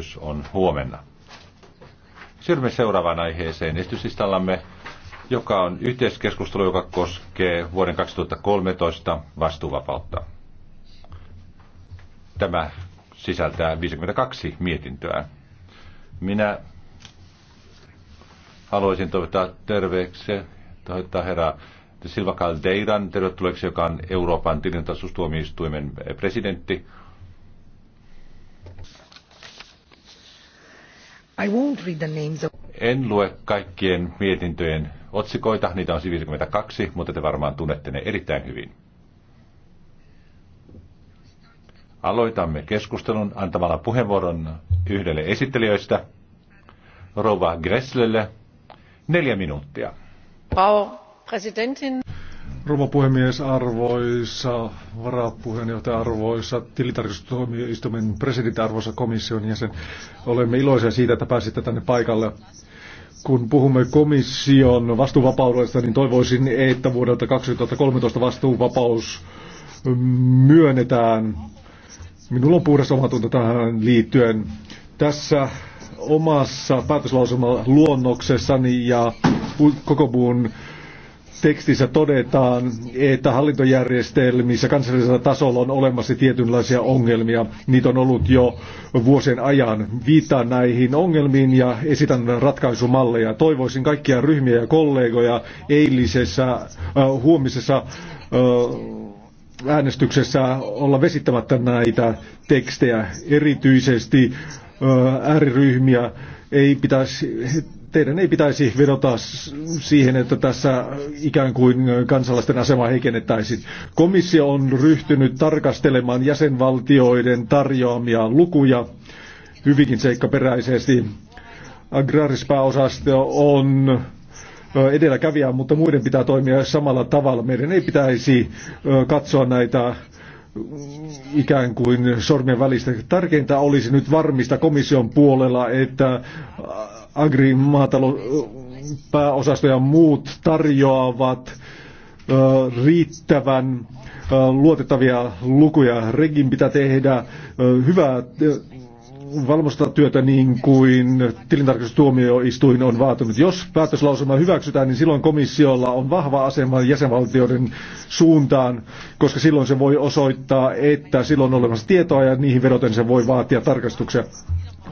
äänestys on huomenna. Siirrymme seuraavaan aiheeseen esityslistallamme, joka on yhteiskeskustelu, joka koskee vuoden 2013 vastuuvapautta. Tämä sisältää 52 mietintöä. Minä haluaisin toivottaa terveeksi, toivottaa herra Silva Caldeiran tervetulleeksi, joka on Euroopan tilintarkastustuomioistuimen presidentti. I won't read the names of... En lue kaikkien mietintöjen otsikoita, niitä on 52, mutta te varmaan tunnette ne erittäin hyvin. Aloitamme keskustelun antamalla puheenvuoron yhdelle esittelijöistä, Rova Gresslelle, neljä minuuttia. Frau Präsidentin. Rouva puhemies, arvoisa varapuheenjohtaja, arvoisa tilitarkastustuomioistuimen presidentti, arvoisa komission jäsen. Olemme iloisia siitä, että pääsitte tänne paikalle. Kun puhumme komission vastuuvapaudesta, niin toivoisin, että vuodelta 2013 vastuuvapaus myönnetään. Minulla on puhdas omatunto tähän liittyen. Tässä omassa päätöslausumaluonnoksessani ja koko muun tekstissä todetaan, että hallintojärjestelmissä kansallisella tasolla on olemassa tietynlaisia ongelmia. Niitä on ollut jo vuosien ajan. Viittaan näihin ongelmiin ja esitän ratkaisumalleja. Toivoisin kaikkia ryhmiä ja kollegoja eilisessä, äh, huomisessa äh, äänestyksessä olla vesittämättä näitä tekstejä, erityisesti äh, ääriryhmiä. Ei pitäisi teidän ei pitäisi vedota siihen, että tässä ikään kuin kansalaisten asema heikennettäisiin. Komissio on ryhtynyt tarkastelemaan jäsenvaltioiden tarjoamia lukuja hyvinkin seikkaperäisesti. Agraarispääosasto on edelläkävijä, mutta muiden pitää toimia samalla tavalla. Meidän ei pitäisi katsoa näitä mm, ikään kuin sormien välistä. Tärkeintä olisi nyt varmista komission puolella, että agrimaatalopääosasto ja muut tarjoavat riittävän luotettavia lukuja. Regin pitää tehdä hyvää valmistatyötä niin kuin tilintarkastustuomioistuin on vaatinut. Jos päätöslausuma hyväksytään, niin silloin komissiolla on vahva asema jäsenvaltioiden suuntaan, koska silloin se voi osoittaa, että silloin on olemassa tietoa ja niihin vedoten se voi vaatia tarkastuksia.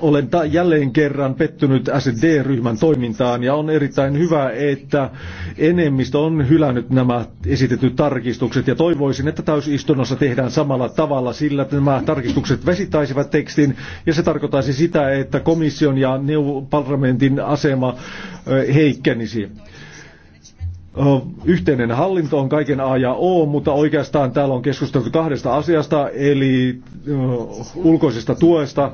Olen jälleen kerran pettynyt SD-ryhmän toimintaan ja on erittäin hyvä, että enemmistö on hylännyt nämä esitetyt tarkistukset ja toivoisin, että täysistunnossa tehdään samalla tavalla, sillä nämä tarkistukset vesittäisivät tekstin ja se tarkoittaisi sitä, että komission ja parlamentin asema heikkenisi yhteinen hallinto on kaiken A ja O, mutta oikeastaan täällä on keskusteltu kahdesta asiasta, eli ulkoisesta tuesta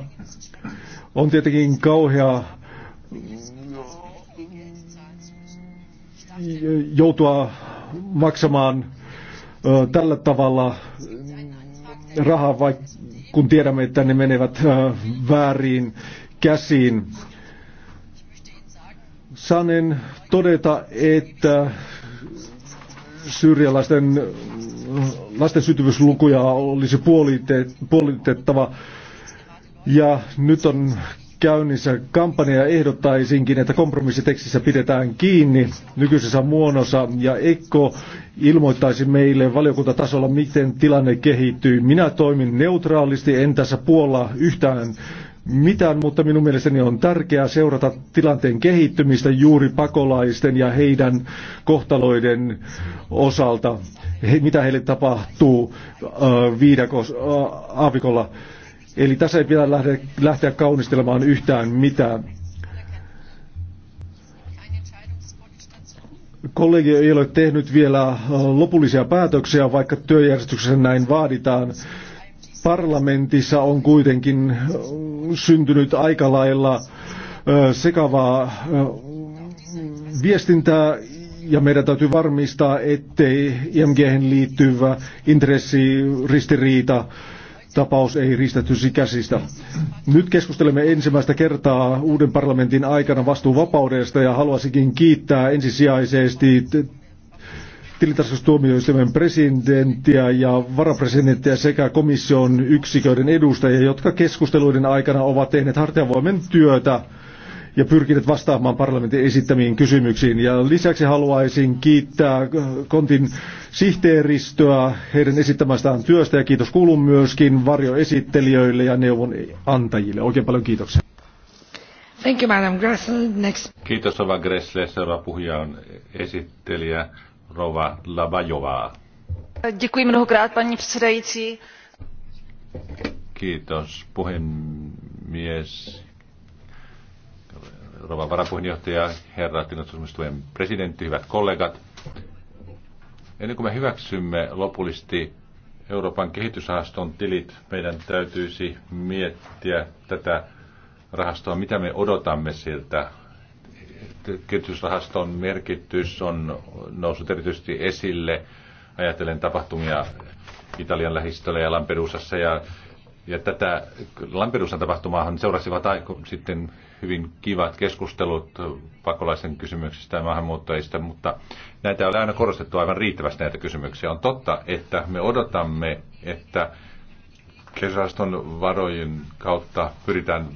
on tietenkin kauhea mm, joutua maksamaan tällä tavalla rahaa, vaikka kun tiedämme, että ne menevät väärin käsiin. Sanen todeta, että syyrialaisten lasten syntyvyyslukuja olisi puolitettava ja nyt on käynnissä kampanja ja ehdottaisinkin, että kompromissitekstissä pidetään kiinni nykyisessä muodossa ja Ekko ilmoittaisi meille valiokuntatasolla, miten tilanne kehittyy. Minä toimin neutraalisti, en tässä puolla yhtään mitään, mutta minun mielestäni on tärkeää seurata tilanteen kehittymistä juuri pakolaisten ja heidän kohtaloiden osalta, he, mitä heille tapahtuu äh, viidakos, äh, aavikolla. Eli tässä ei pidä lähteä, lähteä kaunistelemaan yhtään mitään. Kollegi ei ole tehnyt vielä lopullisia päätöksiä, vaikka työjärjestyksessä näin vaaditaan. Parlamentissa on kuitenkin syntynyt aika lailla sekavaa viestintää ja meidän täytyy varmistaa, ettei IMG liittyvä intressiristiriita ristiriita tapaus ei riistetysi käsistä. Nyt keskustelemme ensimmäistä kertaa uuden parlamentin aikana vastuuvapaudesta ja haluaisinkin kiittää ensisijaisesti tilintarkastustuomioistuimen presidenttiä ja varapresidenttiä sekä komission yksiköiden edustajia, jotka keskusteluiden aikana ovat tehneet hartiavoimen työtä ja pyrkineet vastaamaan parlamentin esittämiin kysymyksiin. Ja lisäksi haluaisin kiittää Kontin sihteeristöä heidän esittämästään työstä ja kiitos kuuluu myöskin varjoesittelijöille ja neuvon antajille. Oikein paljon kiitoksia. Thank you, Madam Next. Kiitos, Rova Gressle. Seuraava puhuja on esittelijä Rova Lavajova. Děkuji mnohokrát, paní předsedající. Kiitos, puhemies. Rova varapuheenjohtaja, herra tilastusmistuen presidentti, hyvät kollegat. Ennen kuin me hyväksymme lopullisesti Euroopan kehitysrahaston tilit, meidän täytyisi miettiä tätä rahastoa, mitä me odotamme siltä. Kehitysrahaston merkitys on noussut erityisesti esille. Ajattelen tapahtumia Italian lähistöllä ja Lampedusassa ja ja tätä Lampedusan tapahtumaahan seurasivat sitten hyvin kivat keskustelut pakolaisen kysymyksistä ja maahanmuuttajista, mutta näitä on aina korostettu aivan riittävästi näitä kysymyksiä. On totta, että me odotamme, että kesäaston varojen kautta pyritään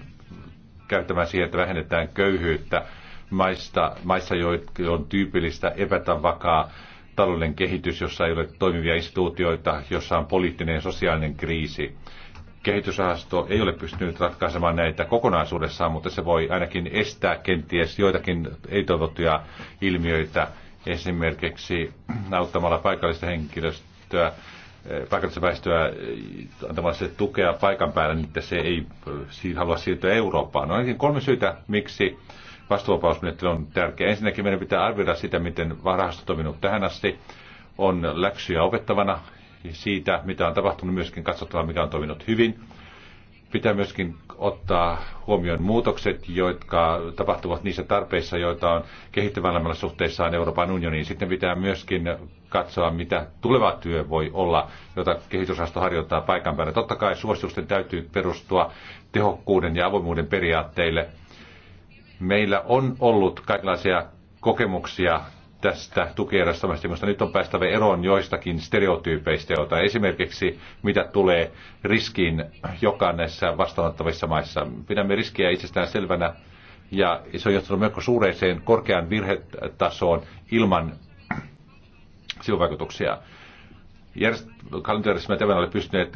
käyttämään siihen, että vähennetään köyhyyttä maista, maissa, joita on tyypillistä epätavakaa taloudellinen kehitys, jossa ei ole toimivia instituutioita, jossa on poliittinen ja sosiaalinen kriisi kehitysrahasto ei ole pystynyt ratkaisemaan näitä kokonaisuudessaan, mutta se voi ainakin estää kenties joitakin ei-toivottuja ilmiöitä, esimerkiksi auttamalla paikallista henkilöstöä, eh, paikallista väestöä eh, antamalla se tukea paikan päällä, niin että se ei eh, halua siirtyä Eurooppaan. No ainakin kolme syytä, miksi vastuuvapausmenettely on tärkeä. Ensinnäkin meidän pitää arvioida sitä, miten rahasto on toiminut tähän asti. On läksyjä opettavana siitä, mitä on tapahtunut, myöskin katsottava, mikä on toiminut hyvin. Pitää myöskin ottaa huomioon muutokset, jotka tapahtuvat niissä tarpeissa, joita on kehittyvällä suhteessaan Euroopan unioniin. Sitten pitää myöskin katsoa, mitä tuleva työ voi olla, jota kehitysrahasto harjoittaa paikan päällä. Totta kai suositusten täytyy perustua tehokkuuden ja avoimuuden periaatteille. Meillä on ollut kaikenlaisia kokemuksia tästä tukijärjestelmästä. Nyt on päästävä eroon joistakin stereotyypeistä, joita esimerkiksi mitä tulee riskiin joka näissä vastaanottavissa maissa. Pidämme riskiä itsestään selvänä ja se on johtanut melko suureeseen korkean virhetasoon ilman sivuvaikutuksia. Kalenterismia tämän oli pystyneet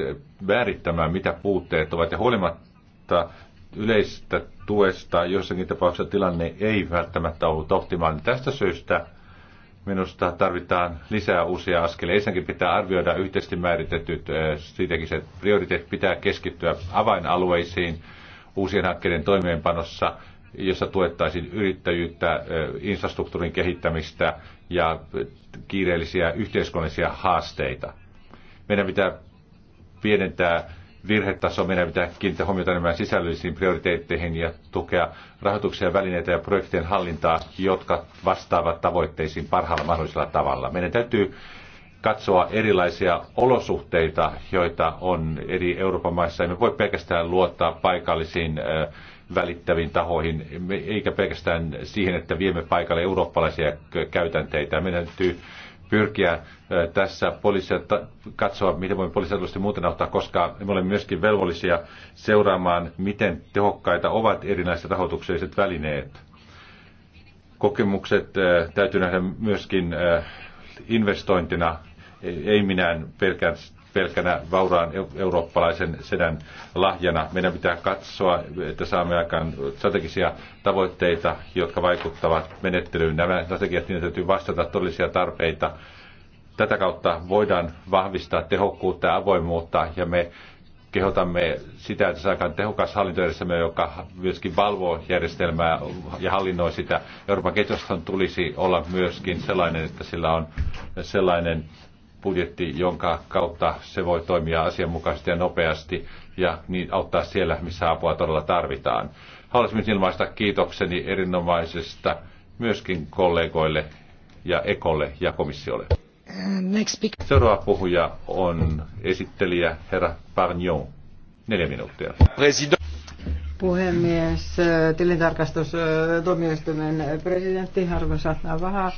väärittämään, mitä puutteet ovat ja huolimatta yleistä tuesta jossakin tapauksessa tilanne ei välttämättä ollut optimaalinen. Tästä syystä Minusta tarvitaan lisää uusia askelia. Ensinnäkin pitää arvioida yhteisesti määritetyt se prioriteetit, pitää keskittyä avainalueisiin uusien hankkeiden toimeenpanossa, jossa tuettaisiin yrittäjyyttä, infrastruktuurin kehittämistä ja kiireellisiä yhteiskunnallisia haasteita. Meidän pitää pienentää virhetaso. Meidän pitää kiinnittää huomiota enemmän sisällöllisiin prioriteetteihin ja tukea rahoituksia, välineitä ja projektien hallintaa, jotka vastaavat tavoitteisiin parhaalla mahdollisella tavalla. Meidän täytyy katsoa erilaisia olosuhteita, joita on eri Euroopan maissa. Emme voi pelkästään luottaa paikallisiin välittäviin tahoihin, eikä pelkästään siihen, että viemme paikalle eurooppalaisia käytänteitä. Meidän täytyy pyrkiä tässä poliisia katsoa, miten voimme poliisia muuten auttaa, koska me olemme myöskin velvollisia seuraamaan, miten tehokkaita ovat erilaiset rahoitukselliset välineet. Kokemukset täytyy nähdä myöskin investointina, ei minään pelkästään pelkänä vauraan eurooppalaisen sedän lahjana. Meidän pitää katsoa, että saamme aikaan strategisia tavoitteita, jotka vaikuttavat menettelyyn. Nämä strategiat niin täytyy vastata todellisia tarpeita. Tätä kautta voidaan vahvistaa tehokkuutta ja avoimuutta, ja me kehotamme sitä, että saadaan tehokas hallintojärjestelmä, joka myöskin valvoo järjestelmää ja hallinnoi sitä. Euroopan kehitysrahaston tulisi olla myöskin sellainen, että sillä on sellainen budjetti, jonka kautta se voi toimia asianmukaisesti ja nopeasti ja niin auttaa siellä, missä apua todella tarvitaan. Haluaisin myös ilmaista kiitokseni erinomaisesta myöskin kollegoille ja Ekolle ja komissiolle. Next Seuraava puhuja on esittelijä herra Parnion. Neljä minuuttia. President puhemies, tilintarkastustuomioistuimen presidentti, arvoisa Vaha,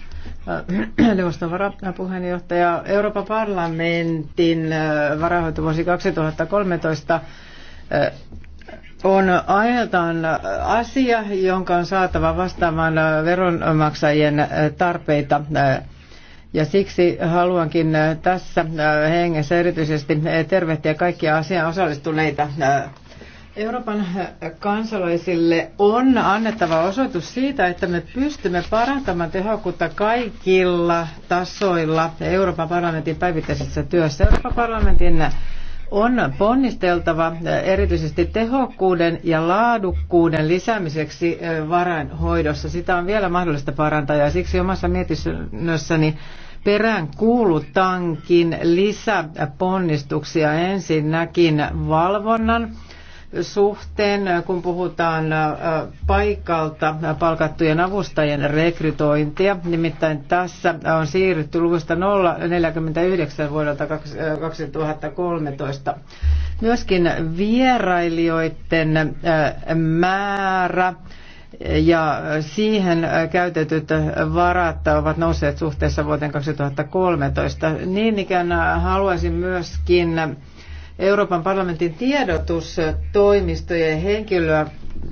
neuvoston varapuheenjohtaja, Euroopan parlamentin varahoitovuosi 2013 eh, on ajaltaan asia, jonka on saatava vastaamaan veronmaksajien tarpeita. Ja siksi haluankin tässä hengessä erityisesti tervehtiä kaikkia asiaan osallistuneita Euroopan äh, kansalaisille on annettava osoitus siitä, että me pystymme parantamaan tehokkuutta kaikilla tasoilla Euroopan parlamentin päivittäisessä työssä. Euroopan parlamentin on ponnisteltava äh, erityisesti tehokkuuden ja laadukkuuden lisäämiseksi äh, varainhoidossa. Sitä on vielä mahdollista parantaa ja siksi omassa mietinnössäni perään kuulutankin lisäponnistuksia ensinnäkin valvonnan suhteen, kun puhutaan äh, paikalta palkattujen avustajien rekrytointia. Nimittäin tässä on siirrytty luvusta 049 vuodelta 2013. Äh, myöskin vierailijoiden äh, määrä ja siihen käytetyt varat ovat nousseet suhteessa vuoteen 2013. Niin ikään haluaisin myöskin Euroopan parlamentin tiedotustoimistojen henkilöä,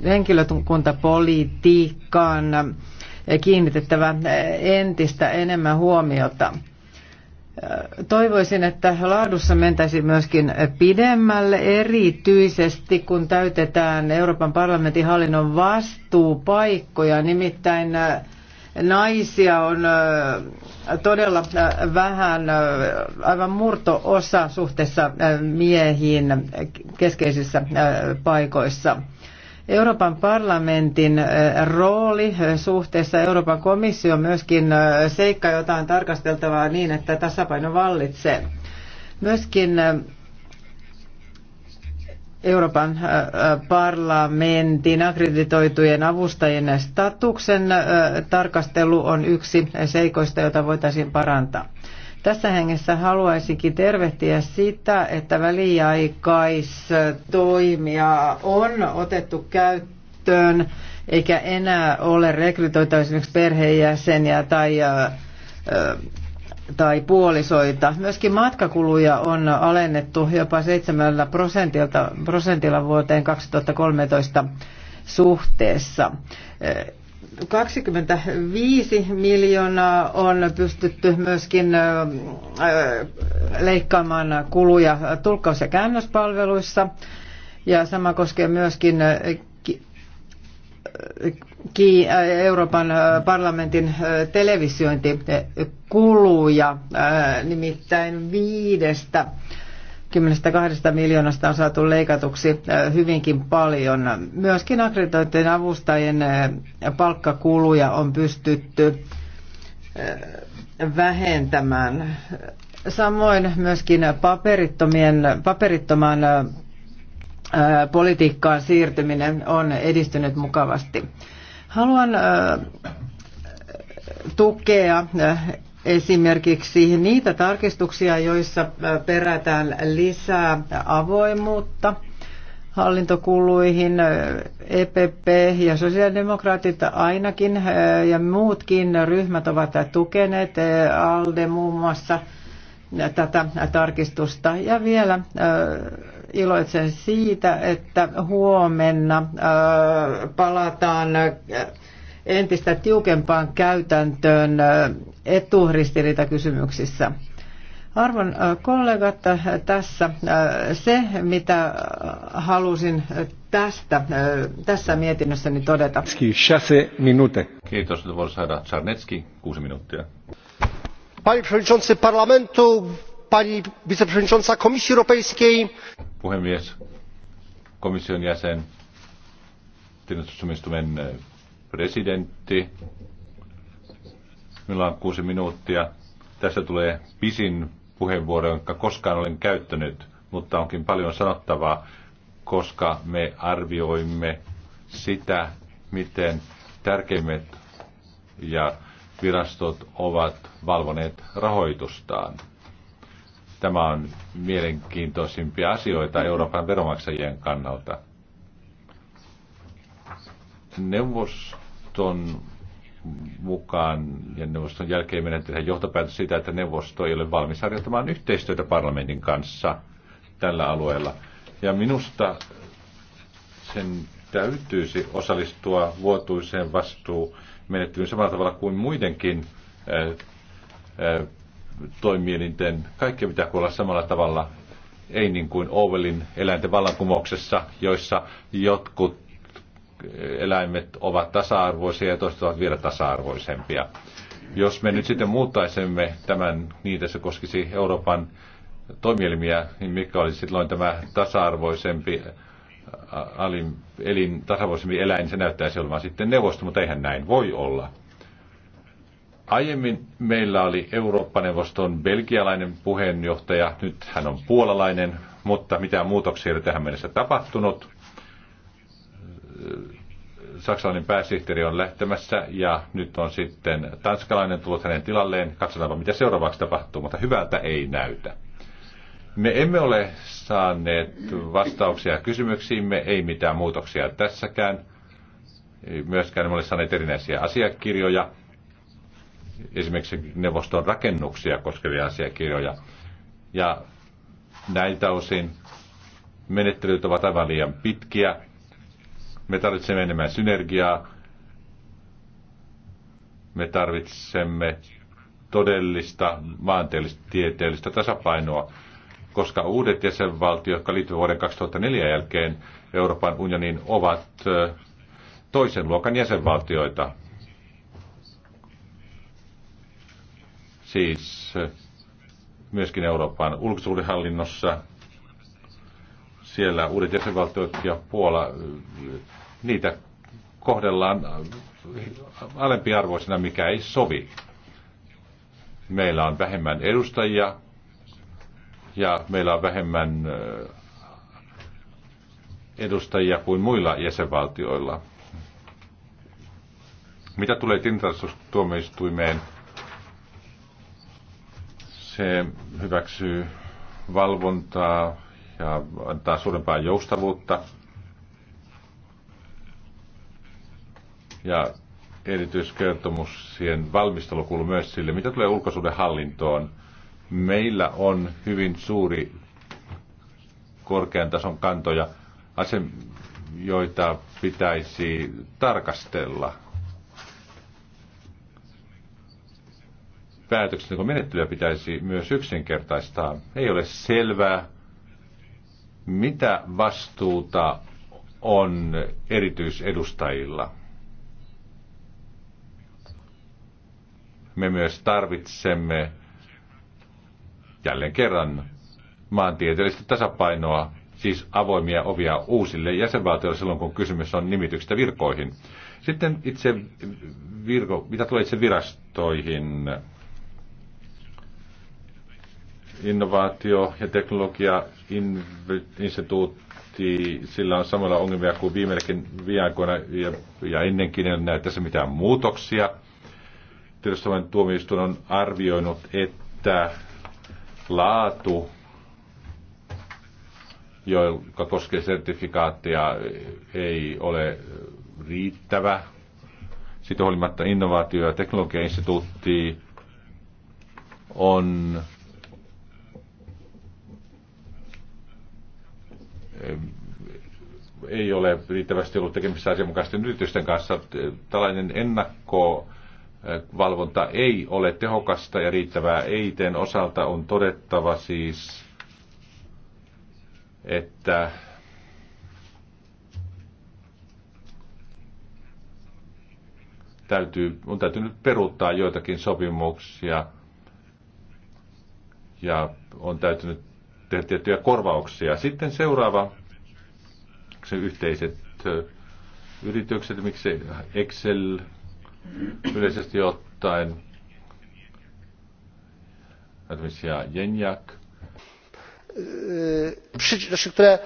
henkilökuntapolitiikkaan kiinnitettävä entistä enemmän huomiota. Toivoisin, että laadussa mentäisi myöskin pidemmälle, erityisesti kun täytetään Euroopan parlamentin hallinnon vastuupaikkoja, nimittäin naisia on todella äh, vähän, äh, aivan murto-osa suhteessa äh, miehiin keskeisissä paikoissa. Euroopan parlamentin rooli suhteessa Euroopan komissio myöskin seikka, jota on tarkasteltavaa niin, että tasapaino vallitsee. Myöskin Euroopan äh, äh, parlamentin akkreditoitujen avustajien statuksen äh, tarkastelu on yksi seikoista, jota voitaisiin parantaa. Tässä hengessä haluaisinkin tervehtiä sitä, että väliaikaistoimia on otettu käyttöön, eikä enää ole rekrytoitu esimerkiksi perheenjäseniä tai tai puolisoita. Myöskin matkakuluja on alennettu jopa 7 prosentilta, prosentilla vuoteen 2013 suhteessa. 25 miljoonaa on pystytty myöskin leikkaamaan kuluja tulkkaus- ja käännöspalveluissa. Ja sama koskee myöskin Äh, Euroopan äh, parlamentin äh, televisiointikuluja, nimittäin viidestä 22 miljoonasta on saatu leikatuksi hyvinkin paljon. Myöskin akkreditointien avustajien palkkakuluja on pystytty vähentämään. Samoin myöskin paperittomien, paperittoman politiikkaan siirtyminen on edistynyt mukavasti. Haluan tukea esimerkiksi niitä tarkistuksia, joissa perätään lisää avoimuutta hallintokuluihin. EPP ja sosiaalidemokraatit ainakin ja muutkin ryhmät ovat tukeneet ALDE muun muassa tätä tarkistusta. Ja vielä iloitsen siitä, että huomenna palataan entistä tiukempaan käytäntöön eturistiriitakysymyksissä. Arvon kollegat, tässä se, mitä halusin tästä, tässä mietinnössäni todeta. Kiitos, että voisi saada Czarnecki, kuusi minuuttia. Panie przewodniczący parlamentu, pani wiceprzewodnicząca komisji europejskiej puhemies komission jäsen tilintarkastustuomioistuimen e, presidentti minulla on kuusi minuuttia tässä tulee pisin puheenvuoro jonka koskaan olen käyttänyt mutta onkin paljon sanottavaa koska me arvioimme sitä miten tärkeimmät ja virastot ovat valvoneet rahoitustaan. Tämä on mielenkiintoisimpia asioita Euroopan veromaksajien kannalta. Neuvoston mukaan ja neuvoston jälkeen meidän tehdään johtopäätös siitä, että neuvosto ei ole valmis harjoittamaan yhteistyötä parlamentin kanssa tällä alueella. Ja minusta sen täytyisi osallistua vuotuiseen vastuumenettelyyn samalla tavalla kuin muidenkin äh, äh, toimielinten, kaikkea pitää kuulla samalla tavalla, ei niin kuin ovelin eläinten vallankumouksessa, joissa jotkut eläimet ovat tasa-arvoisia ja toiset ovat vielä tasa-arvoisempia. Jos me nyt sitten muuttaisimme tämän niin, että se koskisi Euroopan toimielimiä, niin mikä olisi silloin tämä tasa-arvoisempi alin, elin, tasa-arvoisempi eläin, se näyttäisi olevan sitten neuvosto, mutta eihän näin voi olla. Aiemmin meillä oli Eurooppa-neuvoston belgialainen puheenjohtaja, nyt hän on puolalainen, mutta mitään muutoksia ei ole tähän mennessä tapahtunut. Saksalainen pääsihteeri on lähtemässä ja nyt on sitten tanskalainen tullut hänen tilalleen. Katsotaanpa, mitä seuraavaksi tapahtuu, mutta hyvältä ei näytä. Me emme ole saaneet vastauksia kysymyksiimme, ei mitään muutoksia tässäkään. Myöskään emme ole saaneet erinäisiä asiakirjoja esimerkiksi neuvoston rakennuksia koskevia asiakirjoja. Ja näiltä osin menettelyt ovat aivan liian pitkiä. Me tarvitsemme enemmän synergiaa. Me tarvitsemme todellista maantieteellistä tasapainoa, koska uudet jäsenvaltiot, jotka liittyvät vuoden 2004 jälkeen Euroopan unioniin, ovat toisen luokan jäsenvaltioita. siis eh, myöskin Euroopan ulkosuhdehallinnossa. Siellä uudet jäsenvaltiot ja Puola, eh, niitä kohdellaan eh, alempiarvoisena, mikä ei sovi. Meillä on vähemmän edustajia ja meillä on vähemmän edustajia kuin muilla jäsenvaltioilla. Mitä tulee tilintarkastustuomioistuimeen, se hyväksyy valvontaa ja antaa suurempaa joustavuutta. Ja erityiskertomus siihen valmistelu kuuluu myös sille, mitä tulee ulkosuuden hallintoon. Meillä on hyvin suuri korkean tason kantoja, asem, joita pitäisi tarkastella – päätöksentekomenettelyä pitäisi myös yksinkertaistaa. Ei ole selvää, mitä vastuuta on erityisedustajilla. Me myös tarvitsemme jälleen kerran maantieteellistä tasapainoa, siis avoimia ovia uusille jäsenvaltioille silloin, kun kysymys on nimityksestä virkoihin. Sitten itse virko, mitä tulee itse virastoihin, innovaatio- ja teknologia instituutti sillä on samalla ongelmia kuin viimekin viikoina ja, ja ennenkin, ei näy tässä mitään muutoksia. Tiedostavan tuomioistuin on arvioinut, että laatu, joka koskee sertifikaattia, ei ole riittävä. Sitten huolimatta innovaatio- ja teknologiainstituutti on ei ole riittävästi ollut tekemistä asianmukaisten yritysten kanssa. Tällainen ennakkovalvonta äh, ei ole tehokasta ja riittävää. EITen osalta on todettava siis, että täytyy, on täytynyt peruuttaa joitakin sopimuksia ja on täytynyt suhteen tiettyjä korvauksia. Sitten seuraava, se yhteiset yritykset, miksi Excel yleisesti ottaen, ja Jenjak. które,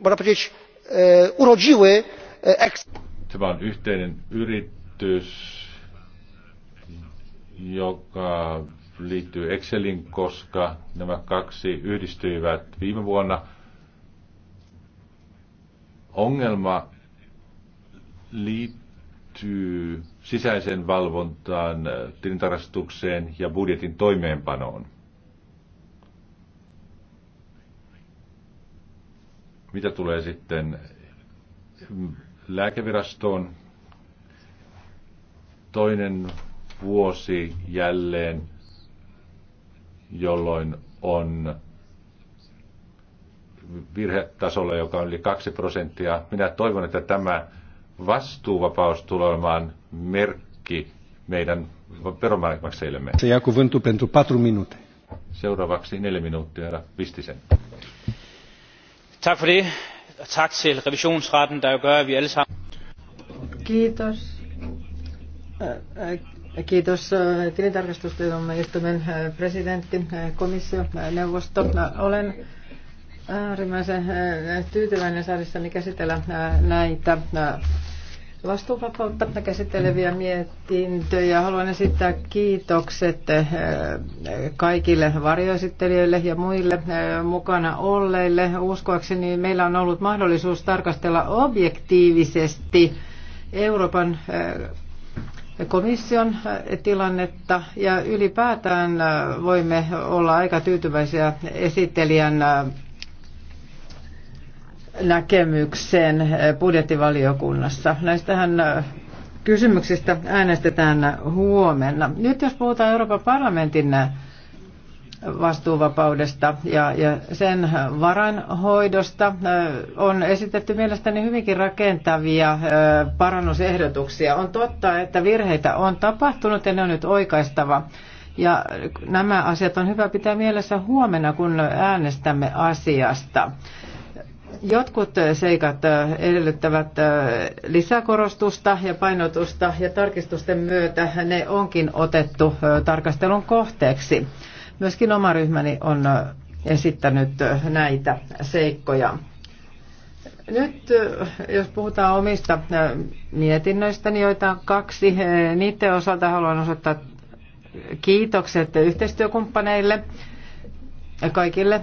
można powiedzieć, urodziły Tämä on yhteinen yritys, joka liittyy Excelin, koska nämä kaksi yhdistyivät viime vuonna. Ongelma liittyy sisäisen valvontaan, tilintarastukseen ja budjetin toimeenpanoon. Mitä tulee sitten lääkevirastoon, toinen vuosi jälleen jolloin on virhetasolla, joka on yli 2 prosenttia. Minä toivon, että tämä vastuuvapaus tulee olemaan merkki meidän veronmaksajillemme. Se jää kuvintu pentru patru minuuttia. Seuraavaksi neljä minuuttia, herra Vistisen. Tak for det, og tak til vi alle sammen... Kiitos. Kiitos äh, tilintarkastustuomioistuimen äh, presidentti, äh, komissio, neuvosto. Olen äärimmäisen tyytyväinen saadessani käsitellä näitä vastuuvapautta käsitteleviä mietintöjä. Haluan esittää kiitokset kaikille varjoesittelijöille ja muille mukana olleille. Uskoakseni meillä on ollut mahdollisuus tarkastella objektiivisesti Euroopan komission äh, tilannetta ja ylipäätään äh, voimme olla aika tyytyväisiä esittelijän äh, näkemykseen budjettivaliokunnassa. Näistähän kysymyksistä äänestetään huomenna. Nyt jos puhutaan Euroopan parlamentin vastuuvapaudesta ja, ja sen hoidosta on esitetty mielestäni hyvinkin rakentavia parannusehdotuksia. On totta, että virheitä on tapahtunut ja ne on nyt oikaistava. Ja nämä asiat on hyvä pitää mielessä huomenna, kun äänestämme asiasta. Jotkut seikat edellyttävät lisäkorostusta ja painotusta ja tarkistusten myötä ne onkin otettu tarkastelun kohteeksi. Myöskin oma ryhmäni on esittänyt näitä seikkoja. Nyt jos puhutaan omista mietinnöistä, niin joita on kaksi. Niiden osalta haluan osoittaa kiitokset yhteistyökumppaneille kaikille,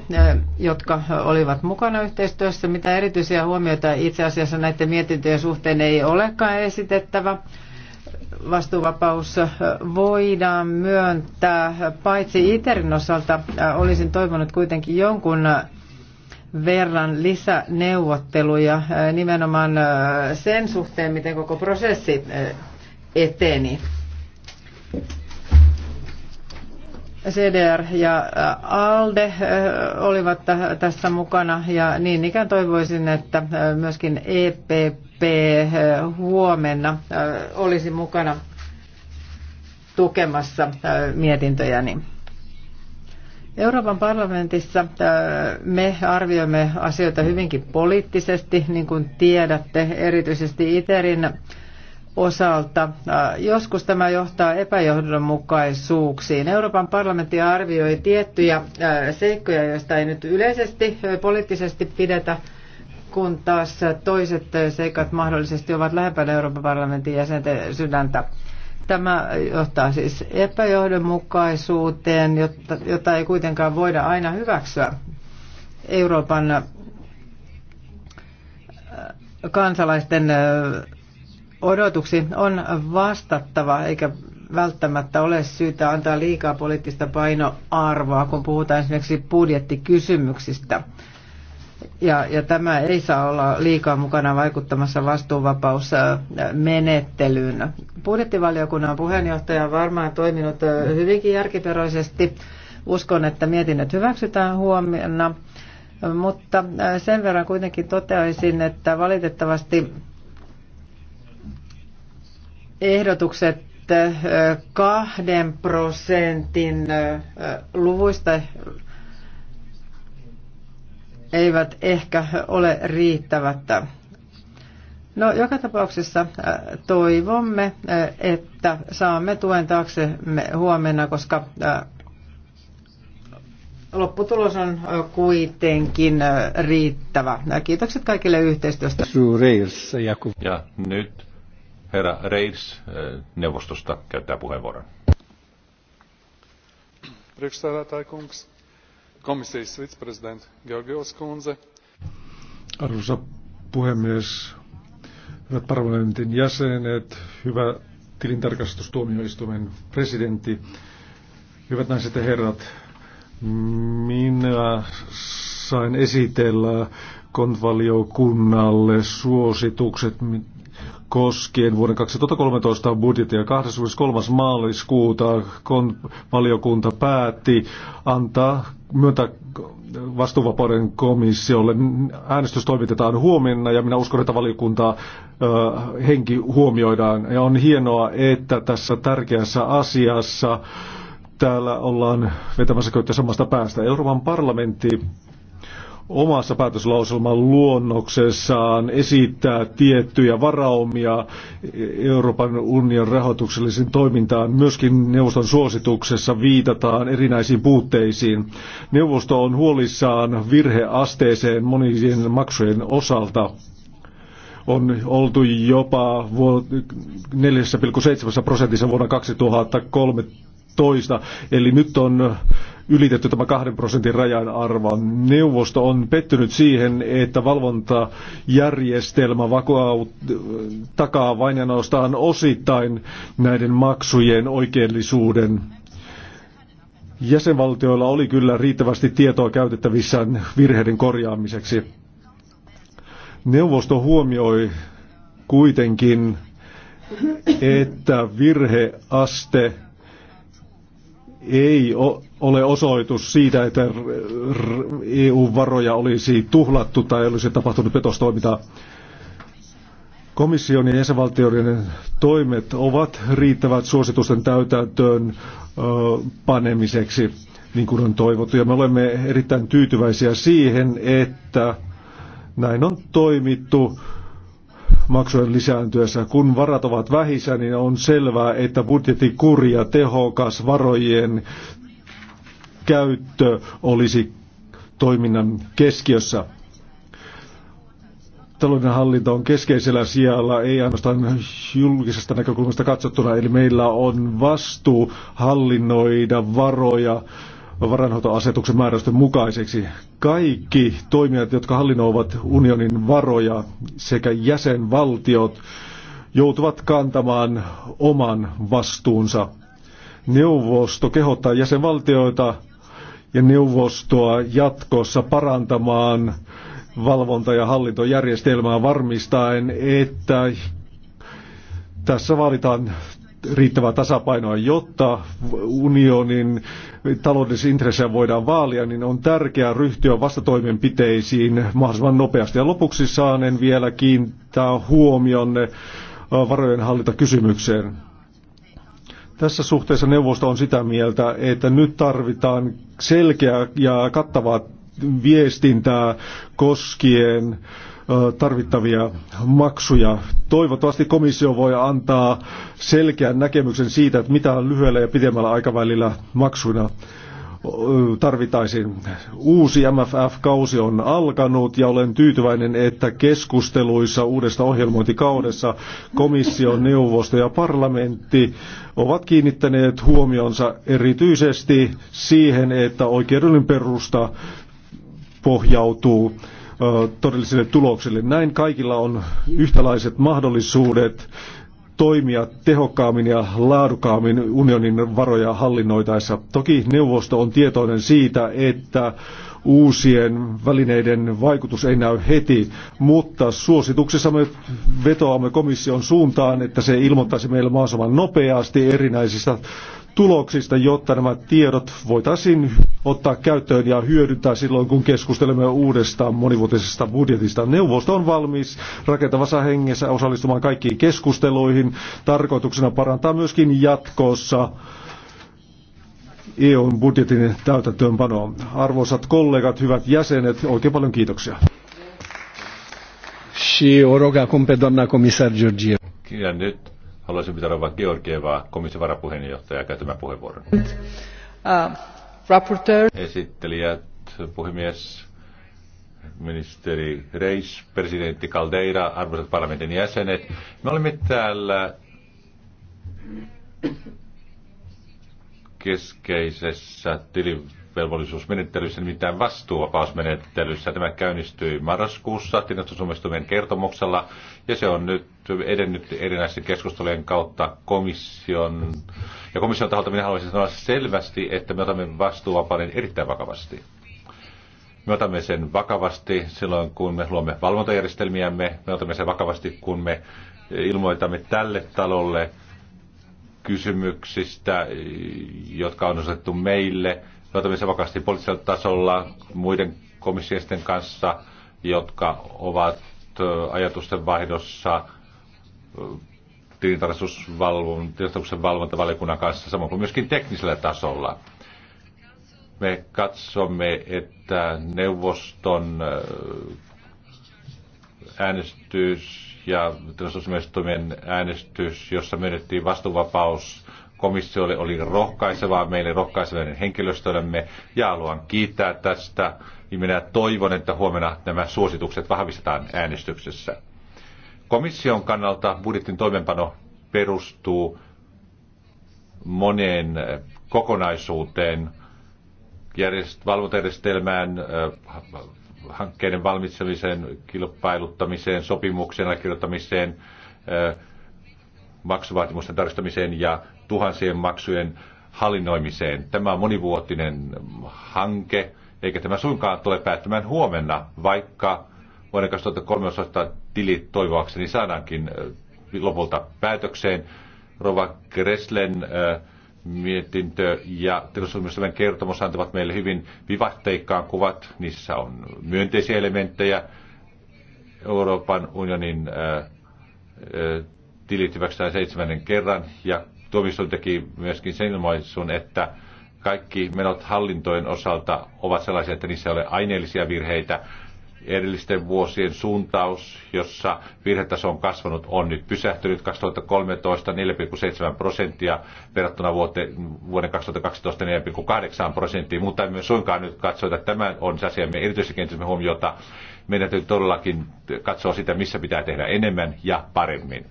jotka olivat mukana yhteistyössä. Mitä erityisiä huomioita itse asiassa näiden mietintöjen suhteen ei olekaan esitettävä vastuuvapaus voidaan myöntää. Paitsi ITERin osalta olisin toivonut kuitenkin jonkun verran lisäneuvotteluja nimenomaan sen suhteen, miten koko prosessi eteni. CDR ja ALDE olivat tässä mukana ja niin ikään toivoisin, että myöskin EPP Eh, huomenna eh, olisi mukana tukemassa eh, mietintöjäni. Euroopan parlamentissa me arvioimme asioita hyvinkin poliittisesti, niin kuin tiedätte, erityisesti ITERin osalta. Joskus tämä johtaa epäjohdonmukaisuuksiin. Euroopan parlamentti arvioi tiettyjä seikkoja, joista ei nyt yleisesti poliittisesti pidetä kun taas toiset seikat mahdollisesti ovat lähempänä Euroopan parlamentin jäsenten sydäntä. Tämä johtaa siis epäjohdonmukaisuuteen, jota, jota ei kuitenkaan voida aina hyväksyä. Euroopan äh, kansalaisten äh, odotuksi on vastattava, eikä välttämättä ole syytä antaa liikaa poliittista painoarvoa, kun puhutaan esimerkiksi budjettikysymyksistä – ja, ja tämä ei saa olla liikaa mukana vaikuttamassa vastuuvapausmenettelyyn. Budjettivaliokunnan puheenjohtaja on varmaan toiminut hyvinkin järkiperäisesti. Uskon, että mietinnöt hyväksytään huomenna. Mutta sen verran kuitenkin toteaisin, että valitettavasti ehdotukset kahden prosentin luvuista eivät ehkä ole riittävättä. No, joka tapauksessa äh, toivomme, äh, että saamme tuen taakse huomenna, koska äh, lopputulos on kuitenkin riittävä. Kiitokset kaikille yhteistyöstä. Ja nyt herra Reirs neuvostosta käyttää puheenvuoron. Riksdagen komisijas viceprezident Georgios Kunze. Arvoisa puhemies, hyvät parlamentin jäsenet, hyvä tilintarkastustuomioistuimen presidentti, hyvät naiset ja herrat, minä sain esitellä kontvaliokunnalle suositukset koskien vuoden 2013 budjettia. 23. maaliskuuta kun valiokunta päätti antaa myöntää vastuuvapauden komissiolle. Äänestys toimitetaan huomenna ja minä uskon, että valiokunta ö, henki huomioidaan. Ja on hienoa, että tässä tärkeässä asiassa täällä ollaan vetämässä köyttä samasta päästä. Euroopan parlamentti omassa päätöslauselman luonnoksessaan esittää tiettyjä varaumia Euroopan unionin rahoituksellisiin toimintaan. Myöskin neuvoston suosituksessa viitataan erinäisiin puutteisiin. Neuvosto on huolissaan virheasteeseen monien maksujen osalta on oltu jopa 4,7 prosentissa vuonna 2013 toista. Eli nyt on ylitetty tämä kahden prosentin rajan arva. Neuvosto on pettynyt siihen, että valvontajärjestelmä vakaut, takaa vain nostaan osittain näiden maksujen oikeellisuuden. Jäsenvaltioilla oli kyllä riittävästi tietoa käytettävissään virheiden korjaamiseksi. Neuvosto huomioi kuitenkin, että virheaste ei ole osoitus siitä, että EU-varoja olisi tuhlattu tai olisi tapahtunut petostoimintaa. Komission ja jäsenvaltioiden toimet ovat riittävät suositusten täytäntöön panemiseksi, niin kuin on toivottu. Ja me olemme erittäin tyytyväisiä siihen, että näin on toimittu maksujen lisääntyessä. Kun varat ovat vähissä, niin on selvää, että budjetin kurja tehokas varojen käyttö olisi toiminnan keskiössä. Talouden hallinta on keskeisellä sijalla, ei ainoastaan julkisesta näkökulmasta katsottuna, eli meillä on vastuu hallinnoida varoja varainhoitoasetuksen määräysten mukaiseksi kaikki toimijat, jotka hallinnoivat unionin varoja sekä jäsenvaltiot, joutuvat kantamaan oman vastuunsa. Neuvosto kehottaa jäsenvaltioita ja neuvostoa jatkossa parantamaan valvonta- ja hallintojärjestelmää varmistaen, että tässä vaaditaan riittävää tasapainoa, jotta unionin taloudellisia intressejä voidaan vaalia, niin on tärkeää ryhtyä vastatoimenpiteisiin mahdollisimman nopeasti. Ja lopuksi saanen vielä kiinnittää huomion varojen hallintakysymykseen. Tässä suhteessa neuvosto on sitä mieltä, että nyt tarvitaan selkeää ja kattavaa viestintää koskien tarvittavia maksuja. Toivottavasti komissio voi antaa selkeän näkemyksen siitä, että mitä lyhyellä ja pidemmällä aikavälillä maksuina tarvitaisiin. Uusi MFF-kausi on alkanut ja olen tyytyväinen, että keskusteluissa uudesta ohjelmointikaudessa komissio, neuvosto ja parlamentti ovat kiinnittäneet huomionsa erityisesti siihen, että oikeudellinen perusta pohjautuu todellisille tuloksille. Näin kaikilla on yhtälaiset mahdollisuudet toimia tehokkaammin ja laadukkaammin unionin varoja hallinnoitaessa. Toki neuvosto on tietoinen siitä, että uusien välineiden vaikutus ei näy heti, mutta suosituksessa me vetoamme komission suuntaan, että se ilmoittaisi meille mahdollisimman nopeasti erinäisistä tuloksista, jotta nämä tiedot voitaisiin ottaa käyttöön ja hyödyntää silloin, kun keskustelemme uudesta monivuotisesta budjetista. Neuvosto on valmis rakentavassa hengessä osallistumaan kaikkiin keskusteluihin. Tarkoituksena parantaa myöskin jatkossa EUn budjetin täytäntöönpanoa. Arvoisat kollegat, hyvät jäsenet, oikein paljon kiitoksia. Și o rog acum pe doamna comisar Georgieva. Ja nyt Haluaisin pitää olla Georgievaa, komission varapuheenjohtajaa, käytämään puheenvuoron. Uh, Esittelijät, puhemies, ministeri Reis, presidentti Caldeira, arvoisat parlamentin jäsenet. Me olemme täällä keskeisessä tilin ilmoitusvelvollisuusmenettelyssä, nimittäin vastuuvapausmenettelyssä. Tämä käynnistyi marraskuussa tinnastusomistumien kertomuksella ja se on nyt edennyt erinäisten keskustelujen kautta komission. Ja komission taholta minä haluaisin sanoa selvästi, että me otamme vastuuvapauden erittäin vakavasti. Me otamme sen vakavasti silloin, kun me luomme valvontajärjestelmiämme. Me otamme sen vakavasti, kun me ilmoitamme tälle talolle kysymyksistä, jotka on osoitettu meille noutamisen vakaasti poliittisella tasolla muiden komissiisten kanssa, jotka ovat ajatusten vaihdossa tilintarkastuksen valvontavaliokunnan kanssa, samoin kuin myöskin teknisellä tasolla. Me katsomme, että neuvoston äänestys ja tilintarkastustoimien äänestys, jossa myönnettiin vastuuvapaus komissiolle oli rohkaisevaa meille, rohkaisevaa henkilöstöllemme ja haluan kiittää tästä. Ja minä toivon, että huomenna nämä suositukset vahvistetaan äänestyksessä. Komission kannalta budjetin toimenpano perustuu moneen eh, kokonaisuuteen, järjest, valvontajärjestelmään, eh, hankkeiden valmistamiseen, kilpailuttamiseen, sopimuksen allekirjoittamiseen, eh, maksuvaatimusten tarkistamiseen ja tuhansien maksujen hallinnoimiseen. Tämä on monivuotinen hanke, eikä tämä suinkaan tule päättämään huomenna, vaikka vuoden 2013 tilit toivoakseni saadaankin äh, lopulta päätökseen. Rova Kreslen äh, mietintö ja tilastoimistojen kertomus antavat meille hyvin vivahteikkaan kuvat. Niissä on myönteisiä elementtejä. Euroopan unionin äh, tilit hyväksytään seitsemännen kerran ja Tuomisto teki myöskin sen ilmaisun, että kaikki menot hallintojen osalta ovat sellaisia, että niissä ei ole aineellisia virheitä. Edellisten vuosien suuntaus, jossa virhetaso on kasvanut, on nyt pysähtynyt 2013 4,7 prosenttia verrattuna vuote, vuoden 2012 4,8 prosenttia, mutta emme suinkaan nyt katso, että tämä on se asia, me erityisesti kiinnitämme huomiota. Meidän täytyy todellakin katsoa sitä, missä pitää tehdä enemmän ja paremmin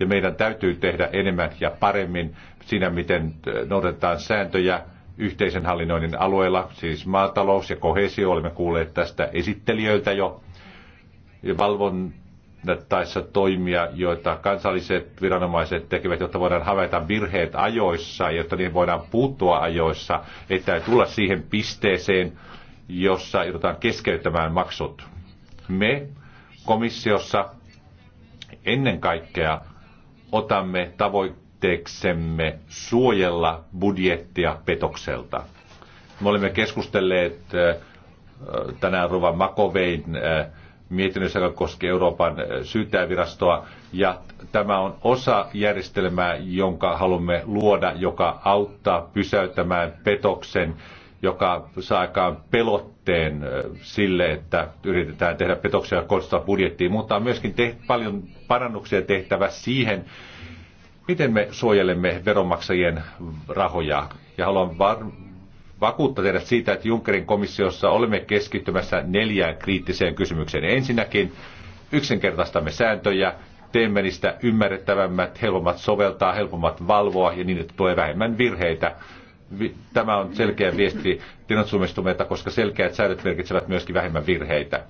ja meidän täytyy tehdä enemmän ja paremmin siinä, miten äh, noudatetaan sääntöjä yhteisen hallinnoinnin alueella, siis maatalous ja kohesio, olemme kuulleet tästä esittelijöiltä jo, ja valvonnettaessa toimia, joita kansalliset viranomaiset tekevät, jotta voidaan havaita virheet ajoissa, jotta niihin voidaan puuttua ajoissa, että ei tulla siihen pisteeseen, jossa joudutaan keskeyttämään maksut. Me komissiossa ennen kaikkea otamme tavoitteeksemme suojella budjettia petokselta. Me olemme keskustelleet tänään Rova Makovein mietinnössä, joka koskee Euroopan syyttäjävirastoa. Ja tämä on osa järjestelmää, jonka haluamme luoda, joka auttaa pysäyttämään petoksen joka saa aikaan pelotteen sille, että yritetään tehdä petoksia kohdistaa budjettiin, mutta on myöskin teht- paljon parannuksia tehtävä siihen, miten me suojelemme veronmaksajien rahoja. Ja haluan var- vakuuttaa teidät siitä, että Junckerin komissiossa olemme keskittymässä neljään kriittiseen kysymykseen. Ensinnäkin yksinkertaistamme sääntöjä, teemme niistä ymmärrettävämmät, helpommat soveltaa, helpommat valvoa ja niin, että tulee vähemmän virheitä. Tämä on selkeä viesti tilastumistumilta, koska selkeät säädöt merkitsevät myöskin vähemmän virheitä.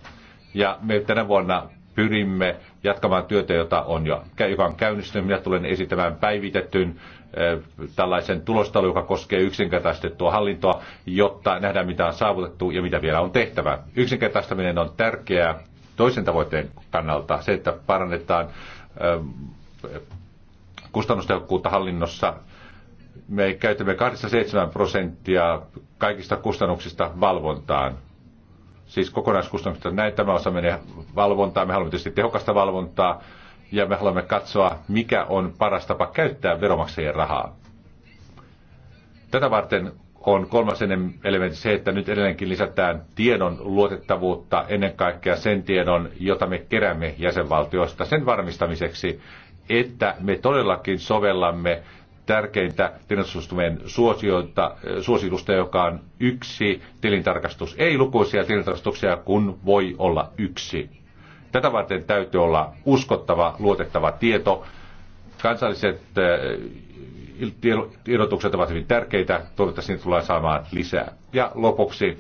Ja me tänä vuonna pyrimme jatkamaan työtä, jota on jo, joka on käynnistynyt. Minä tulen esittämään päivitetyn tällaisen tulostalon, joka koskee yksinkertaistettua hallintoa, jotta nähdään, mitä on saavutettu ja mitä vielä on tehtävä. Yksinkertaistaminen on tärkeää toisen tavoitteen kannalta, se, että parannetaan kustannustehokkuutta hallinnossa me käytämme 27 prosenttia kaikista kustannuksista valvontaan. Siis kokonaiskustannuksista näin tämä osa menee valvontaan. Me haluamme tietysti tehokasta valvontaa ja me haluamme katsoa, mikä on paras tapa käyttää veromaksajien rahaa. Tätä varten on kolmas elementti se, että nyt edelleenkin lisätään tiedon luotettavuutta, ennen kaikkea sen tiedon, jota me keräämme jäsenvaltioista, sen varmistamiseksi, että me todellakin sovellamme tärkeintä tilintarkastustumien eh, suositusta, joka on yksi tilintarkastus. Ei lukuisia tilintarkastuksia, kun voi olla yksi. Tätä varten täytyy olla uskottava, luotettava tieto. Kansalliset eh, tiedotukset ovat hyvin tärkeitä. Toivottavasti niitä tullaan saamaan lisää. Ja lopuksi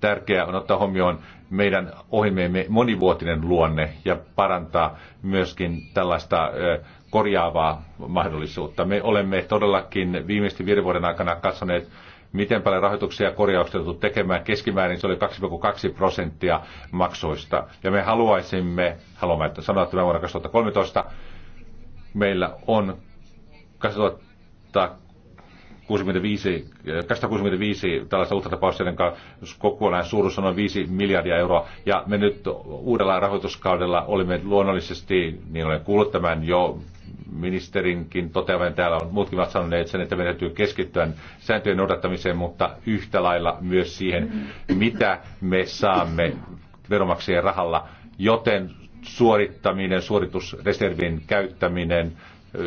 tärkeää on ottaa huomioon meidän ohjelmiemme monivuotinen luonne ja parantaa myöskin tällaista eh, korjaavaa mahdollisuutta. Me olemme todellakin viimeisten viiden vuoden aikana katsoneet, miten paljon rahoituksia ja korjauksia on tekemään. Keskimäärin se oli 2,2 prosenttia maksoista. Ja me haluaisimme, haluamme sanoa, että vuonna 2013 meillä on 265, 265 tällaista uutta tapausta, jonka kokonaan suuruus on noin 5 miljardia euroa. Ja me nyt uudella rahoituskaudella olimme luonnollisesti, niin olen kuullut tämän jo ministerinkin toteavan, täällä on muutkin ovat sanoneet sen, että meidän täytyy keskittyä sääntöjen noudattamiseen, mutta yhtä lailla myös siihen, mitä me saamme veromaksajien rahalla, joten suorittaminen, suoritusreservin käyttäminen,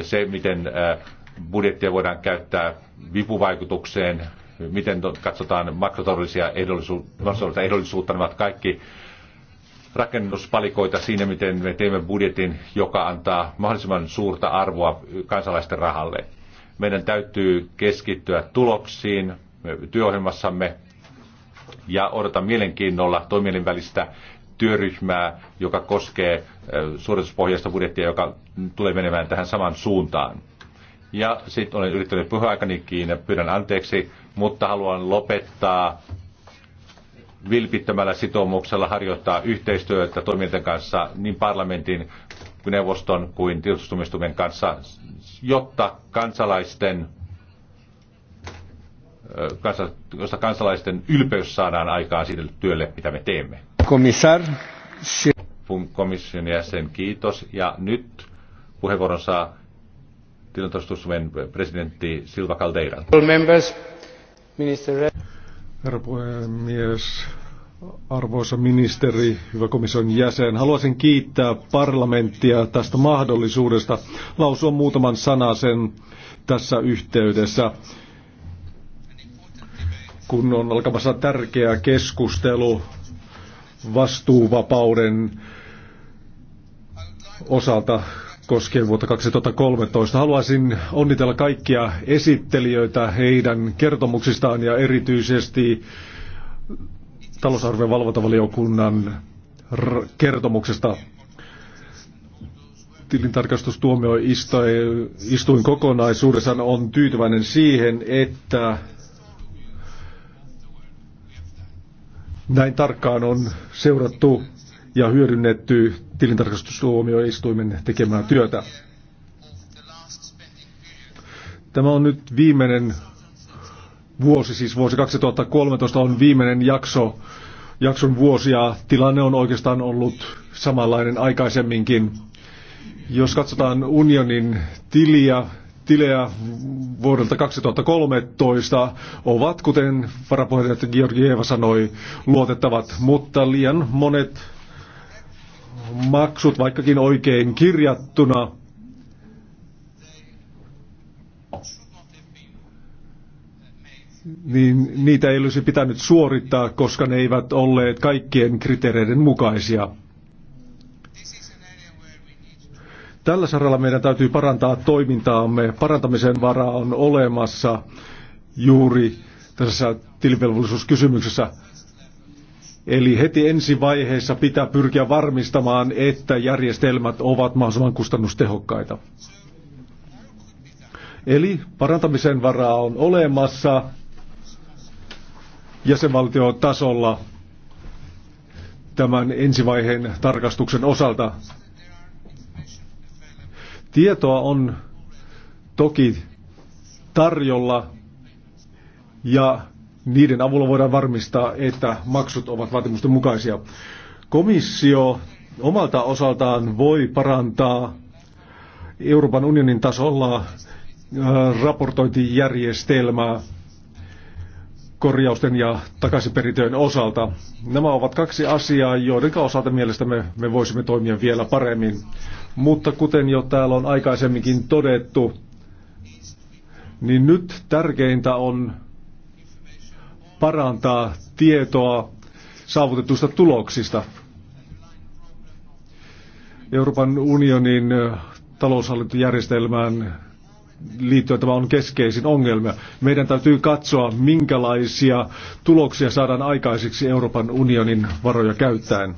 se miten äh, budjettia voidaan käyttää vipuvaikutukseen, miten katsotaan makrotaloudellisia ehdollisuutta, ehdollisuutta, ne ovat kaikki rakennuspalikoita siinä, miten me teemme budjetin, joka antaa mahdollisimman suurta arvoa kansalaisten rahalle. Meidän täytyy keskittyä tuloksiin työohjelmassamme ja odotan mielenkiinnolla toimielin välistä työryhmää, joka koskee suorituspohjaista budjettia, joka tulee menemään tähän samaan suuntaan. Ja sitten olen yrittänyt aikani kiinni, pyydän anteeksi, mutta haluan lopettaa vilpittömällä sitoumuksella harjoittaa yhteistyötä toimijoiden kanssa niin parlamentin, neuvoston kuin tietustumistumien kanssa, jotta kansalaisten, josta kansalaisten ylpeys saadaan aikaan sille työlle, mitä me teemme. Komissar. Komission jäsen, kiitos. Ja nyt puheenvuoron saa tilintarkastusmen presidentti Silva Caldeira. Members, minister... Herra puhemies, arvoisa ministeri, hyvä komission jäsen, haluaisin kiittää parlamenttia tästä mahdollisuudesta lausua muutaman sen tässä yhteydessä, kun on alkamassa tärkeä keskustelu vastuuvapauden osalta koskien vuotta 2013. Haluaisin onnitella kaikkia esittelijöitä heidän kertomuksistaan ja erityisesti talousarvion valvontavaliokunnan kertomuksesta tilintarkastustuomioistuin kokonaisuudessaan on tyytyväinen siihen, että näin tarkkaan on seurattu ja hyödynnetty tilintarkastustuomioistuimen tekemää työtä. Tämä on nyt viimeinen vuosi, siis vuosi 2013 on viimeinen jakso, jakson vuosi ja tilanne on oikeastaan ollut samanlainen aikaisemminkin. Jos katsotaan unionin tiliä, tilejä vuodelta 2013 ovat, kuten varapuheenjohtaja Georgieva sanoi, luotettavat, mutta liian monet maksut, vaikkakin oikein kirjattuna, niin niitä ei olisi pitänyt suorittaa, koska ne eivät olleet kaikkien kriteereiden mukaisia. Tällä saralla meidän täytyy parantaa toimintaamme. Parantamisen vara on olemassa juuri tässä tilivelvollisuuskysymyksessä. Eli heti ensi vaiheessa pitää pyrkiä varmistamaan, että järjestelmät ovat mahdollisimman kustannustehokkaita. Eli parantamisen varaa on olemassa tasolla tämän ensivaiheen tarkastuksen osalta. Tietoa on toki tarjolla ja niiden avulla voidaan varmistaa, että maksut ovat vaatimusten mukaisia. Komissio omalta osaltaan voi parantaa Euroopan unionin tasolla äh, raportointijärjestelmää korjausten ja takaisinperintöjen osalta. Nämä ovat kaksi asiaa, joiden osalta mielestämme me voisimme toimia vielä paremmin. Mutta kuten jo täällä on aikaisemminkin todettu, niin nyt tärkeintä on parantaa tietoa saavutetuista tuloksista. Euroopan unionin taloushallintojärjestelmään liittyen tämä on keskeisin ongelma. Meidän täytyy katsoa, minkälaisia tuloksia saadaan aikaisiksi Euroopan unionin varoja käyttäen.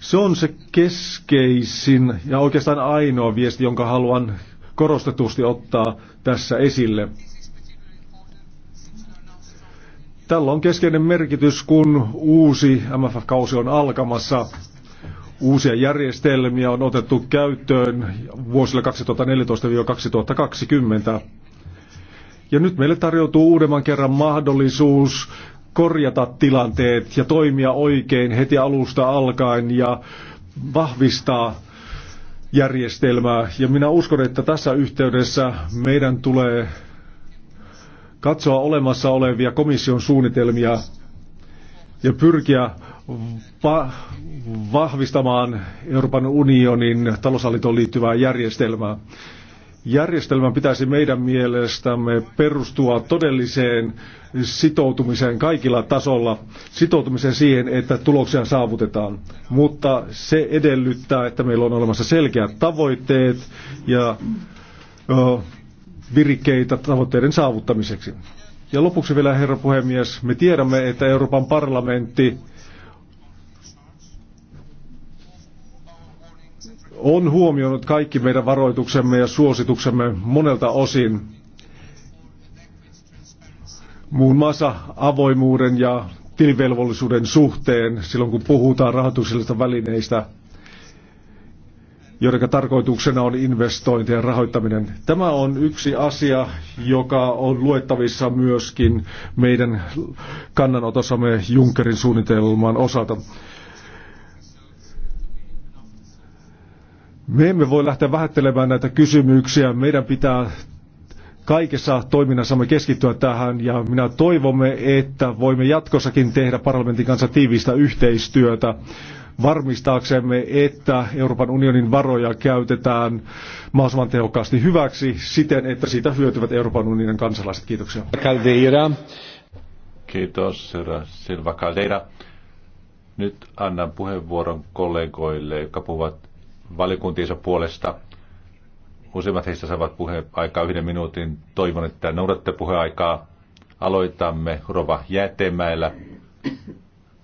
Se on se keskeisin ja oikeastaan ainoa viesti, jonka haluan korostetusti ottaa tässä esille. Tällä on keskeinen merkitys, kun uusi MFF-kausi on alkamassa. Uusia järjestelmiä on otettu käyttöön vuosille 2014-2020. Ja nyt meille tarjoutuu uudemman kerran mahdollisuus korjata tilanteet ja toimia oikein heti alusta alkaen ja vahvistaa järjestelmää. Ja minä uskon, että tässä yhteydessä meidän tulee katsoa olemassa olevia komission suunnitelmia ja pyrkiä va- vahvistamaan Euroopan unionin taloushallintoon liittyvää järjestelmää. Järjestelmän pitäisi meidän mielestämme perustua todelliseen sitoutumiseen kaikilla tasolla, sitoutumiseen siihen, että tuloksia saavutetaan. Mutta se edellyttää, että meillä on olemassa selkeät tavoitteet ja virikkeitä tavoitteiden saavuttamiseksi. Ja lopuksi vielä, herra puhemies, me tiedämme, että Euroopan parlamentti on huomioinut kaikki meidän varoituksemme ja suosituksemme monelta osin, muun muassa avoimuuden ja tilivelvollisuuden suhteen silloin, kun puhutaan rahoituksellisista välineistä – joiden tarkoituksena on investointien rahoittaminen. Tämä on yksi asia, joka on luettavissa myöskin meidän kannanotossamme Junckerin suunnitelman osalta. Me emme voi lähteä vähättelemään näitä kysymyksiä. Meidän pitää kaikessa toiminnassamme keskittyä tähän ja minä toivomme, että voimme jatkossakin tehdä parlamentin kanssa tiivistä yhteistyötä varmistaaksemme, että Euroopan unionin varoja käytetään mahdollisimman tehokkaasti hyväksi siten, että siitä hyötyvät Euroopan unionin kansalaiset. Kiitoksia. Caldeira. Kiitos, herra Silva Caldeira. Nyt annan puheenvuoron kollegoille, jotka puhuvat valiokuntiensa puolesta. Useimmat heistä saavat puheaikaa yhden minuutin. Toivon, että noudatte puheaikaa. Aloitamme Rova Jäätemäellä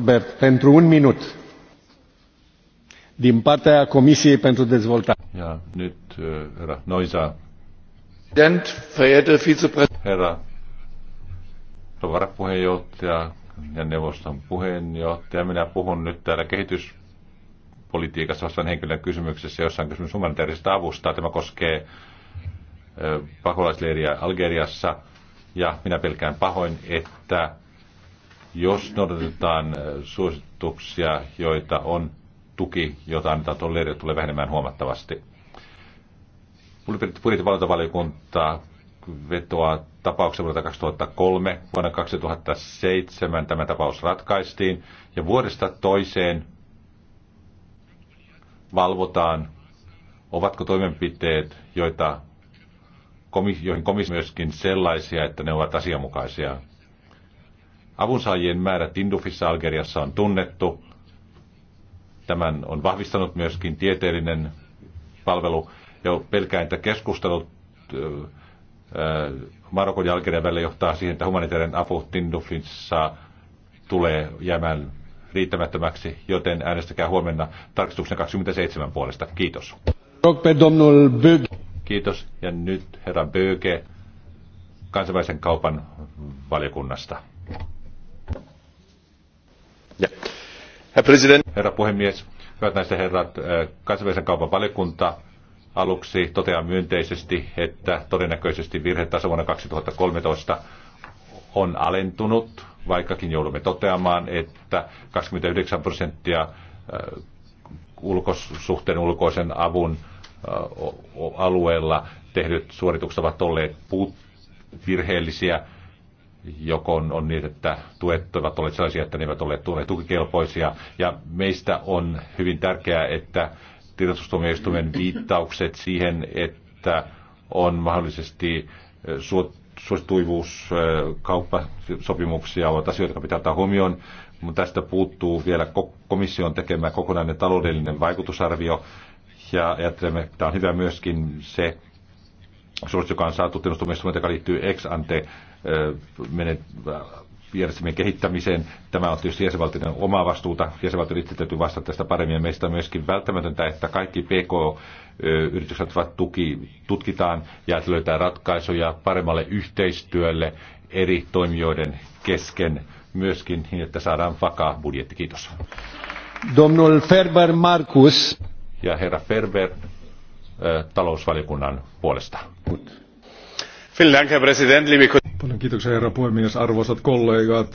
Norbert, pentru un minut. Din partea Comisiei pentru Dezvoltare. Ja, nyt herra Noisa. Herra varapuheenjohtaja ja neuvoston puheenjohtaja, minä puhun nyt täällä kehityspolitiikassa vastaan henkilön kysymyksessä, jossa on kysymys humanitaarisesta avusta. Tämä koskee äh, pakolaisleiriä Algeriassa ja minä pelkään pahoin, että jos noudatetaan äh, suosituksia, joita on tuki, jota annetaan tuolle tulee vähenemään huomattavasti. Budjettivalvontavaliokunta vetoaa tapauksen vuodelta 2003. Vuonna 2007 tämä tapaus ratkaistiin ja vuodesta toiseen valvotaan, ovatko toimenpiteet, joita, joihin komissio myöskin sellaisia, että ne ovat asianmukaisia. Avunsaajien määrä Tindufissa Algeriassa on tunnettu. Tämän on vahvistanut myöskin tieteellinen palvelu. ja pelkään, että keskustelut Marokon ja Algerian välillä johtaa siihen, että humanitaarinen apu Tindufissa tulee jäämään riittämättömäksi, joten äänestäkää huomenna tarkistuksen 27 puolesta. Kiitos. Kiitos. Ja nyt herra Böge kansainvälisen kaupan valiokunnasta. Herra puhemies, hyvät naiset ja herrat, äh, kansainvälisen kaupan valiokunta aluksi toteaa myönteisesti, että todennäköisesti virhetaso vuonna 2013 on alentunut, vaikkakin joudumme toteamaan, että 29 prosenttia äh, ulkosuhteen ulkoisen avun äh, alueella tehdyt suoritukset ovat olleet virheellisiä joko on niin, että tuet ovat olleet sellaisia, että ne eivät ole tuoneet tukikelpoisia. Ja meistä on hyvin tärkeää, että tilastustuomioistuimen viittaukset siihen, että on mahdollisesti suosituivuuskauppasopimuksia ovat asioita, jotka pitää ottaa huomioon. Mutta tästä puuttuu vielä komission tekemä kokonainen taloudellinen vaikutusarvio. Ja ajattelemme, että tämä on hyvä myöskin se suositus, joka on saatu tilastustuomioistuimen, joka liittyy ex ante menet, järjestelmien kehittämiseen. Tämä on tietysti jäsenvaltioiden omaa vastuuta. Jäsenvaltioiden itse täytyy vastata tästä paremmin. Ja meistä on myöskin välttämätöntä, että kaikki PK yritykset tuki, tutkitaan ja että löytää ratkaisuja paremmalle yhteistyölle eri toimijoiden kesken myöskin niin, että saadaan vakaa budjetti. Kiitos. Domnul Ferber Markus. Ja herra Ferber talousvaliokunnan puolesta. Good. Paljon kiitoksia herra puhemies, arvoisat kollegat.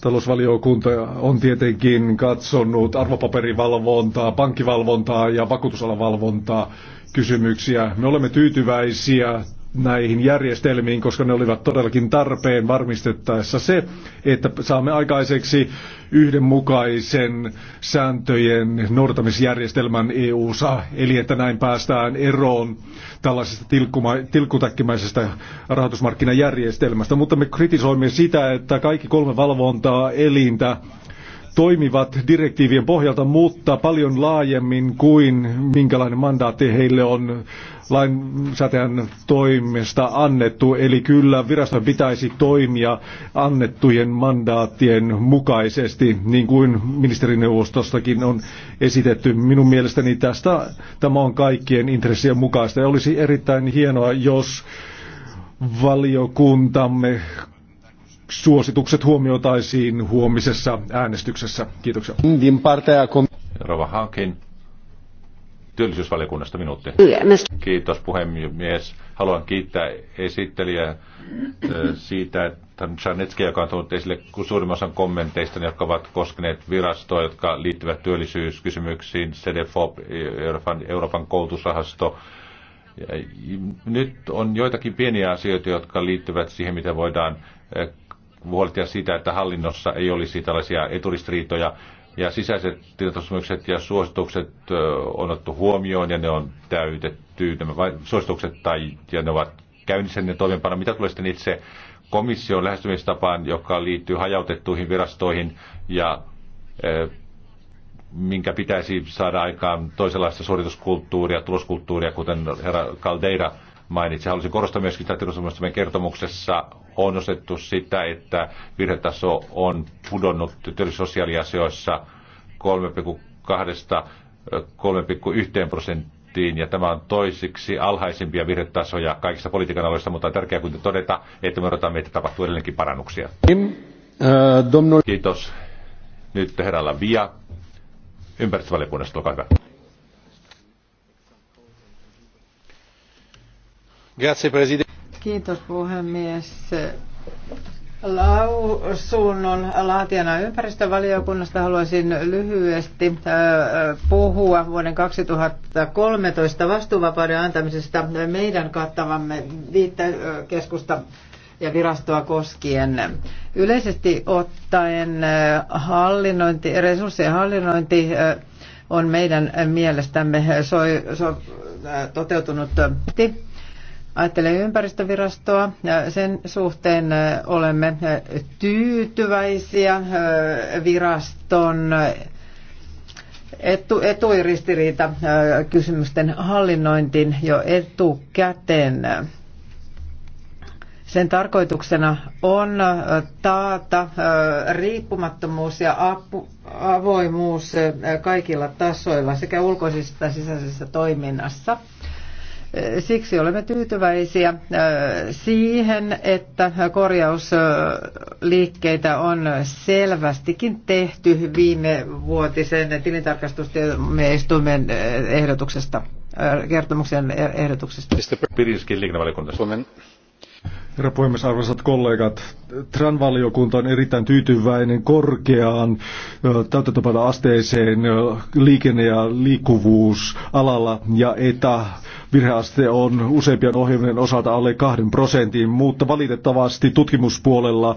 Talousvaliokunta on tietenkin katsonut arvopaperivalvontaa, pankkivalvontaa ja vakuutusalan valvontaa kysymyksiä. Me olemme tyytyväisiä näihin järjestelmiin, koska ne olivat todellakin tarpeen varmistettaessa se, että saamme aikaiseksi yhdenmukaisen sääntöjen noudatamisjärjestelmän eu sa eli että näin päästään eroon tällaisesta tilkkutäkkimäisestä rahoitusmarkkinajärjestelmästä. Mutta me kritisoimme sitä, että kaikki kolme valvontaa elintä toimivat direktiivien pohjalta, mutta paljon laajemmin kuin minkälainen mandaatti heille on lainsäätäjän toimesta annettu, eli kyllä viraston pitäisi toimia annettujen mandaattien mukaisesti, niin kuin ministerineuvostostakin on esitetty. Minun mielestäni tästä tämä on kaikkien intressien mukaista ja olisi erittäin hienoa, jos valiokuntamme suositukset huomioitaisiin huomisessa äänestyksessä. Kiitoksia. Rova työllisyysvaliokunnasta minuutti. Kiitos puhemies. Haluan kiittää esittelijää äh, siitä, että Janetski, joka on tullut esille suurimman osan kommenteista, jotka ovat koskeneet virastoa, jotka liittyvät työllisyyskysymyksiin, CDFOP, Euroopan, Euroopan koulutusrahasto. Nyt on joitakin pieniä asioita, jotka liittyvät siihen, mitä voidaan äh, huolehtia siitä, että hallinnossa ei olisi tällaisia eturistiriitoja ja sisäiset tietosuojelukset ja suositukset on otettu huomioon ja ne on täytetty, nämä suositukset tai, ja ne ovat käynnissä ne toimenpano. Mitä tulee sitten itse komission lähestymistapaan, joka liittyy hajautettuihin virastoihin ja e, minkä pitäisi saada aikaan toisenlaista suorituskulttuuria, tuloskulttuuria, kuten herra Caldeira mainitsi. Haluaisin korostaa myöskin, että tilastomuistamme kertomuksessa on osettu sitä, että virhetaso on pudonnut työllisyys- sosiaaliasioissa 3,2-3,1 prosenttiin, ja tämä on toisiksi alhaisimpia virhetasoja kaikista politiikan aloista, mutta on tärkeää kuitenkin todeta, että me odotamme, että tapahtuu edelleenkin parannuksia. Äh, Kiitos. Nyt herralla Via ympäristövaliokunnasta, olkaa hyvä. Kiitos puhemies. Lausunnon laatijana ympäristövaliokunnasta haluaisin lyhyesti äh, puhua vuoden 2013 vastuuvapauden antamisesta meidän kattavamme viittä äh, keskusta ja virastoa koskien. Yleisesti ottaen äh, hallinnointi, resurssien hallinnointi on meidän mielestämme so, so, toteutunut ajattelee ympäristövirastoa. Sen suhteen olemme tyytyväisiä viraston etu, etuiristiriita kysymysten hallinnointiin jo etukäteen. Sen tarkoituksena on taata riippumattomuus ja avoimuus kaikilla tasoilla sekä ulkoisessa että sisäisessä toiminnassa – Siksi olemme tyytyväisiä äh, siihen, että korjausliikkeitä on selvästikin tehty viime vuotisen tilintarkastustuomioistuimen äh, ehdotuksesta, äh, kertomuksen er-, ehdotuksesta. Herra puhemies, arvoisat kollegat, TRAN-valiokunta on erittäin tyytyväinen korkeaan täytäntöpäivän asteeseen liikenne- ja liikkuvuusalalla ja että Virheaste on useimpien ohjelmien osalta alle kahden prosentin, mutta valitettavasti tutkimuspuolella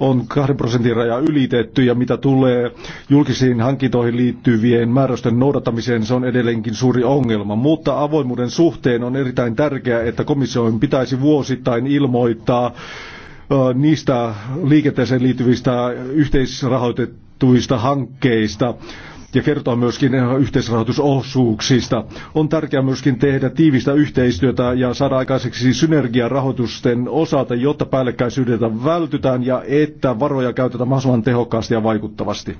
on kahden prosentin raja ylitetty ja mitä tulee julkisiin hankintoihin liittyvien määräysten noudattamiseen, se on edelleenkin suuri ongelma. Mutta avoimuuden suhteen on erittäin tärkeää, että komission pitäisi vuosittain ilmoittaa niistä liikenteeseen liittyvistä yhteisrahoitettuista hankkeista, ja kertoa myöskin yhteisrahoitusosuuksista. On tärkeää myöskin tehdä tiivistä yhteistyötä ja saada aikaiseksi synergiarahoitusten osalta, jotta päällekkäisyydeltä vältytään ja että varoja käytetään mahdollisimman tehokkaasti ja vaikuttavasti.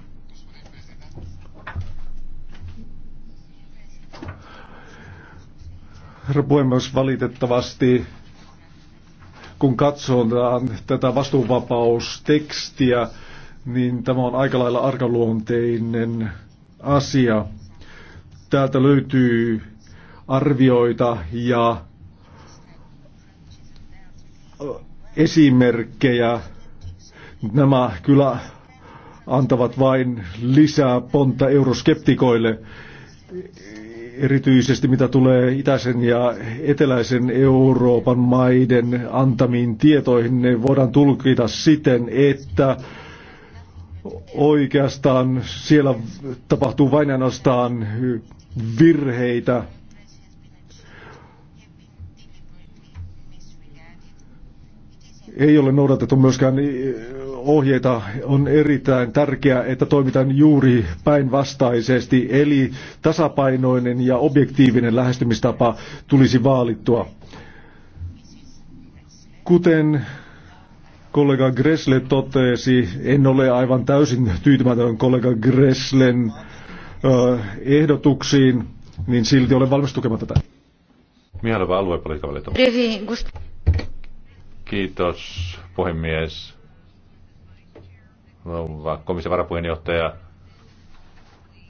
Herra puhemies, valitettavasti kun katsotaan tätä vastuunvapaustekstiä, niin tämä on aika lailla arkaluonteinen asia. Täältä löytyy arvioita ja esimerkkejä. Nämä kyllä antavat vain lisää pontta euroskeptikoille, erityisesti mitä tulee itäisen ja eteläisen Euroopan maiden antamiin tietoihin. Ne voidaan tulkita siten, että Oikeastaan siellä tapahtuu vain ainoastaan virheitä. Ei ole noudatettu myöskään eh, ohjeita. On erittäin tärkeää, että toimitaan juuri päinvastaisesti, eli tasapainoinen ja objektiivinen lähestymistapa tulisi vaalittua. Kuten kollega Gressle totesi, en ole aivan täysin tyytymätön kollega Gresslen ehdotuksiin, niin silti olen valmis tukemaan tätä. Mielevä aluepolitiikan valiokunta. Kiitos puhemies. Rouva komission varapuheenjohtaja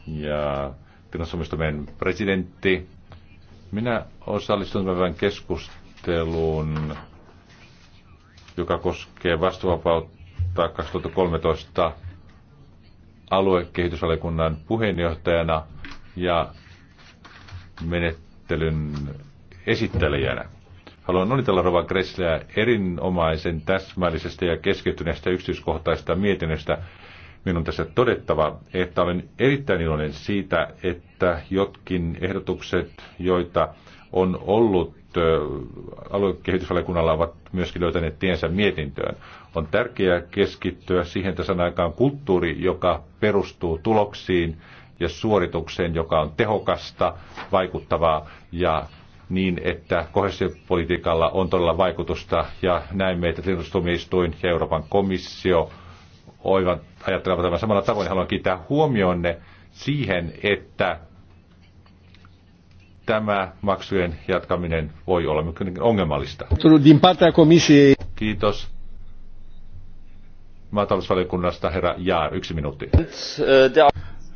ja finanssimistomien presidentti. Minä osallistun tämän keskusteluun joka koskee vastuvapautta 2013 aluekehitysvaliokunnan puheenjohtajana ja menettelyn esittelijänä. Haluan onnitella Rova Gressleä erinomaisen täsmällisestä ja keskittyneestä yksityiskohtaisesta mietinnöstä. Minun tässä todettava, että olen erittäin iloinen siitä, että jotkin ehdotukset, joita on ollut aluekehitysvaliokunnalla ovat myöskin löytäneet tiensä mietintöön. On tärkeää keskittyä siihen, että aikaan kulttuuri, joka perustuu tuloksiin ja suoritukseen, joka on tehokasta, vaikuttavaa ja niin, että kohdessiopolitiikalla on todella vaikutusta ja näemme, että tilintustumistuin ja Euroopan komissio oivat ajattelevat tämän samalla tavoin. Haluan kiittää huomionne siihen, että tämä maksujen jatkaminen voi olla myöskin ongelmallista. Kiitos. Maatalousvaliokunnasta herra Jaar, yksi minuutti.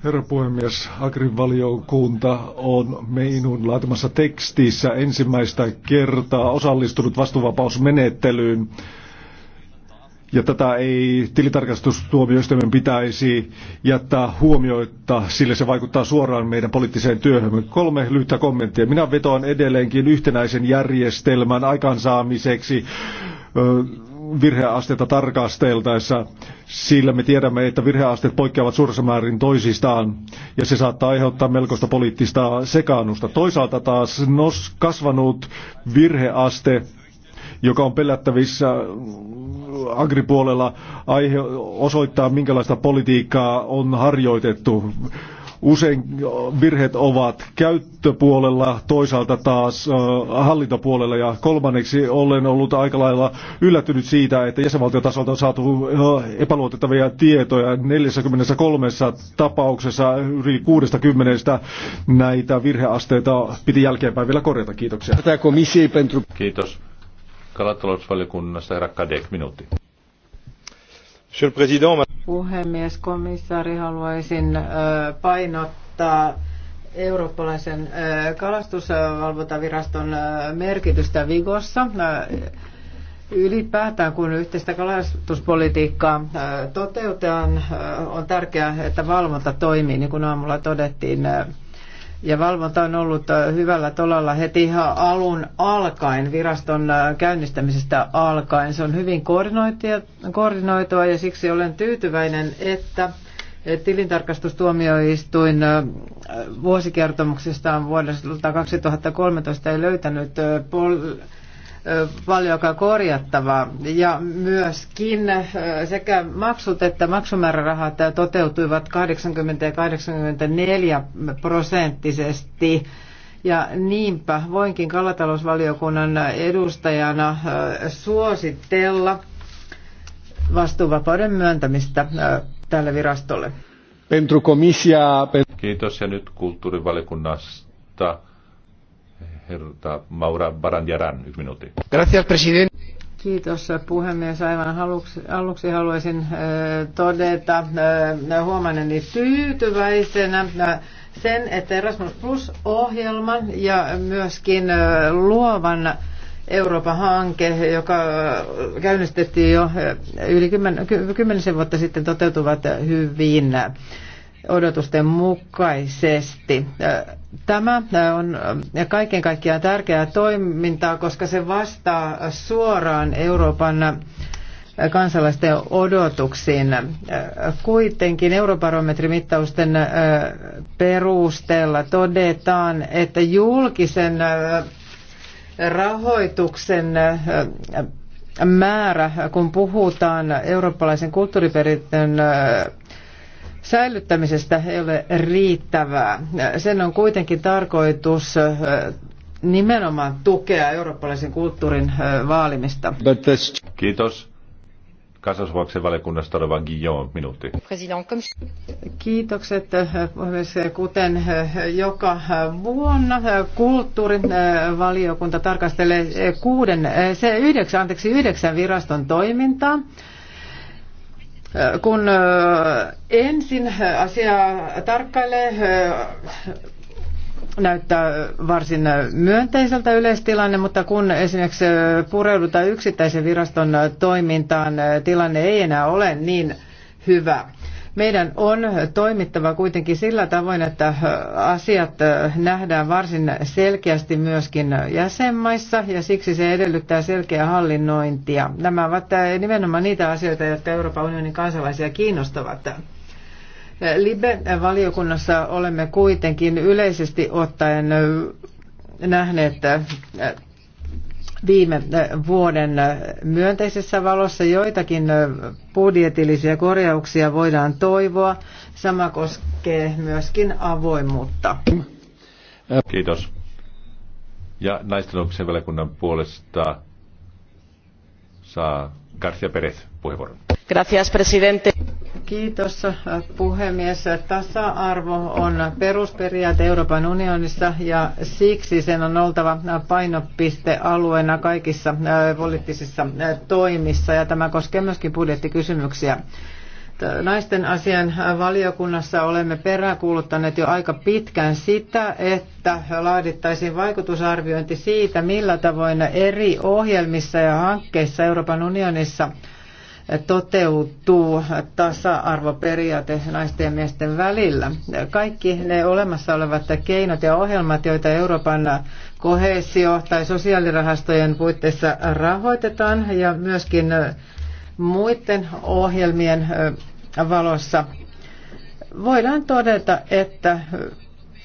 Herra puhemies, Agrivaliokunta on meinun laatimassa tekstissä ensimmäistä kertaa osallistunut vastuuvapausmenettelyyn. Ja tätä ei tilitarkastustuomioistuimen pitäisi jättää huomioitta, sillä se vaikuttaa suoraan meidän poliittiseen työhömme. Kolme lyhyttä kommenttia. Minä vetoan edelleenkin yhtenäisen järjestelmän aikaansaamiseksi virheastetta tarkasteltaessa, sillä me tiedämme, että virheasteet poikkeavat suuressa määrin toisistaan, ja se saattaa aiheuttaa melkoista poliittista sekaannusta. Toisaalta taas nos, kasvanut virheaste, joka on pelättävissä agripuolella aihe osoittaa, minkälaista politiikkaa on harjoitettu. Usein virheet ovat käyttöpuolella, toisaalta taas hallintopuolella ja kolmanneksi olen ollut aika lailla yllättynyt siitä, että jäsenvaltiotasolta on saatu epäluotettavia tietoja 43 tapauksessa yli 60 näitä virheasteita piti jälkeenpäin vielä korjata. Kiitoksia. Kiitos kalatalousvaliokunnasta herra Kadek, minuutti. Puhemies, komissaari, haluaisin painottaa eurooppalaisen kalastusvalvontaviraston merkitystä Vigossa. Ylipäätään, kun yhteistä kalastuspolitiikkaa toteutetaan, on tärkeää, että valvonta toimii, niin kuin aamulla todettiin ja valvonta on ollut äh, hyvällä tolalla heti ihan alun alkaen, viraston äh, käynnistämisestä alkaen. Se on hyvin koordinoitua ja siksi olen tyytyväinen, että eh, tilintarkastustuomioistuin äh, vuosikertomuksestaan vuodelta 2013 ei löytänyt pol- paljonkaan korjattavaa. Ja myöskin sekä maksut että maksumäärärahat toteutuivat 80 ja 84 prosenttisesti. Ja niinpä voinkin kalatalousvaliokunnan edustajana suositella vastuuvapauden myöntämistä tälle virastolle. Pentru komisia... Kiitos ja nyt kulttuurivaliokunnasta herra Maura Barandjaran yksi minuutti. Gracias, Kiitos puhemies. Aivan aluksi, aluksi haluaisin äh, todeta äh, huomanneni tyytyväisenä äh, sen, että Erasmus Plus-ohjelman ja myöskin luovan Euroopan hanke, joka käynnistettiin jo yli kymmenisen vuotta sitten, toteutuvat hyvin odotusten mukaisesti. Tämä on kaiken kaikkiaan tärkeää toimintaa, koska se vastaa suoraan Euroopan kansalaisten odotuksiin. Kuitenkin eurobarometrimittausten perusteella todetaan, että julkisen rahoituksen määrä, kun puhutaan eurooppalaisen kulttuuriperintön säilyttämisestä ei ole riittävää. Sen on kuitenkin tarkoitus nimenomaan tukea eurooppalaisen kulttuurin vaalimista. Kiitos. Kansallisvauksen valiokunnasta oleva Guillaume, minuutti. Kiitokset Kuten joka vuonna kulttuurin valiokunta tarkastelee kuuden, se yhdeksän, anteeksi, yhdeksän viraston toimintaa kun ensin asia tarkkailee, näyttää varsin myönteiseltä yleistilanne, mutta kun esimerkiksi pureudutaan yksittäisen viraston toimintaan, tilanne ei enää ole niin hyvä. Meidän on toimittava kuitenkin sillä tavoin, että äh, asiat äh, nähdään varsin selkeästi myöskin jäsenmaissa ja siksi se edellyttää selkeää hallinnointia. Nämä ovat äh, nimenomaan niitä asioita, jotka Euroopan unionin kansalaisia kiinnostavat. Libe-valiokunnassa olemme kuitenkin yleisesti ottaen nähneet viime äh, vuoden äh, myönteisessä valossa. Joitakin äh, budjetillisia korjauksia voidaan toivoa. Sama koskee myöskin avoimuutta. Kiitos. Ja naisten oikeuksien valiokunnan puolesta saa Garcia Perez puheenvuoron. Gracias, presidente. Kiitos puhemies. Tasa-arvo on perusperiaate Euroopan unionissa ja siksi sen on oltava painopistealueena kaikissa poliittisissa toimissa ja tämä koskee myöskin budjettikysymyksiä. Naisten asian valiokunnassa olemme peräkuuluttaneet jo aika pitkään sitä, että laadittaisiin vaikutusarviointi siitä, millä tavoin eri ohjelmissa ja hankkeissa Euroopan unionissa – toteutuu tasa-arvoperiaate naisten ja miesten välillä. Kaikki ne olemassa olevat keinot ja ohjelmat, joita Euroopan kohesio- tai sosiaalirahastojen puitteissa rahoitetaan ja myöskin muiden ohjelmien valossa, voidaan todeta, että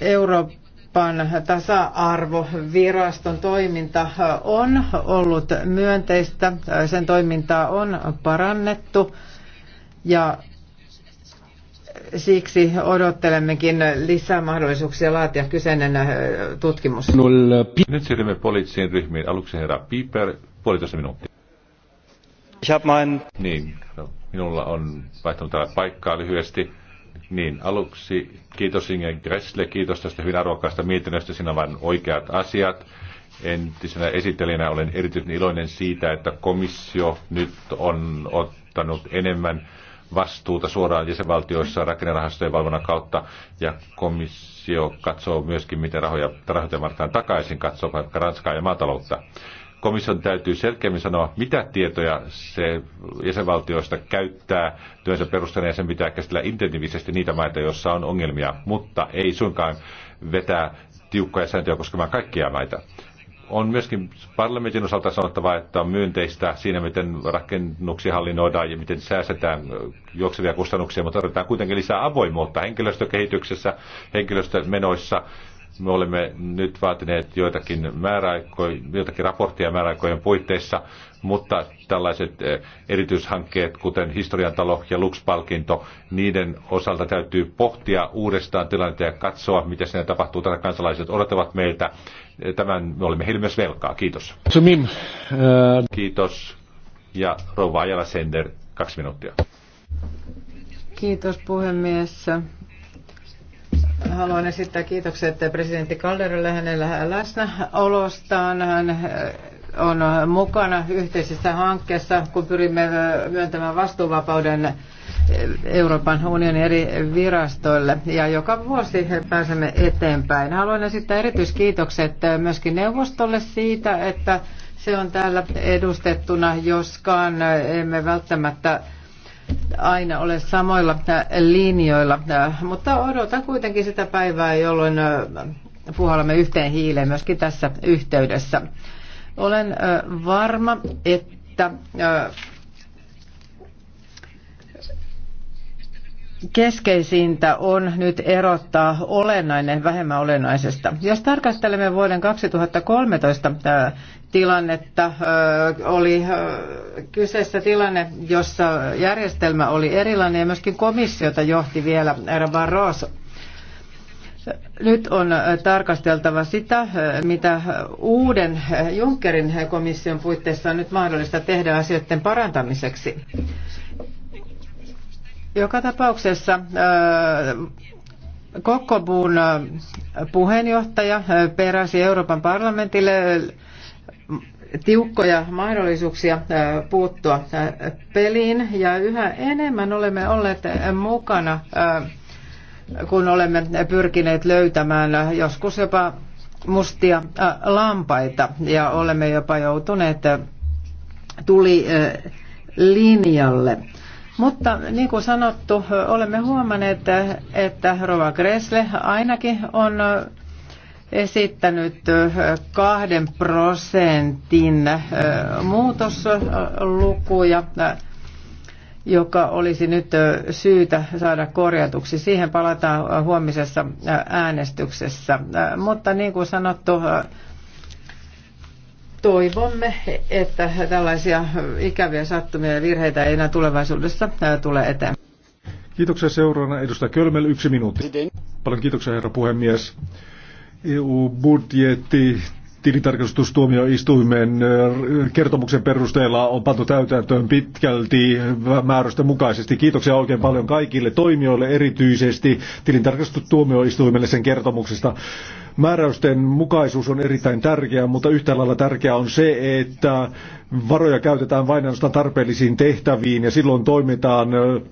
Euroopan Euroopan tasa-arvoviraston toiminta on ollut myönteistä, sen toimintaa on parannettu ja siksi odottelemmekin lisää mahdollisuuksia laatia kyseinen tutkimus. Nyt siirrymme poliittisiin ryhmiin. Aluksi herra Piper, puolitoista minuuttia. Niin, minulla on vaihtunut täällä paikkaa lyhyesti niin, aluksi kiitos Inge Gressle, kiitos tästä hyvin arvokkaasta mietinnöstä, siinä on vain oikeat asiat. Entisenä esittelijänä olen erityisen iloinen siitä, että komissio nyt on ottanut enemmän vastuuta suoraan jäsenvaltioissa rakennerahastojen valvonnan kautta, ja komissio katsoo myöskin, miten rahoja rahoitetaan takaisin, katsoo vaikka Ranskaa ja maataloutta komission täytyy selkeämmin sanoa, mitä tietoja se jäsenvaltioista käyttää työnsä perusteella ja sen pitää käsitellä intensiivisesti niitä maita, joissa on ongelmia, mutta ei suinkaan vetää tiukkoja sääntöjä koskemaan kaikkia maita. On myöskin parlamentin osalta sanottava, että on myönteistä siinä, miten rakennuksia hallinnoidaan ja miten säästetään juoksevia kustannuksia, mutta tarvitaan kuitenkin lisää avoimuutta henkilöstökehityksessä, henkilöstömenoissa, me olemme nyt vaatineet joitakin, joitakin raportteja määräaikojen puitteissa, mutta tällaiset eh, erityishankkeet, kuten Historiantalo ja Lux-palkinto, niiden osalta täytyy pohtia uudestaan tilannetta ja katsoa, mitä siinä tapahtuu. Tätä kansalaiset odottavat meiltä. Eh, tämän me olemme heille myös velkaa. Kiitos. Eh, Kiitos. Ja rouva Ajala Sender, kaksi minuuttia. Kiitos puhemies. Haluan esittää kiitokset presidentti Kallerille hänellä läsnäolostaan. Hän eh, on mukana yhteisessä hankkeessa, kun pyrimme eh, myöntämään vastuuvapauden eh, Euroopan unionin eri virastoille. Ja joka vuosi pääsemme eteenpäin. Haluan esittää erityiskiitokset myöskin neuvostolle siitä, että se on täällä edustettuna, joskaan emme välttämättä aina ole samoilla äh, linjoilla, äh, mutta odotan kuitenkin sitä päivää, jolloin äh, puhallamme yhteen hiileen myöskin tässä yhteydessä. Olen varma, että keskeisintä on nyt erottaa olennainen vähemmän olennaisesta. Jos tarkastelemme vuoden 2013 tilannetta. Oli kyseessä tilanne, jossa järjestelmä oli erilainen ja myöskin komissiota johti vielä Barroso. Nyt on tarkasteltava sitä, mitä uuden Junckerin komission puitteissa on nyt mahdollista tehdä asioiden parantamiseksi. Joka tapauksessa Kokkobuun puheenjohtaja peräsi Euroopan parlamentille tiukkoja mahdollisuuksia puuttua peliin ja yhä enemmän olemme olleet mukana, kun olemme pyrkineet löytämään joskus jopa mustia lampaita ja olemme jopa joutuneet tuli linjalle. Mutta niin kuin sanottu, olemme huomanneet, että Rova Gressle ainakin on esittänyt kahden prosentin muutoslukuja, joka olisi nyt syytä saada korjatuksi. Siihen palataan huomisessa äänestyksessä. Mutta niin kuin sanottu, toivomme, että tällaisia ikäviä sattumia ja virheitä ei enää tulevaisuudessa tule eteen. Kiitoksia seuraavana edustaja Kölmel, yksi minuutti. Paljon kiitoksia herra puhemies. EU-budjetti tilintarkastustuomioistuimen kertomuksen perusteella on pantu täytäntöön pitkälti määräysten mukaisesti. Kiitoksia oikein paljon kaikille toimijoille, erityisesti tilintarkastustuomioistuimelle sen kertomuksesta. Määräysten mukaisuus on erittäin tärkeää, mutta yhtä lailla tärkeää on se, että varoja käytetään vain ainoastaan tarpeellisiin tehtäviin ja silloin toimitaan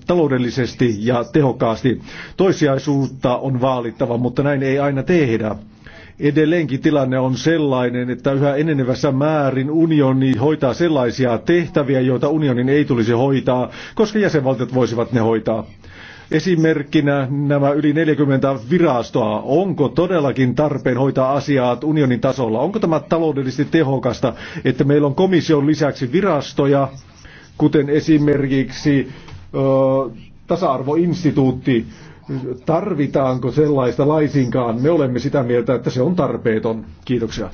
taloudellisesti ja tehokkaasti. Toissijaisuutta on vaalittava, mutta näin ei aina tehdä. Edelleenkin tilanne on sellainen, että yhä enenevässä määrin unioni hoitaa sellaisia tehtäviä, joita unionin ei tulisi hoitaa, koska jäsenvaltiot voisivat ne hoitaa. Esimerkkinä nämä yli 40 virastoa. Onko todellakin tarpeen hoitaa asiat unionin tasolla? Onko tämä taloudellisesti tehokasta, että meillä on komission lisäksi virastoja, kuten esimerkiksi ö, tasa-arvoinstituutti, tarvitaanko sellaista laisinkaan. Me olemme sitä mieltä, että se on tarpeeton. Kiitoksia.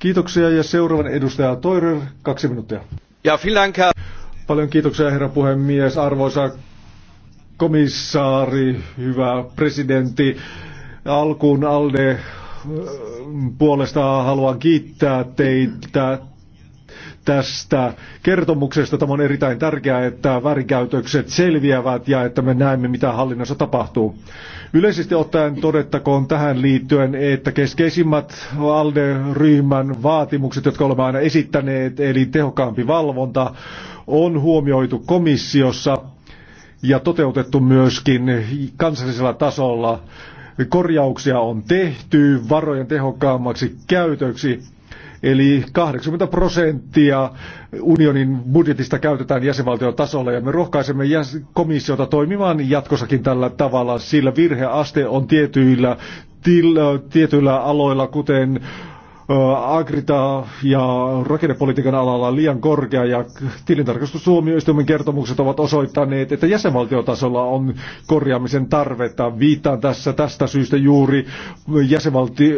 Kiitoksia ja seuraavan edustaja Toirer, kaksi minuuttia. Ja Paljon kiitoksia herra puhemies, arvoisa komissaari, hyvä presidentti. Alkuun Alde äh, puolesta haluan kiittää teitä tästä kertomuksesta. Tämä on erittäin tärkeää, että värikäytökset selviävät ja että me näemme, mitä hallinnossa tapahtuu. Yleisesti ottaen todettakoon tähän liittyen, että keskeisimmät ALDE-ryhmän vaatimukset, jotka olemme aina esittäneet, eli tehokkaampi valvonta, on huomioitu komissiossa ja toteutettu myöskin kansallisella tasolla korjauksia on tehty varojen tehokkaammaksi käytöksi Eli 80 prosenttia unionin budjetista käytetään jäsenvaltion tasolla ja me rohkaisemme komissiota toimimaan jatkossakin tällä tavalla, sillä virheaste on tietyillä, til, tietyillä aloilla, kuten agrita- ja rakennepolitiikan alalla liian korkea ja tilintarkastustuomioistuimen kertomukset ovat osoittaneet, että jäsenvaltiotasolla on korjaamisen tarvetta. Viittaan tässä tästä syystä juuri jäsenvalti-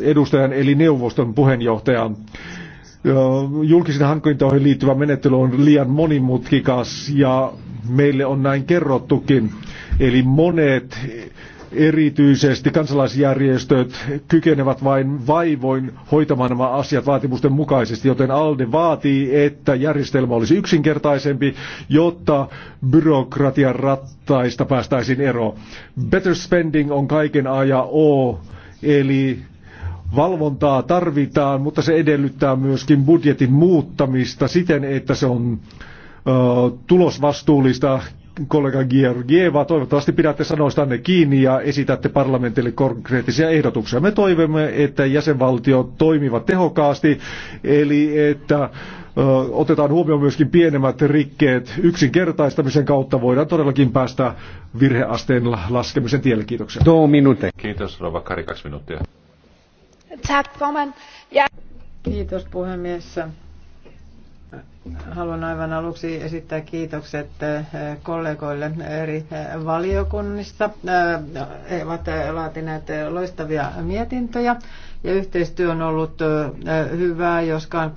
edustajan eli neuvoston puheenjohtajan Julkisen hankintoihin liittyvä menettely on liian monimutkikas ja meille on näin kerrottukin. Eli monet Erityisesti kansalaisjärjestöt kykenevät vain vaivoin hoitamaan nämä asiat vaatimusten mukaisesti, joten ALDE vaatii, että järjestelmä olisi yksinkertaisempi, jotta byrokratian rattaista päästäisiin eroon. Better spending on kaiken A ja O, eli valvontaa tarvitaan, mutta se edellyttää myöskin budjetin muuttamista siten, että se on tulosvastuullista kollega Georgieva. Toivottavasti pidätte sanoistanne kiinni ja esitätte parlamentille konkreettisia ehdotuksia. Me toivomme, että jäsenvaltiot toimivat tehokkaasti, eli että otetaan huomioon myöskin pienemmät rikkeet. Yksinkertaistamisen kautta voidaan todellakin päästä virheasteen laskemisen tielle. Kiitoksia. Tuo Kiitos, Rova Kari, kaksi minuuttia. Kiitos puhemies. Haluan aivan aluksi esittää kiitokset eh, kollegoille eri eh, valiokunnista. Eh, he ovat laatineet loistavia mietintöjä ja yhteistyö on ollut hyvää, joskaan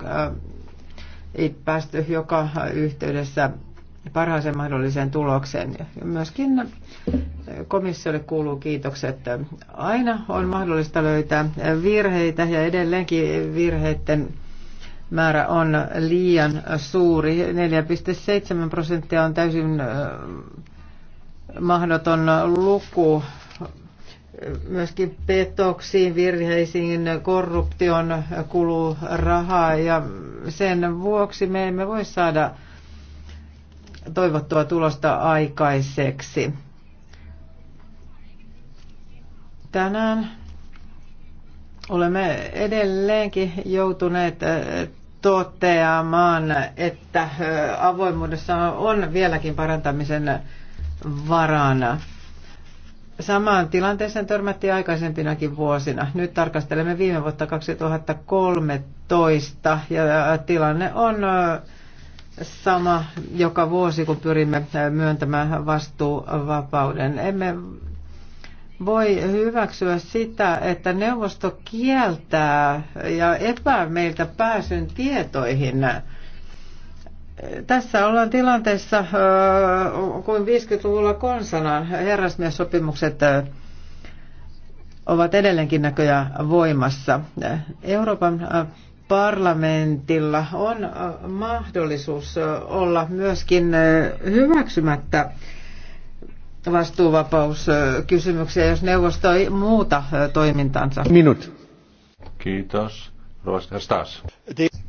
ei päästy joka yhteydessä parhaaseen mahdolliseen tulokseen. Myöskin komissiolle kuuluu kiitokset. Aina on mahdollista löytää virheitä ja edelleenkin virheiden määrä on liian suuri. 4,7 prosenttia on täysin mahdoton luku. Myöskin petoksiin, virheisiin, korruption kuluu rahaa ja sen vuoksi me emme voi saada toivottua tulosta aikaiseksi. Tänään olemme edelleenkin joutuneet toteamaan, että avoimuudessa on vieläkin parantamisen varana. Samaan tilanteeseen törmättiin aikaisempinakin vuosina. Nyt tarkastelemme viime vuotta 2013 ja tilanne on sama joka vuosi, kun pyrimme myöntämään vastuuvapauden. Emme voi hyväksyä sitä, että neuvosto kieltää ja epää meiltä pääsyn tietoihin. Tässä ollaan tilanteessa kuin 50-luvulla konsanaan. Herrasmiessopimukset ovat edelleenkin näköjään voimassa. Euroopan parlamentilla on mahdollisuus olla myöskin hyväksymättä vastuuvapauskysymyksiä, jos neuvosto ei muuta toimintansa. Minut. Kiitos.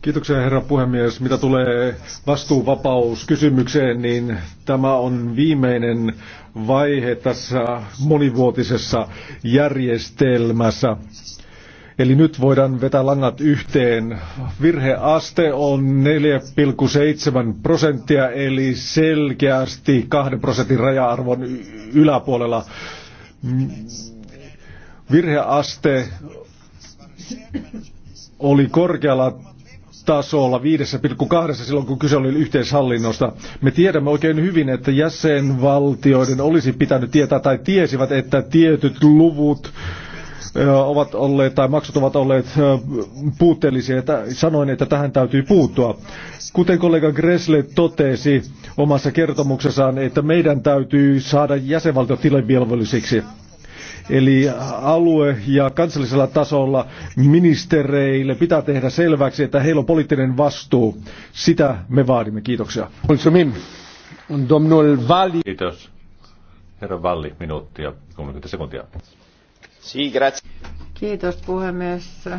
Kiitoksia herra puhemies. Mitä tulee vastuuvapauskysymykseen, niin tämä on viimeinen vaihe tässä monivuotisessa järjestelmässä. Eli nyt voidaan vetää langat yhteen. Virheaste on 4,7 prosenttia, eli selkeästi 2 prosentin raja-arvon yläpuolella. Virheaste oli korkealla tasolla 5,2 silloin, kun kyse oli yhteishallinnosta. Me tiedämme oikein hyvin, että jäsenvaltioiden olisi pitänyt tietää tai tiesivät, että tietyt luvut ovat olleet tai maksut ovat olleet puutteellisia. Sanoin, että tähän täytyy puuttua. Kuten kollega Gressle totesi omassa kertomuksessaan, että meidän täytyy saada jäsenvaltiot tilevelvollisiksi. Eli alue- ja kansallisella tasolla ministereille pitää tehdä selväksi, että heillä on poliittinen vastuu. Sitä me vaadimme. Kiitoksia. Kiitos. Herra Valli, minuuttia 30 sekuntia. Kiitos puhemies.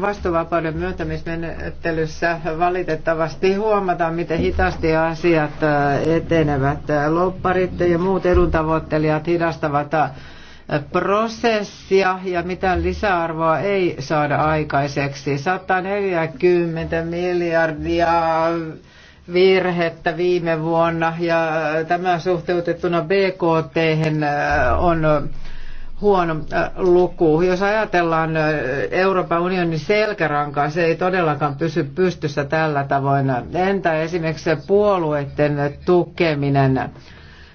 Vastuvapauden myöntämismenettelyssä valitettavasti huomataan, miten hitaasti asiat äh, etenevät. Lopparit ja muut eduntavoittelijat hidastavat äh, prosessia ja mitään lisäarvoa ei saada aikaiseksi. 140 miljardia virhettä viime vuonna ja äh, tämä suhteutettuna BKT on huono äh, luku. Jos ajatellaan äh, Euroopan unionin selkärankaa, se ei todellakaan pysy pystyssä tällä tavoin. Entä esimerkiksi puolueiden tukeminen?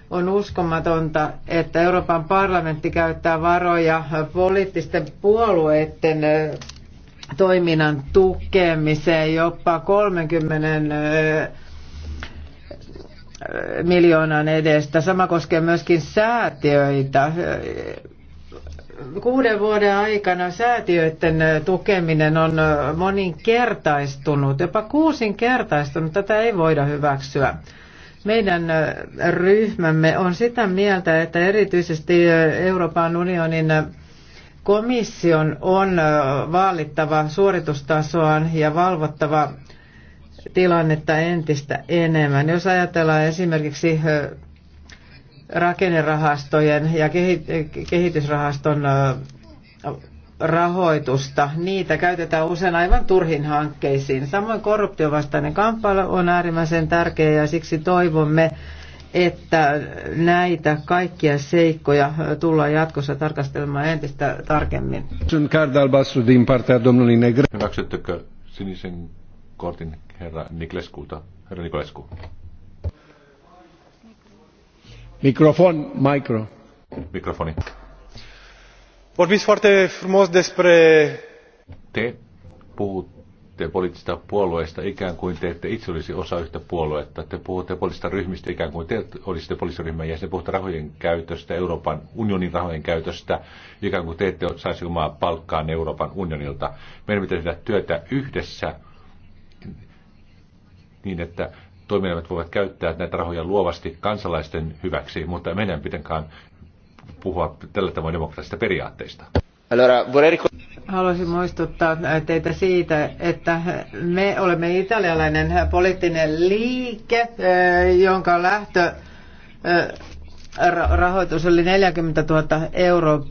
On uskomatonta, että Euroopan parlamentti käyttää varoja poliittisten puolueiden äh, toiminnan tukemiseen jopa 30 miljoonan edestä. Sama koskee myöskin säätiöitä kuuden vuoden aikana säätiöiden tukeminen on moninkertaistunut, jopa kuusinkertaistunut. Tätä ei voida hyväksyä. Meidän ryhmämme on sitä mieltä, että erityisesti Euroopan unionin komission on vaalittava suoritustasoaan ja valvottava tilannetta entistä enemmän. Jos ajatellaan esimerkiksi rakennerahastojen ja kehitysrahaston rahoitusta. Niitä käytetään usein aivan turhin hankkeisiin. Samoin korruptiovastainen kamppailu on äärimmäisen tärkeä ja siksi toivomme, että näitä kaikkia seikkoja tullaan jatkossa tarkastelemaan entistä tarkemmin. Hyväksyttekö sinisen kortin herra Niklesku? Herra Niklesku. Vorbiți foarte frumos despre... Te puhutte poliittisista puolueista ikään kuin te ette itse olisi osa yhtä puoluetta. Te puhutte poliittisista ryhmistä ikään kuin te olisitte poliittisen ryhmän jäsen. Te Puhutte rahojen käytöstä, Euroopan unionin rahojen käytöstä, ikään kuin te ette saisi omaa palkkaan Euroopan unionilta. Meidän pitäisi tehdä työtä yhdessä niin, että Toiminnat voivat käyttää näitä rahoja luovasti kansalaisten hyväksi, mutta meidän pitäkään puhua tällä tavoin demokraattisista periaatteista. Haluaisin muistuttaa teitä siitä, että me olemme italialainen poliittinen liike, eh, jonka lähtö eh, rahoitus oli 40 000 euroa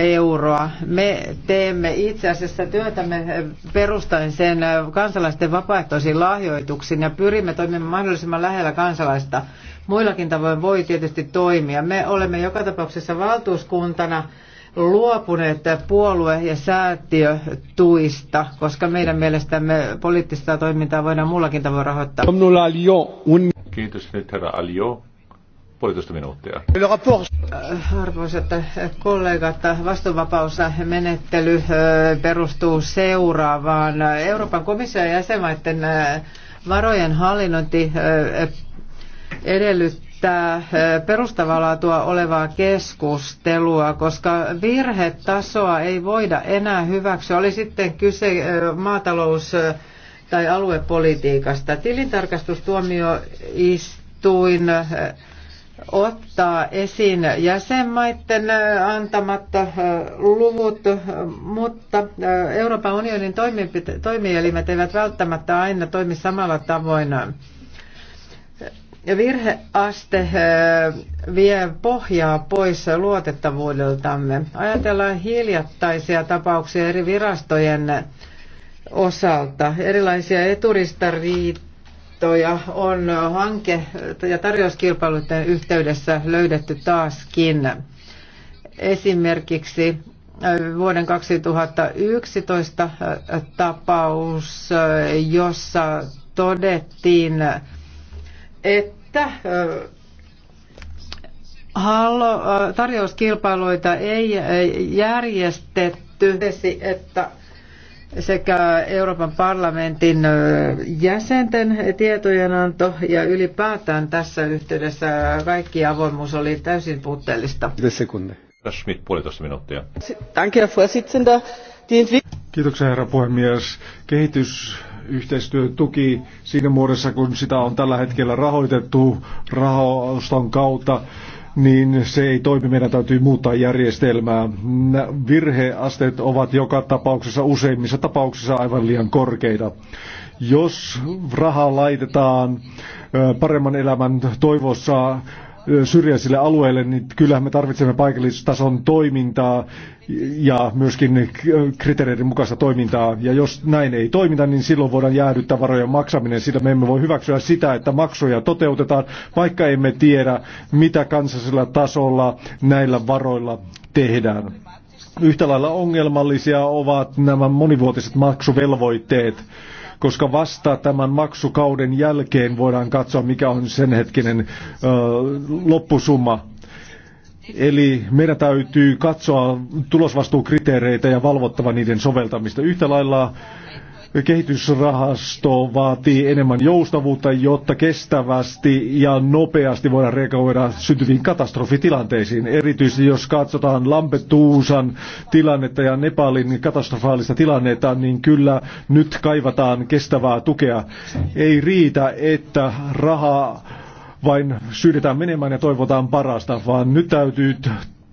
euroa. Me teemme itse asiassa työtämme perustaen sen kansalaisten vapaaehtoisiin lahjoituksiin ja pyrimme toimimaan mahdollisimman lähellä kansalaista. Muillakin tavoin voi tietysti toimia. Me olemme joka tapauksessa valtuuskuntana luopuneet puolue- ja säätiötuista, koska meidän mielestämme poliittista toimintaa voidaan muullakin tavoin rahoittaa. Kiitos nyt herra Aljo puolitoista minuuttia. Äh, arvoisat kollegat, vastuunvapausmenettely äh, perustuu seuraavaan. Euroopan komission jäsenmaiden äh, varojen hallinnointi edellyttää perustavalaatua olevaa keskustelua, koska virhetasoa ei voida enää hyväksyä. Oli sitten kyse maatalous- tai aluepolitiikasta. Tilintarkastustuomioistuin ottaa esiin jäsenmaiden äh, antamat äh, luvut, äh, mutta Euroopan unionin toimielimet eivät välttämättä aina toimi samalla tavoin. Virheaste vie pohjaa pois luotettavuudeltamme. Ajatellaan hiljattaisia tapauksia eri virastojen osalta, erilaisia eturistariitoja, vaihtoehtoja on hanke- ja tarjouskilpailuiden yhteydessä löydetty taaskin. Esimerkiksi äh, vuoden 2011 äh, tapaus, äh, jossa todettiin, että tarjouskilpailuita ei järjestetty, että sekä Euroopan parlamentin jäsenten tietojenanto ja ylipäätään tässä yhteydessä kaikki avoimuus oli täysin puutteellista. Sekunde. Schmidt, puolitoista minuuttia. Danke, Kiitoksia herra puhemies. Kehitysyhteistyön tuki siinä muodossa, kun sitä on tällä hetkellä rahoitettu rahoston kautta, niin se ei toimi. Meidän täytyy muuttaa järjestelmää. Virheasteet ovat joka tapauksessa useimmissa tapauksissa aivan liian korkeita. Jos rahaa laitetaan paremman elämän toivossa syrjäisille alueille, niin kyllähän me tarvitsemme paikallistason toimintaa ja myöskin kriteereiden mukaista toimintaa. Ja jos näin ei toimita, niin silloin voidaan jäädyttää varojen maksaminen. Sitä me emme voi hyväksyä sitä, että maksuja toteutetaan, vaikka emme tiedä, mitä kansallisella tasolla näillä varoilla tehdään. Yhtä lailla ongelmallisia ovat nämä monivuotiset maksuvelvoitteet, koska vasta tämän maksukauden jälkeen voidaan katsoa, mikä on sen hetkinen ö, loppusumma Eli meidän täytyy katsoa tulosvastuukriteereitä ja valvottava niiden soveltamista. Yhtä lailla kehitysrahasto vaatii enemmän joustavuutta, jotta kestävästi ja nopeasti voidaan reagoida syntyviin katastrofitilanteisiin. Erityisesti jos katsotaan Lampetuusan tilannetta ja Nepalin katastrofaalista tilannetta, niin kyllä nyt kaivataan kestävää tukea. Ei riitä, että rahaa vain syydetään menemään ja toivotaan parasta, vaan nyt täytyy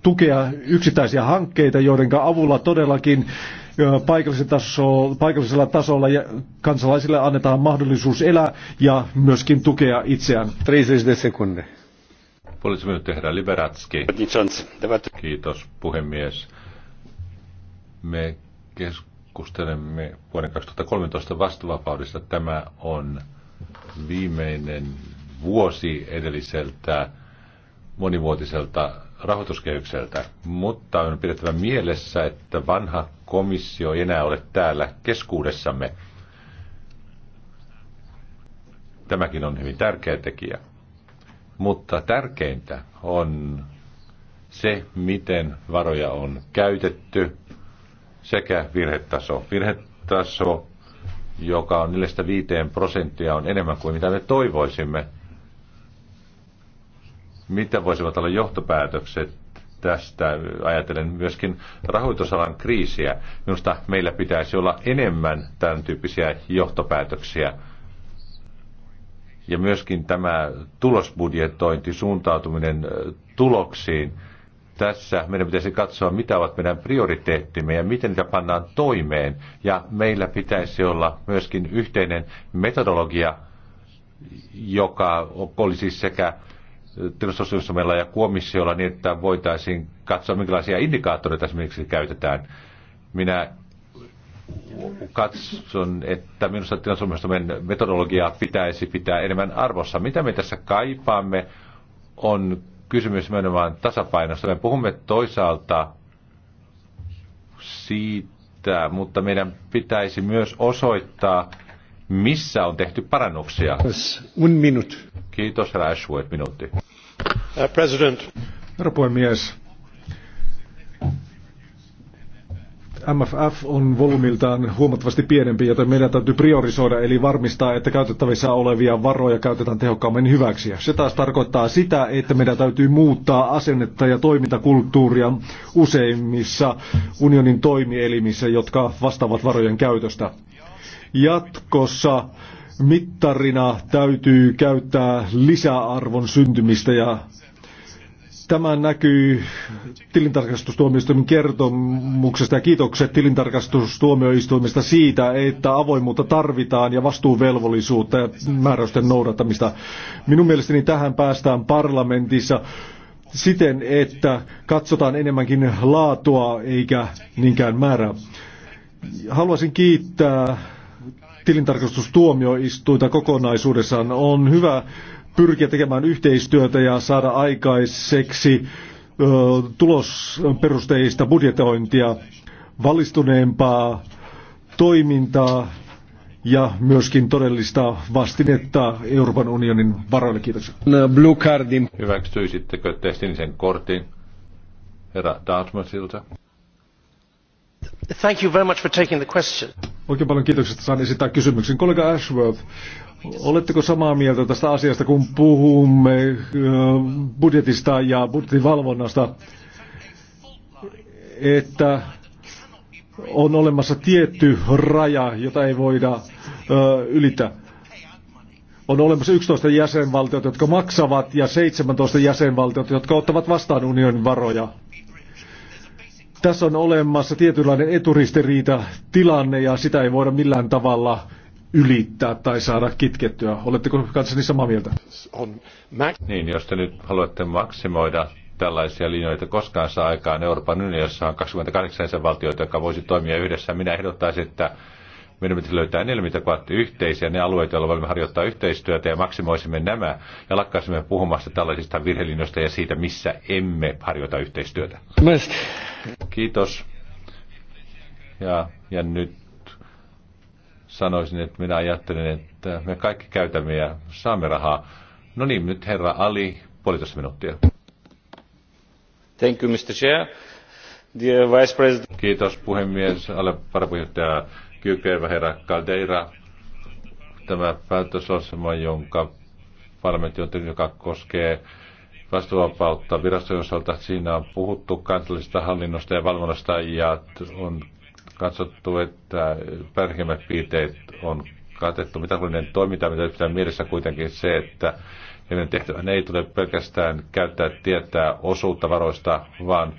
tukea yksittäisiä hankkeita, joiden avulla todellakin paikallisella tasolla, ja kansalaisille annetaan mahdollisuus elää ja myöskin tukea itseään. 30 sekuntia. Poliisiminut tehdään Liberatski. Kiitos puhemies. Me keskustelemme vuoden 2013 vastuvapaudesta. Tämä on viimeinen vuosi edelliseltä monivuotiselta rahoituskehykseltä, mutta on pidettävä mielessä, että vanha komissio ei enää ole täällä keskuudessamme. Tämäkin on hyvin tärkeä tekijä. Mutta tärkeintä on se, miten varoja on käytetty sekä virhetaso. Virhetaso, joka on 4-5 prosenttia, on enemmän kuin mitä me toivoisimme – mitä voisivat olla johtopäätökset tästä, ajatellen myöskin rahoitusalan kriisiä. Minusta meillä pitäisi olla enemmän tämän tyyppisiä johtopäätöksiä. Ja myöskin tämä tulosbudjetointi, suuntautuminen tuloksiin. Tässä meidän pitäisi katsoa, mitä ovat meidän prioriteettimme ja miten niitä pannaan toimeen. Ja meillä pitäisi olla myöskin yhteinen metodologia, joka olisi sekä tilastosuunnitelmilla ja komissiolla niin, että voitaisiin katsoa, minkälaisia indikaattoreita esimerkiksi käytetään. Minä katson, että minusta tilastosuunnitelmien metodologiaa pitäisi pitää enemmän arvossa. Mitä me tässä kaipaamme, on kysymys nimenomaan tasapainosta. Me puhumme toisaalta siitä, mutta meidän pitäisi myös osoittaa, missä on tehty parannuksia. Un minut. Kiitos, Rashwood, minuutti. Uh, Herra puhemies, MFF on volyymiltaan huomattavasti pienempi, joten meidän täytyy priorisoida eli varmistaa, että käytettävissä olevia varoja käytetään tehokkaammin hyväksi. Se taas tarkoittaa sitä, että meidän täytyy muuttaa asennetta ja toimintakulttuuria useimmissa unionin toimielimissä, jotka vastaavat varojen käytöstä. Jatkossa mittarina täytyy käyttää lisäarvon syntymistä ja Tämä näkyy tilintarkastustuomioistuimen kertomuksesta ja kiitokset tilintarkastustuomioistuimesta siitä, että avoimuutta tarvitaan ja vastuuvelvollisuutta ja määräysten noudattamista. Minun mielestäni tähän päästään parlamentissa siten, että katsotaan enemmänkin laatua eikä niinkään määrää. Haluaisin kiittää tilintarkastustuomioistuinta kokonaisuudessaan. On hyvä pyrkiä tekemään yhteistyötä ja saada aikaiseksi ö, tulosperusteista budjetointia, valistuneempaa toimintaa ja myöskin todellista vastinetta Euroopan unionin varoille. Kiitos. Blue cardin. Hyväksyisittekö te sinisen kortin herra Dartmouthilta? Thank you very much for taking the question. Oikein paljon kiitoksia, että saan esittää kysymyksen. Kollega Ashworth, oletteko samaa mieltä tästä asiasta, kun puhumme budjetista ja budjetivalvonnasta, että on olemassa tietty raja, jota ei voida ylittää? on olemassa 11 jäsenvaltiota, jotka maksavat, ja 17 jäsenvaltiota, jotka ottavat vastaan unionin varoja. Tässä on olemassa tietynlainen eturistiriita tilanne ja sitä ei voida millään tavalla ylittää tai saada kitkettyä. Oletteko kanssani samaa mieltä? Niin, jos te nyt haluatte maksimoida tällaisia linjoita koskaan saa aikaan Euroopan unionissa on 28 valtioita, jotka voisi toimia yhdessä. Minä ehdottaisin, että meidän pitäisi löytää ne, mitkä ovat yhteisiä, ne alueet, joilla voimme harjoittaa yhteistyötä ja maksimoisimme nämä ja lakkaisimme puhumasta tällaisista virhelinnoista ja siitä, missä emme harjoita yhteistyötä. Kiitos. Ja, ja nyt sanoisin, että minä ajattelen, että me kaikki käytämme ja saamme rahaa. No niin, nyt herra Ali, puolitoista minuuttia. Thank you, Mr. Chair. Dear Vice President. Kiitos puhemies, alle varapuheenjohtaja kykevä herra Caldeira, tämä päätöslausuma, jonka parlamentti on joka koskee vastuuvapautta virastojen osalta. Siinä on puhuttu kansallisesta hallinnosta ja valvonnasta ja on katsottu, että pärkimmät piirteet on katettu. Mitä toiminta, mitä pitää mielessä kuitenkin se, että meidän tehtävä ei tule pelkästään käyttää tietää osuutta varoista, vaan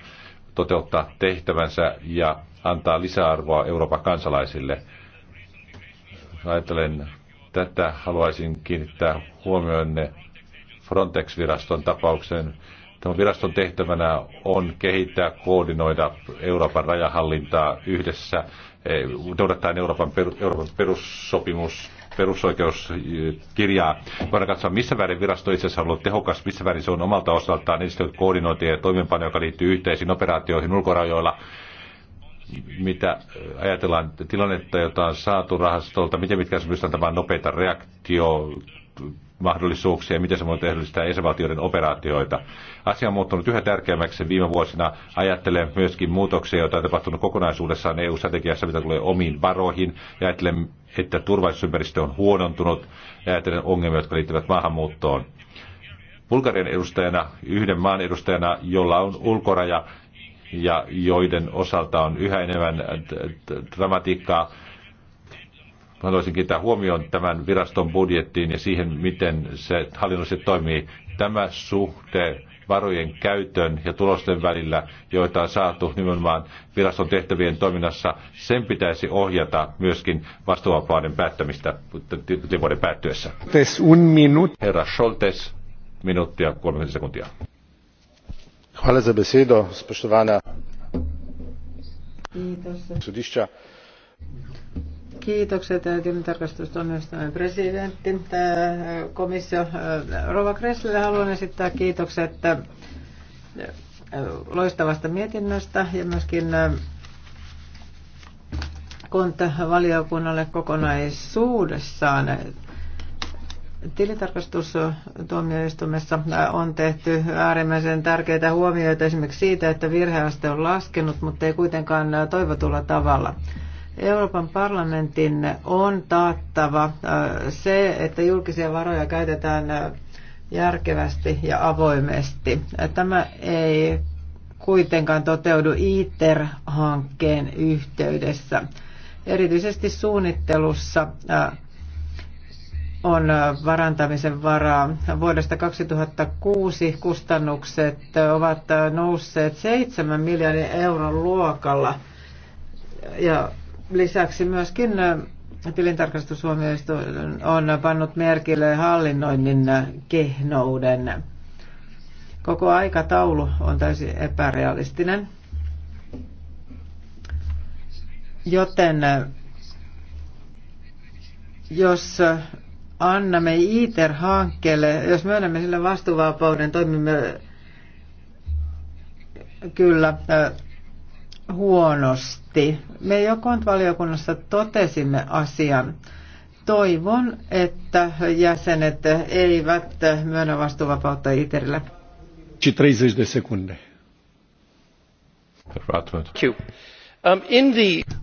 toteuttaa tehtävänsä ja antaa lisäarvoa Euroopan kansalaisille. Ajattelen tätä, haluaisin kiinnittää huomioonne Frontex-viraston tapaukseen. Tämän viraston tehtävänä on kehittää, koordinoida Euroopan rajahallintaa yhdessä, e, noudattaen Euroopan, per, Euroopan perussopimus, perusoikeuskirjaa. Voidaan katsoa, missä väärin virasto itse asiassa on ollut tehokas, missä väärin se on omalta osaltaan edistänyt koordinointia ja toimeenpanoa, joka liittyy yhteisiin operaatioihin ulkorajoilla mitä äh, ajatellaan tilannetta, jota on saatu rahastolta, miten mitkä se pystytään nopeita reaktio mahdollisuuksia ja miten se voi tehdä esivaltioiden operaatioita. Asia on muuttunut yhä tärkeämmäksi viime vuosina. Ajattelen myöskin muutoksia, joita on tapahtunut kokonaisuudessaan EU-strategiassa, mitä tulee omiin varoihin. ajattelen, että turvallisuusympäristö on huonontunut ajattelen ongelmia, jotka liittyvät maahanmuuttoon. Bulgarian edustajana, yhden maan edustajana, jolla on ulkoraja, ja joiden osalta on yhä enemmän dramatiikkaa. Haluaisin kiinnittää huomioon tämän viraston budjettiin ja siihen, miten se hallinnollisesti toimii. Tämä suhde varojen käytön ja tulosten välillä, joita on saatu nimenomaan viraston tehtävien toiminnassa, sen pitäisi ohjata myöskin vastuuvapauden päättämistä vuoden päättyessä. Herra Scholtes, minuuttia 30 sekuntia hvala za besedo spoštovana sodišča. Kiitokset tilintarkastustuomioistuimen presidentti, komissio Rova Kresslille haluan esittää kiitokset loistavasta mietinnöstä ja myöskin kontavaliokunnalle kokonaisuudessaan. Tilintarkastustuomioistuimessa on tehty äärimmäisen tärkeitä huomioita esimerkiksi siitä, että virheaste on laskenut, mutta ei kuitenkaan toivotulla tavalla. Euroopan parlamentin on taattava äh, se, että julkisia varoja käytetään äh, järkevästi ja avoimesti. Tämä ei kuitenkaan toteudu ITER-hankkeen yhteydessä. Erityisesti suunnittelussa äh, on äh, varantamisen varaa. Vuodesta 2006 kustannukset äh, ovat äh, nousseet 7 miljardin euron luokalla. Ja lisäksi myöskin tilintarkastusuomioistuin on pannut merkille hallinnoinnin kehnouden. Koko aikataulu on täysin epärealistinen, joten jos annamme ITER-hankkeelle, jos myönnämme sille vastuuvapauden, toimimme kyllä huonosti. Me jo valiokunnassa totesimme asian. Toivon, että jäsenet eivät myönnä vastuuvapautta ITERille. 30 sekuntia.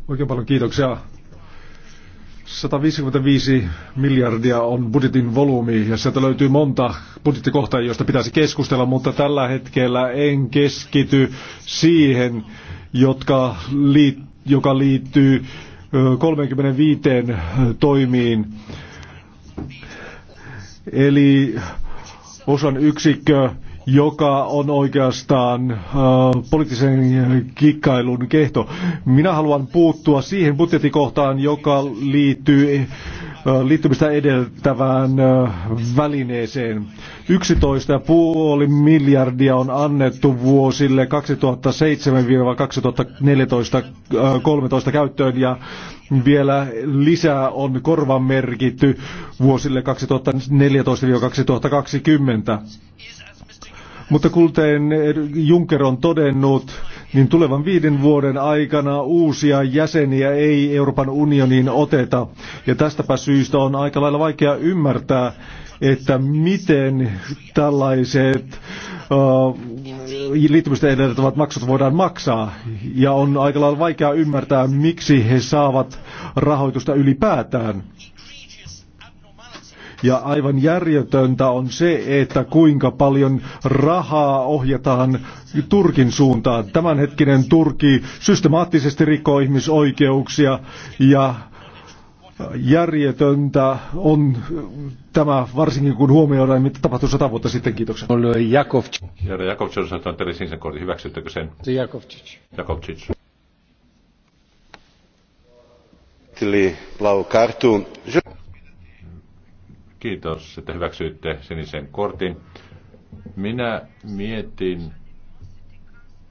Oikein paljon kiitoksia 155 miljardia on budjetin volyymi ja sieltä löytyy monta budjettikohtaa, josta pitäisi keskustella, mutta tällä hetkellä en keskity siihen, jotka liit, joka liittyy 35 toimiin. Eli osan yksikkö joka on oikeastaan äh, poliittisen kikkailun kehto. Minä haluan puuttua siihen budjettikohtaan, joka liittyy äh, liittymistä edeltävään äh, välineeseen. 11,5 miljardia on annettu vuosille 2007-2014-13 äh, käyttöön ja vielä lisää on korvamerkitty vuosille 2014-2020. Mutta kuten eh, Juncker on todennut, niin tulevan viiden vuoden aikana uusia jäseniä ei Euroopan unioniin oteta. Ja tästäpä syystä on aika lailla vaikea ymmärtää, että miten tällaiset uh, liittymistä edellyttävät maksut voidaan maksaa. Ja on aika lailla vaikea ymmärtää, miksi he saavat rahoitusta ylipäätään. Ja aivan järjetöntä on se, että kuinka paljon rahaa ohjataan Turkin suuntaan. Tämänhetkinen Turki systemaattisesti rikkoo ihmisoikeuksia ja järjetöntä on tämä, varsinkin kun huomioidaan, mitä tapahtui sata vuotta sitten. Kiitoksia. Jakovcic. Herra Jakovcic on teille sinisen kortin. Hyväksyttekö sen? Jakovcic. Jakovčić. plavu kartu. Kiitos, että hyväksyitte sinisen kortin. Minä mietin,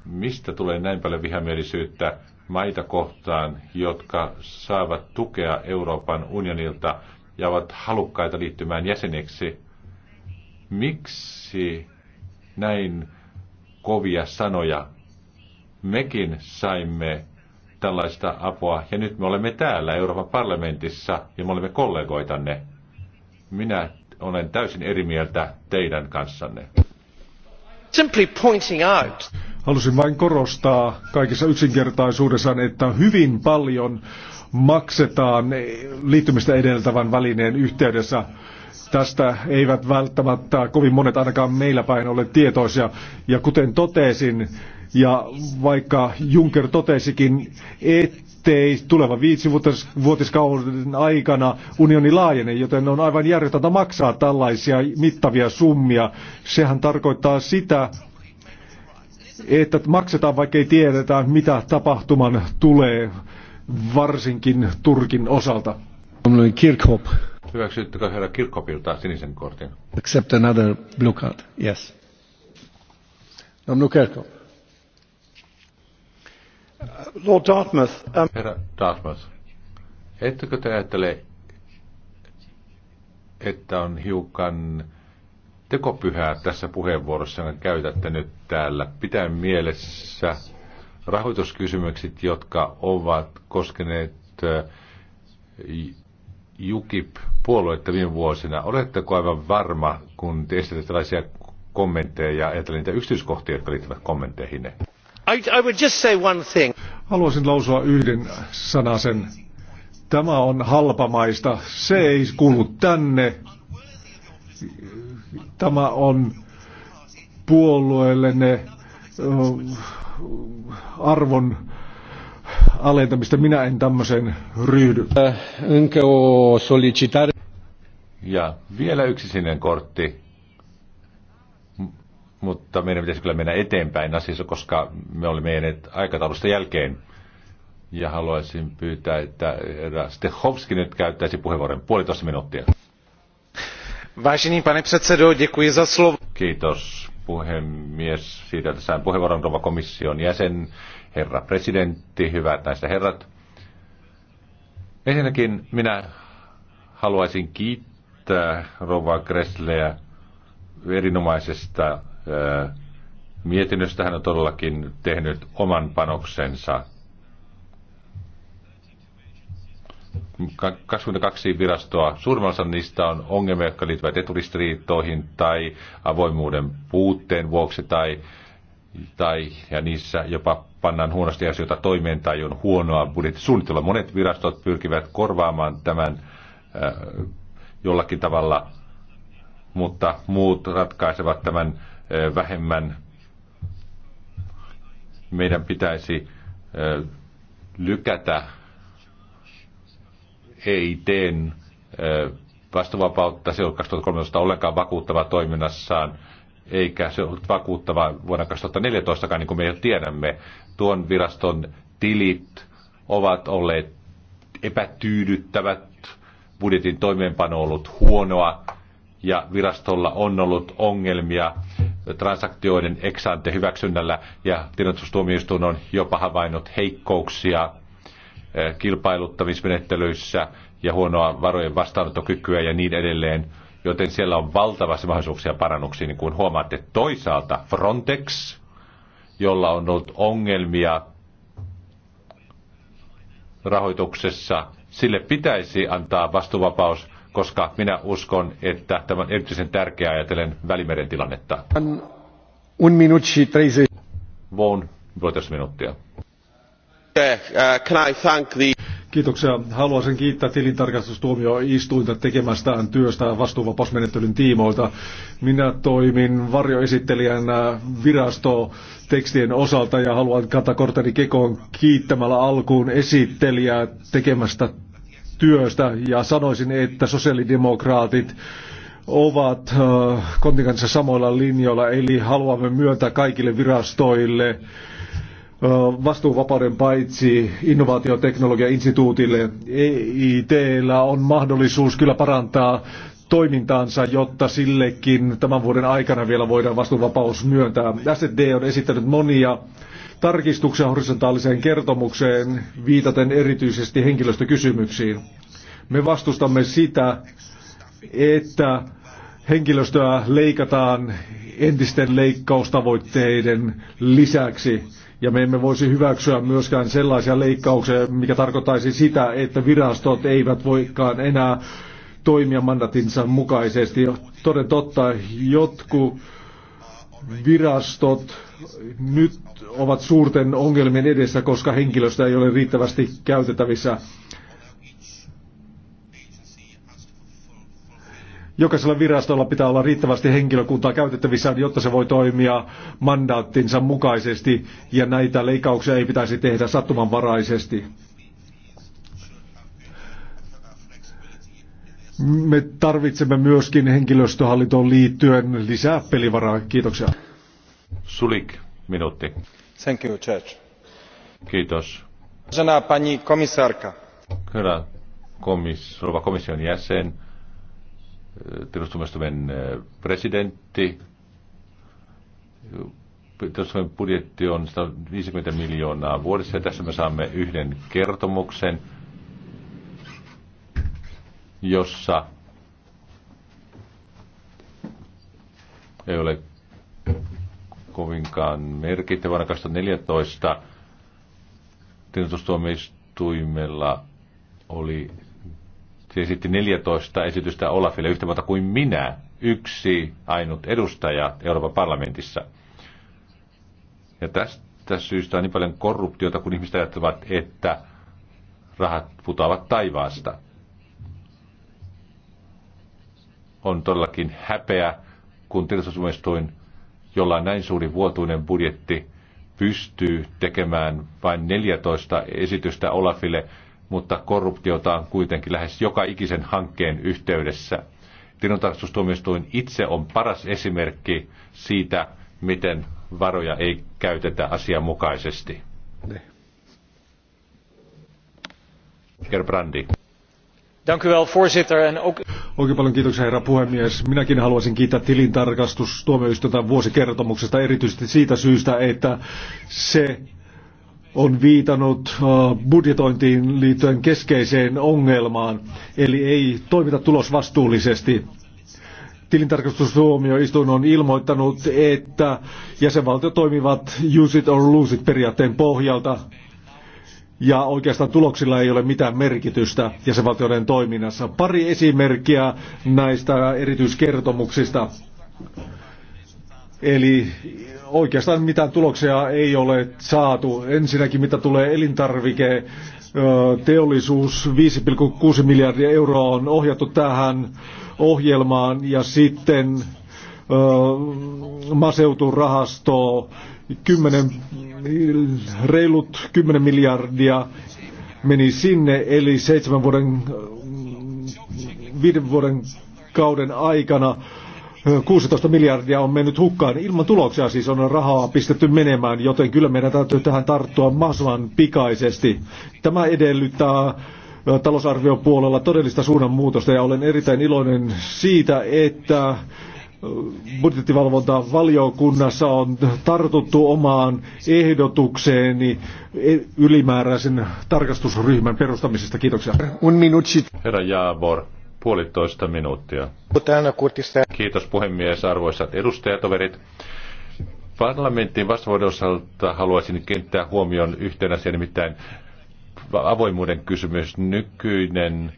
mistä tulee näin paljon vihamielisyyttä maita kohtaan, jotka saavat tukea Euroopan unionilta ja ovat halukkaita liittymään jäseneksi. Miksi näin kovia sanoja? Mekin saimme tällaista apua ja nyt me olemme täällä Euroopan parlamentissa ja me olemme kollegoitanne. Minä olen täysin eri mieltä teidän kanssanne. Simply pointing out. Halusin vain korostaa kaikessa yksinkertaisuudessaan, että hyvin paljon maksetaan liittymistä edeltävän välineen yhteydessä. Tästä eivät välttämättä kovin monet ainakaan meillä päin ole tietoisia. Ja kuten totesin, ja vaikka Juncker totesikin, että ettei tulevan viisivuotiskauden aikana unioni laajene, joten on aivan järjetöntä maksaa tällaisia mittavia summia. Sehän tarkoittaa sitä, että maksetaan vaikka ei tiedetä, mitä tapahtuman tulee, varsinkin Turkin osalta. Kirkhop. Hyväksyttekö herra Kirkhopilta sinisen kortin? Accept another blue card, yes. Kirkhop. Lord Dartmouth. Um... Herra Dartmouth, ettekö te ajattele, että on hiukan tekopyhää tässä puheenvuorossa, jonka käytätte nyt täällä, pitää mielessä rahoituskysymykset, jotka ovat koskeneet JUKIP-puolueita viime vuosina. Oletteko aivan varma, kun te esitätte tällaisia kommentteja ja ajatellen niitä yksityiskohtia, jotka liittyvät kommentteihin? I, would just say one thing. Haluaisin lausua yhden sanasen. Tämä on halpamaista. Se ei kuulu tänne. Tämä on puolueellenne arvon alentamista. Minä en tämmöiseen ryhdy. Ja vielä yksi sininen kortti mutta meidän pitäisi kyllä mennä eteenpäin asiassa, koska me olemme jääneet aikataulusta jälkeen. Ja haluaisin pyytää, että Stehovski nyt käyttäisi puheenvuoron puolitoista minuuttia. Vážený pane předsedo, děkuji za slovo. Kiitos puhemies siitä, että sain puheenvuoron Rova komission jäsen, herra presidentti, hyvät näistä herrat. Ensinnäkin minä haluaisin kiittää Rova Gressleä erinomaisesta mietinnöstä. Hän on todellakin tehnyt oman panoksensa 22 virastoa. Suurimmassa niistä on ongelmia, jotka liittyvät eturistiriitoihin tai avoimuuden puutteen vuoksi tai, tai ja niissä jopa pannaan huonosti asioita toimeen tai on huonoa budjettisuunnitelmaa. Monet virastot pyrkivät korvaamaan tämän äh, jollakin tavalla, mutta muut ratkaisevat tämän vähemmän. Meidän pitäisi lykätä EITn vastuvapautta. Se on 2013 ollenkaan vakuuttava toiminnassaan, eikä se ollut vakuuttava vuonna 2014, niin kuin me jo tiedämme. Tuon viraston tilit ovat olleet epätyydyttävät, budjetin toimeenpano on ollut huonoa, ja virastolla on ollut ongelmia transaktioiden eksante hyväksynnällä ja tiedotustuomioistuin on jopa havainnut heikkouksia eh, kilpailuttamismenettelyissä ja huonoa varojen vastaanottokykyä ja niin edelleen, joten siellä on valtavasti mahdollisuuksia parannuksiin, niin kuin huomaatte. Toisaalta Frontex, jolla on ollut ongelmia rahoituksessa, sille pitäisi antaa vastuvapaus koska minä uskon, että tämä on erityisen tärkeää ajatellen Välimeren tilannetta. Un minuutti 30. Vaughan, minuuttia. Uh, Kiitoksia. Haluaisin kiittää tilintarkastustuomioistuinta tekemästään työstä vastuuvapausmenettelyn tiimoilta. Minä toimin varjoesittelijänä virasto tekstien osalta ja haluan kantaa korteni kekoon kiittämällä alkuun esittelijää tekemästä työstä ja sanoisin, että sosiaalidemokraatit ovat äh, kontin kanssa samoilla linjoilla, eli haluamme myöntää kaikille virastoille äh, vastuuvapauden paitsi innovaatioteknologiainstituutille instituutille. EITllä on mahdollisuus kyllä parantaa toimintaansa, jotta sillekin tämän vuoden aikana vielä voidaan vastuuvapaus myöntää. SD on esittänyt monia tarkistuksia horisontaaliseen kertomukseen viitaten erityisesti henkilöstökysymyksiin. Me vastustamme sitä, että henkilöstöä leikataan entisten leikkaustavoitteiden lisäksi. Ja me emme voisi hyväksyä myöskään sellaisia leikkauksia, mikä tarkoittaisi sitä, että virastot eivät voikaan enää toimia mandatinsa mukaisesti. Toden totta, jotkut virastot nyt ovat suurten ongelmien edessä, koska henkilöstä ei ole riittävästi käytettävissä. Jokaisella virastolla pitää olla riittävästi henkilökuntaa käytettävissä, jotta se voi toimia mandaattinsa mukaisesti, ja näitä leikkauksia ei pitäisi tehdä sattumanvaraisesti. Me tarvitsemme myöskin henkilöstöhallintoon liittyen lisää pelivaraa. Kiitoksia. Sulik, minuutti. Thank you, Church. Kiitos. Sana pani komisarka. rouva komission jäsen, tilastumistomen eh, presidentti. Tilastumistomen budjetti on 150 miljoonaa vuodessa ja tässä me saamme yhden kertomuksen, jossa ei ole kovinkaan merkittävä. Vuonna 2014 tilintustuomioistuimella oli, se esitti 14 esitystä Olafille yhtä monta kuin minä, yksi ainut edustaja Euroopan parlamentissa. Ja tästä syystä on niin paljon korruptiota, kun ihmiset ajattelevat, että rahat putoavat taivaasta. On todellakin häpeä, kun tilastusumistuin jolla on näin suuri vuotuinen budjetti, pystyy tekemään vain 14 esitystä Olafille, mutta korruptiota on kuitenkin lähes joka ikisen hankkeen yhteydessä. Tilintarkastustuomioistuin itse on paras esimerkki siitä, miten varoja ei käytetä asianmukaisesti. Gerbrandi. Oikein paljon kiitoksia herra puhemies. Minäkin haluaisin kiittää tilintarkastustuomioistuinta vuosikertomuksesta erityisesti siitä syystä, että se on viitannut äh, budjetointiin liittyen keskeiseen ongelmaan, eli ei toimita tulosvastuullisesti. Tilintarkastustuomioistuin on ilmoittanut, että jäsenvaltiot toimivat use it or lose it periaatteen pohjalta ja oikeastaan tuloksilla ei ole mitään merkitystä jäsenvaltioiden toiminnassa. Pari esimerkkiä näistä erityiskertomuksista. Eli oikeastaan mitään tuloksia ei ole saatu. Ensinnäkin mitä tulee elintarvike, teollisuus 5,6 miljardia euroa on ohjattu tähän ohjelmaan ja sitten maaseuturahasto 10, reilut 10 miljardia meni sinne, eli seitsemän vuoden, viiden vuoden kauden aikana 16 miljardia on mennyt hukkaan. Ilman tuloksia siis on rahaa pistetty menemään, joten kyllä meidän täytyy tähän tarttua mahdollisimman pikaisesti. Tämä edellyttää talousarviopuolella todellista suunnanmuutosta ja olen erittäin iloinen siitä, että budjettivalvonta valiokunnassa on tartuttu omaan ehdotukseeni e- ylimääräisen tarkastusryhmän perustamisesta. Kiitoksia. Herra Jaavor, puolitoista minuuttia. Kiitos puhemies, arvoisat edustajatoverit. Parlamentin vastavuoden osalta haluaisin kiinnittää huomion yhteen asiaan, nimittäin avoimuuden kysymys. Nykyinen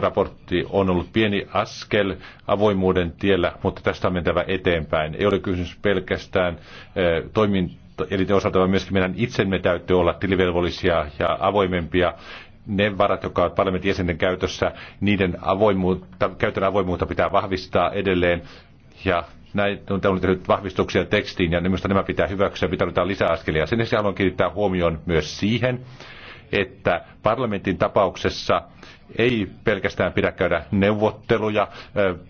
raportti on ollut pieni askel avoimuuden tiellä, mutta tästä on mentävä eteenpäin. Ei ole kysymys pelkästään eh, toiminta, eli te osalta, vaan myöskin meidän itsemme täytyy olla tilivelvollisia ja avoimempia. Ne varat, jotka ovat parlamentin jäsenten käytössä, niiden avoimuutta, käytön avoimuutta pitää vahvistaa edelleen. Ja näin on tehnyt vahvistuksia tekstiin ja minusta nämä pitää hyväksyä, pitää ottaa lisäaskelia. Sen lisäksi haluan kiinnittää huomioon myös siihen, että parlamentin tapauksessa ei pelkästään pidä käydä neuvotteluja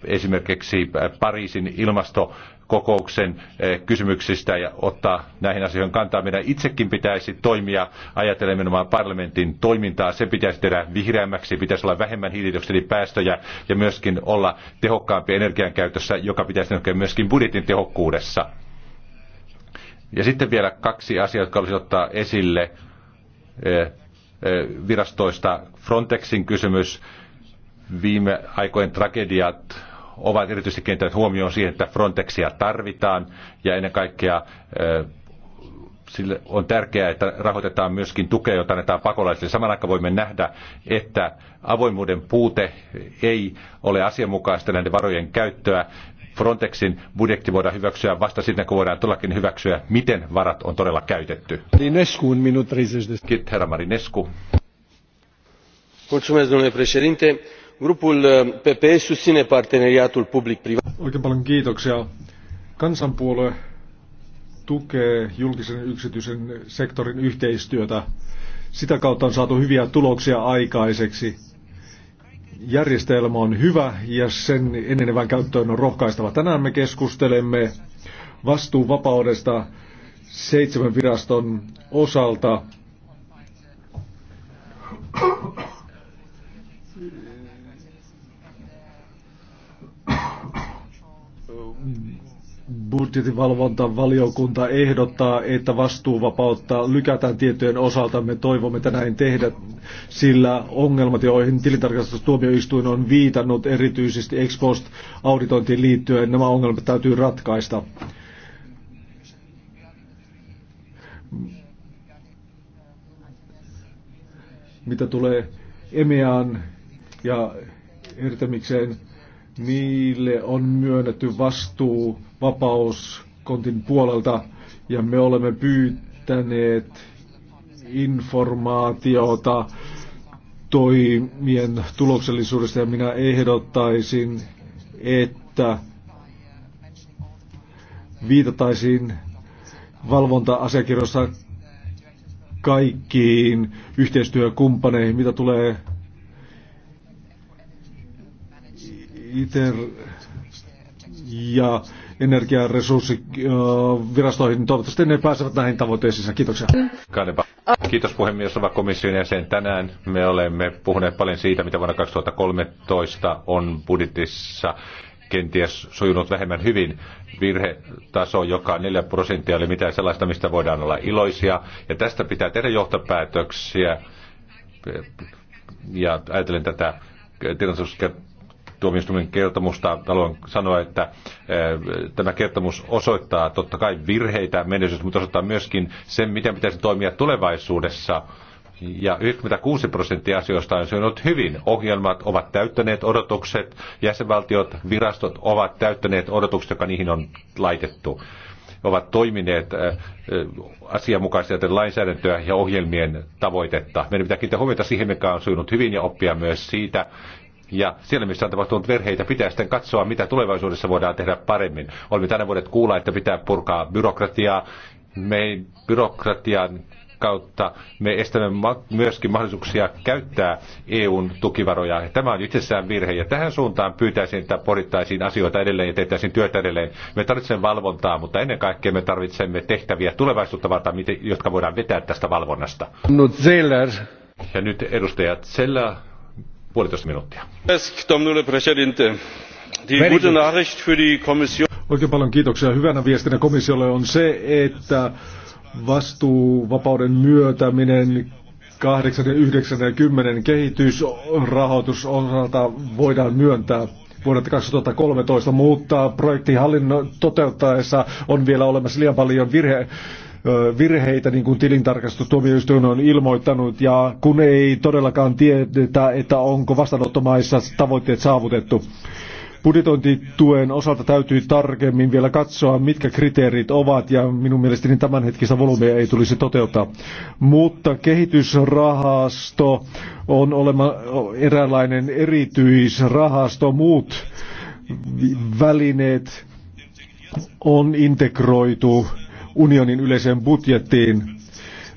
esimerkiksi Pariisin ilmastokokouksen kysymyksistä ja ottaa näihin asioihin kantaa. Meidän itsekin pitäisi toimia ajatellen nimenomaan parlamentin toimintaa. Se pitäisi tehdä vihreämmäksi, pitäisi olla vähemmän hiilidioksidipäästöjä ja myöskin olla tehokkaampi energiankäytössä, joka pitäisi näkyä myöskin budjetin tehokkuudessa. Ja sitten vielä kaksi asiaa, jotka olisi ottaa esille Eh, virastoista. Frontexin kysymys, viime aikojen tragediat ovat erityisesti kiinnittäneet huomioon siihen, että Frontexia tarvitaan ja ennen kaikkea eh, sille on tärkeää, että rahoitetaan myöskin tukea, jota annetaan pakolaisille. Saman aikaan voimme nähdä, että avoimuuden puute ei ole asianmukaista näiden varojen käyttöä Frontexin budjetti voidaan hyväksyä vasta sitten, kun voidaan todellakin hyväksyä, miten varat on todella käytetty. Marinescu, minut Kiit, herra Marinescu. Uh, e Oikein paljon kiitoksia. Kansanpuolue tukee julkisen yksityisen sektorin yhteistyötä. Sitä kautta on saatu hyviä tuloksia aikaiseksi järjestelmä on hyvä ja sen enenevän käyttöön on rohkaistava. Tänään me keskustelemme vastuuvapaudesta seitsemän viraston osalta. budjetinvalvontavaliokunta ehdottaa, että vastuuvapautta lykätään tietojen osalta. Me toivomme, että näin tehdä, sillä ongelmat, joihin tilintarkastustuomioistuin on viitannut, erityisesti ex post auditointiin liittyen, nämä ongelmat täytyy ratkaista. Mitä tulee EMEAan ja Ertemikseen, niille on myönnetty vastuu vapauskontin puolelta ja me olemme pyytäneet informaatiota toimien tuloksellisuudesta ja minä ehdottaisin, että viitataisiin valvonta-asiakirjoissa kaikkiin yhteistyökumppaneihin, mitä tulee ITER ja energiaresurssivirastoihin. Toivottavasti ne pääsevät näihin tavoitteisiin. Kiitoksia. Kiitos puhemies, hyvä komission jäsen. Tänään me olemme puhuneet paljon siitä, mitä vuonna 2013 on budjetissa kenties sujunut vähemmän hyvin. Virhetaso, joka 4 prosenttia, oli mitään sellaista, mistä voidaan olla iloisia. Ja tästä pitää tehdä johtopäätöksiä. Ja ajatellen tätä tilaisuus tuomioistuimen kertomusta. Haluan sanoa, että eh, tämä kertomus osoittaa totta kai virheitä menneisyydessä, mutta osoittaa myöskin sen, miten pitäisi toimia tulevaisuudessa. Ja 96 prosenttia asioista on syönyt hyvin. Ohjelmat ovat täyttäneet odotukset, jäsenvaltiot, virastot ovat täyttäneet odotukset, jotka niihin on laitettu ovat toimineet eh, eh, asianmukaisesti lainsäädäntöä ja ohjelmien tavoitetta. Meidän pitää kiinnittää huomiota siihen, mikä on syönyt hyvin ja oppia myös siitä, ja siellä, missä on tapahtunut verheitä, pitää sitten katsoa, mitä tulevaisuudessa voidaan tehdä paremmin. Olemme tänä vuodet kuulla, että pitää purkaa byrokratiaa. Me byrokratian kautta me estämme myöskin mahdollisuuksia käyttää EUn tukivaroja. Tämä on itsessään virhe ja tähän suuntaan pyytäisin, että porittaisiin asioita edelleen ja tehtäisiin työtä edelleen. Me tarvitsemme valvontaa, mutta ennen kaikkea me tarvitsemme tehtäviä tulevaisuutta varten, jotka voidaan vetää tästä valvonnasta. No Zeller. Ja nyt edustajat Zeller puolitoista minuuttia. Oikein paljon kiitoksia. Hyvänä viestinä komissiolle on se, että vastuuvapauden myötäminen 8 ja 9 ja 10 kehitysrahoitusosalta voidaan myöntää vuodelta 2013, mutta projektin hallinnon toteuttaessa on vielä olemassa liian paljon virhe virheitä, niin kuin tilintarkastustuomioistuin on ilmoittanut, ja kun ei todellakaan tiedetä, että onko vastaanottomaissa tavoitteet saavutettu. Budjetointituen osalta täytyy tarkemmin vielä katsoa, mitkä kriteerit ovat, ja minun mielestäni tämänhetkistä volyymia ei tulisi toteuttaa. Mutta kehitysrahasto on olema eräänlainen erityisrahasto, muut välineet on integroitu unionin yleiseen budjettiin.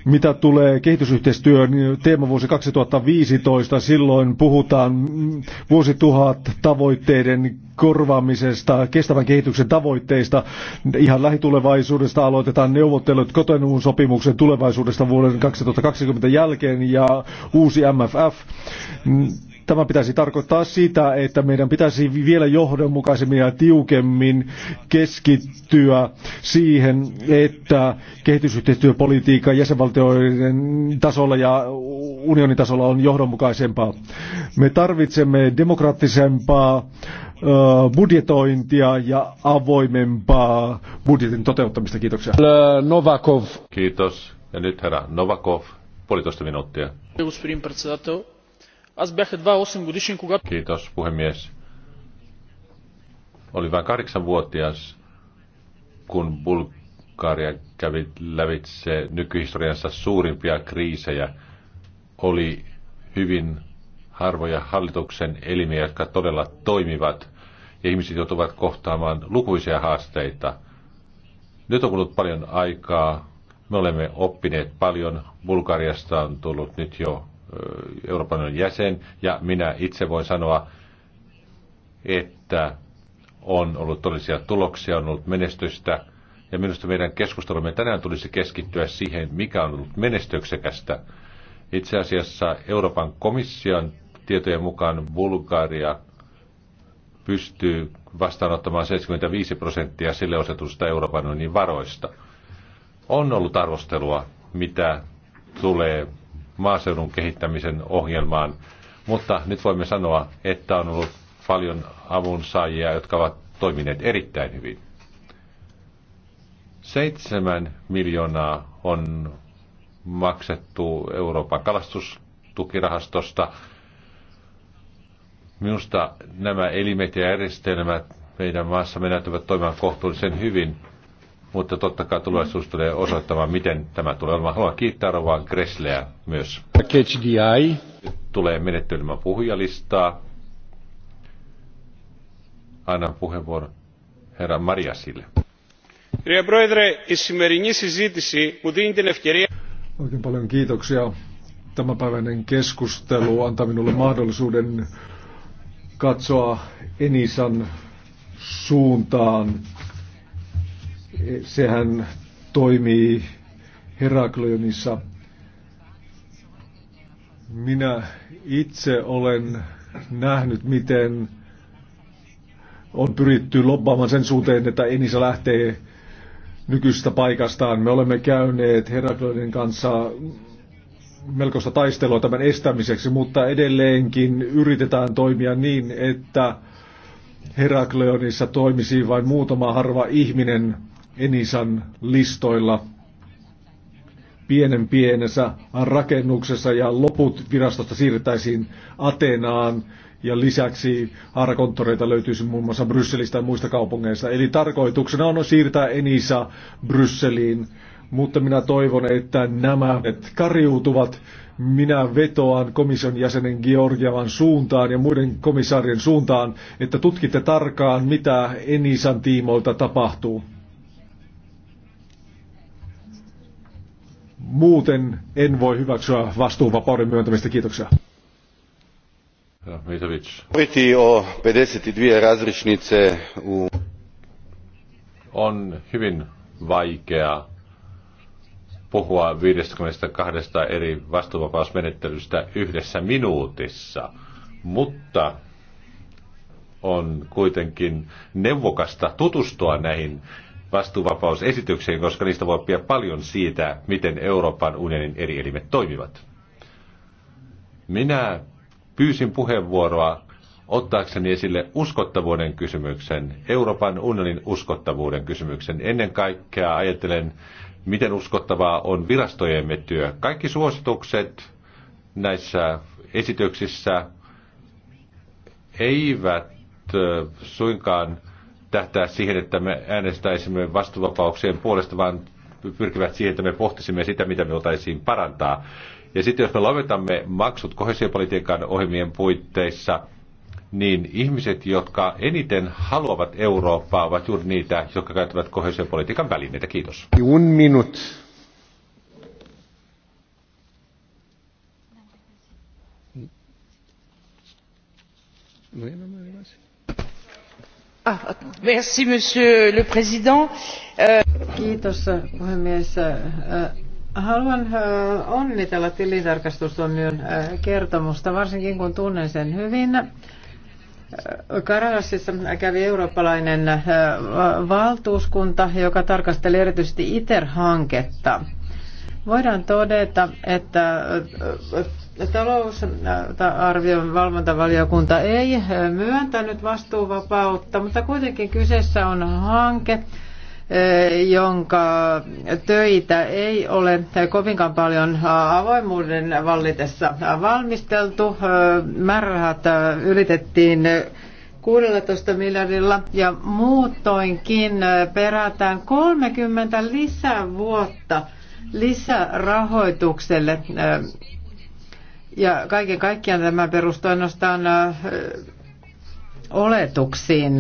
Mitä tulee kehitysyhteistyön niin teemavuosi 2015, silloin puhutaan vuosituhat tavoitteiden korvaamisesta, kestävän kehityksen tavoitteista. Ihan lähitulevaisuudesta aloitetaan neuvottelut Kotenuun sopimuksen tulevaisuudesta vuoden 2020 jälkeen ja uusi MFF. Tämä pitäisi tarkoittaa sitä, että meidän pitäisi vielä johdonmukaisemmin ja tiukemmin keskittyä siihen, että kehitysyhteistyöpolitiikka jäsenvaltioiden tasolla ja unionin tasolla on johdonmukaisempaa. Me tarvitsemme demokraattisempaa budjetointia ja avoimempaa budjetin toteuttamista. Kiitoksia. Novakov. Kiitos. Ja nyt herra Novakov, puolitoista minuuttia. Господин председател, Аз бях едва 8 годишен, когато... Kiitos, puhemies. Oli vain kahdeksanvuotias, kun Bulgaria kävi lävitse nykyhistoriansa suurimpia kriisejä. Oli hyvin harvoja hallituksen elimiä, jotka todella toimivat, ja ihmiset joutuvat kohtaamaan lukuisia haasteita. Nyt on kulunut paljon aikaa, me olemme oppineet paljon, Bulgariasta on tullut nyt jo Euroopan unionin jäsen, ja minä itse voin sanoa, että on ollut todellisia tuloksia, on ollut menestystä, ja minusta meidän keskustelumme tänään tulisi keskittyä siihen, mikä on ollut menestyksekästä. Itse asiassa Euroopan komission tietojen mukaan Bulgaria pystyy vastaanottamaan 75 prosenttia sille osetusta Euroopan unionin varoista. On ollut arvostelua, mitä tulee maaseudun kehittämisen ohjelmaan. Mutta nyt voimme sanoa, että on ollut paljon avunsaajia, jotka ovat toimineet erittäin hyvin. Seitsemän miljoonaa on maksettu Euroopan kalastustukirahastosta. Minusta nämä elimet ja järjestelmät meidän maassa näyttävät toimimaan kohtuullisen hyvin mutta totta kai tulevaisuus tulee osoittamaan, miten tämä tulee olemaan. Haluan kiittää Rovan Gressleä myös. HDI. Tulee menettelemään puhujalistaa. Annan puheenvuoron herra Mariasille. sille. Oikein paljon kiitoksia. Tämänpäiväinen keskustelu antaa minulle mahdollisuuden katsoa Enisan suuntaan Sehän toimii Heraklionissa. Minä itse olen nähnyt, miten on pyritty lobbaamaan sen suuteen, että Enisa lähtee nykyisestä paikastaan. Me olemme käyneet Heraklionin kanssa melkoista taistelua tämän estämiseksi, mutta edelleenkin yritetään toimia niin, että Herakleonissa toimisi vain muutama harva ihminen – Enisan listoilla pienen pienessä rakennuksessa ja loput virastosta siirtäisiin Atenaan ja lisäksi haarakonttoreita löytyisi muun muassa Brysselistä ja muista kaupungeista. Eli tarkoituksena on siirtää Enisa Brysseliin, mutta minä toivon, että nämä karjuutuvat. Minä vetoan komission jäsenen Georgiavan suuntaan ja muiden komissaarien suuntaan, että tutkitte tarkkaan, mitä Enisan tiimoilta tapahtuu. Muuten en voi hyväksyä vastuuvapauden myöntämistä. Kiitoksia. 52 On hyvin vaikea puhua 52 eri vastuuvapausmenettelystä yhdessä minuutissa, mutta on kuitenkin neuvokasta tutustua näihin vastuuvapausesitykseen, koska niistä voi oppia paljon siitä, miten Euroopan unionin eri elimet toimivat. Minä pyysin puheenvuoroa ottaakseni esille uskottavuuden kysymyksen, Euroopan unionin uskottavuuden kysymyksen. Ennen kaikkea ajattelen, miten uskottavaa on virastojemme työ. Kaikki suositukset näissä esityksissä eivät suinkaan tähtää siihen, että me äänestäisimme vastuvapauksien puolesta, vaan pyrkivät siihen, että me pohtisimme sitä, mitä me voitaisiin parantaa. Ja sitten jos me lopetamme maksut kohesiopolitiikan ohjelmien puitteissa, niin ihmiset, jotka eniten haluavat Eurooppaa, ovat juuri niitä, jotka käyttävät kohesiopolitiikan välineitä. Kiitos. Un minut. No, no, no, no monsieur le président euh, Kiitos äh, Haluan äh, onnitella tilintarkastustuomion äh, kertomusta, varsinkin kun tunnen sen hyvin. Karalassissa kävi eurooppalainen valtuuskunta, joka tarkasteli erityisesti ITER-hanketta. Voidaan todeta, että talousarvion valvontavaliokunta ei eh, myöntänyt vastuuvapautta, mutta kuitenkin kyseessä on hanke, eh, jonka töitä ei ole kovinkaan paljon eh, avoimuuden vallitessa valmisteltu. Määrärahat ylitettiin 16 miljardilla ja muutoinkin perätään 30 lisävuotta lisärahoitukselle ja kaiken kaikkiaan tämä perustuu ainoastaan äh, oletuksiin.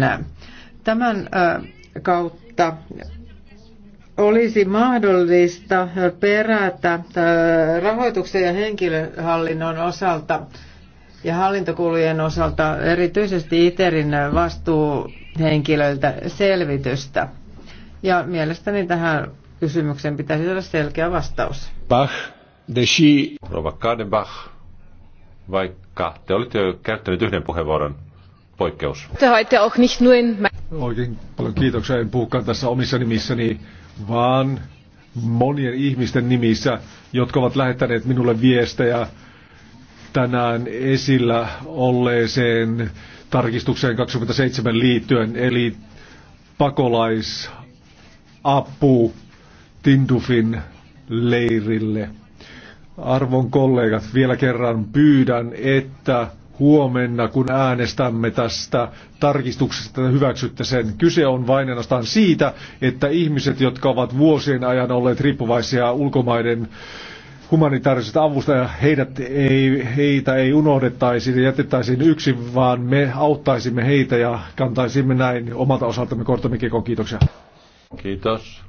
Tämän äh, kautta olisi mahdollista perätä äh, rahoituksen ja henkilöhallinnon osalta ja hallintokulujen osalta erityisesti ITERin vastuuhenkilöiltä selvitystä. Ja mielestäni tähän kysymykseen pitäisi olla selkeä vastaus. Bach, deși... Rova Kadenbach, vaikka te olitte jo käyttänyt yhden puheenvuoron poikkeus. Oikein paljon kiitoksia. En puhukaan tässä omissa nimissäni, vaan monien ihmisten nimissä, jotka ovat lähettäneet minulle viestejä tänään esillä olleeseen tarkistukseen 27 liittyen, eli pakolaisapu Tindufin leirille. Arvon kollegat, vielä kerran pyydän, että huomenna, kun äänestämme tästä tarkistuksesta, hyväksytte sen. Kyse on vain ainoastaan siitä, että ihmiset, jotka ovat vuosien ajan olleet riippuvaisia ulkomaiden humanitaarisesta avusta, ja heidät ei, heitä ei unohdettaisi ja jätettäisiin yksin, vaan me auttaisimme heitä ja kantaisimme näin omalta osaltamme kortomikekon. Kiitoksia. Kiitos.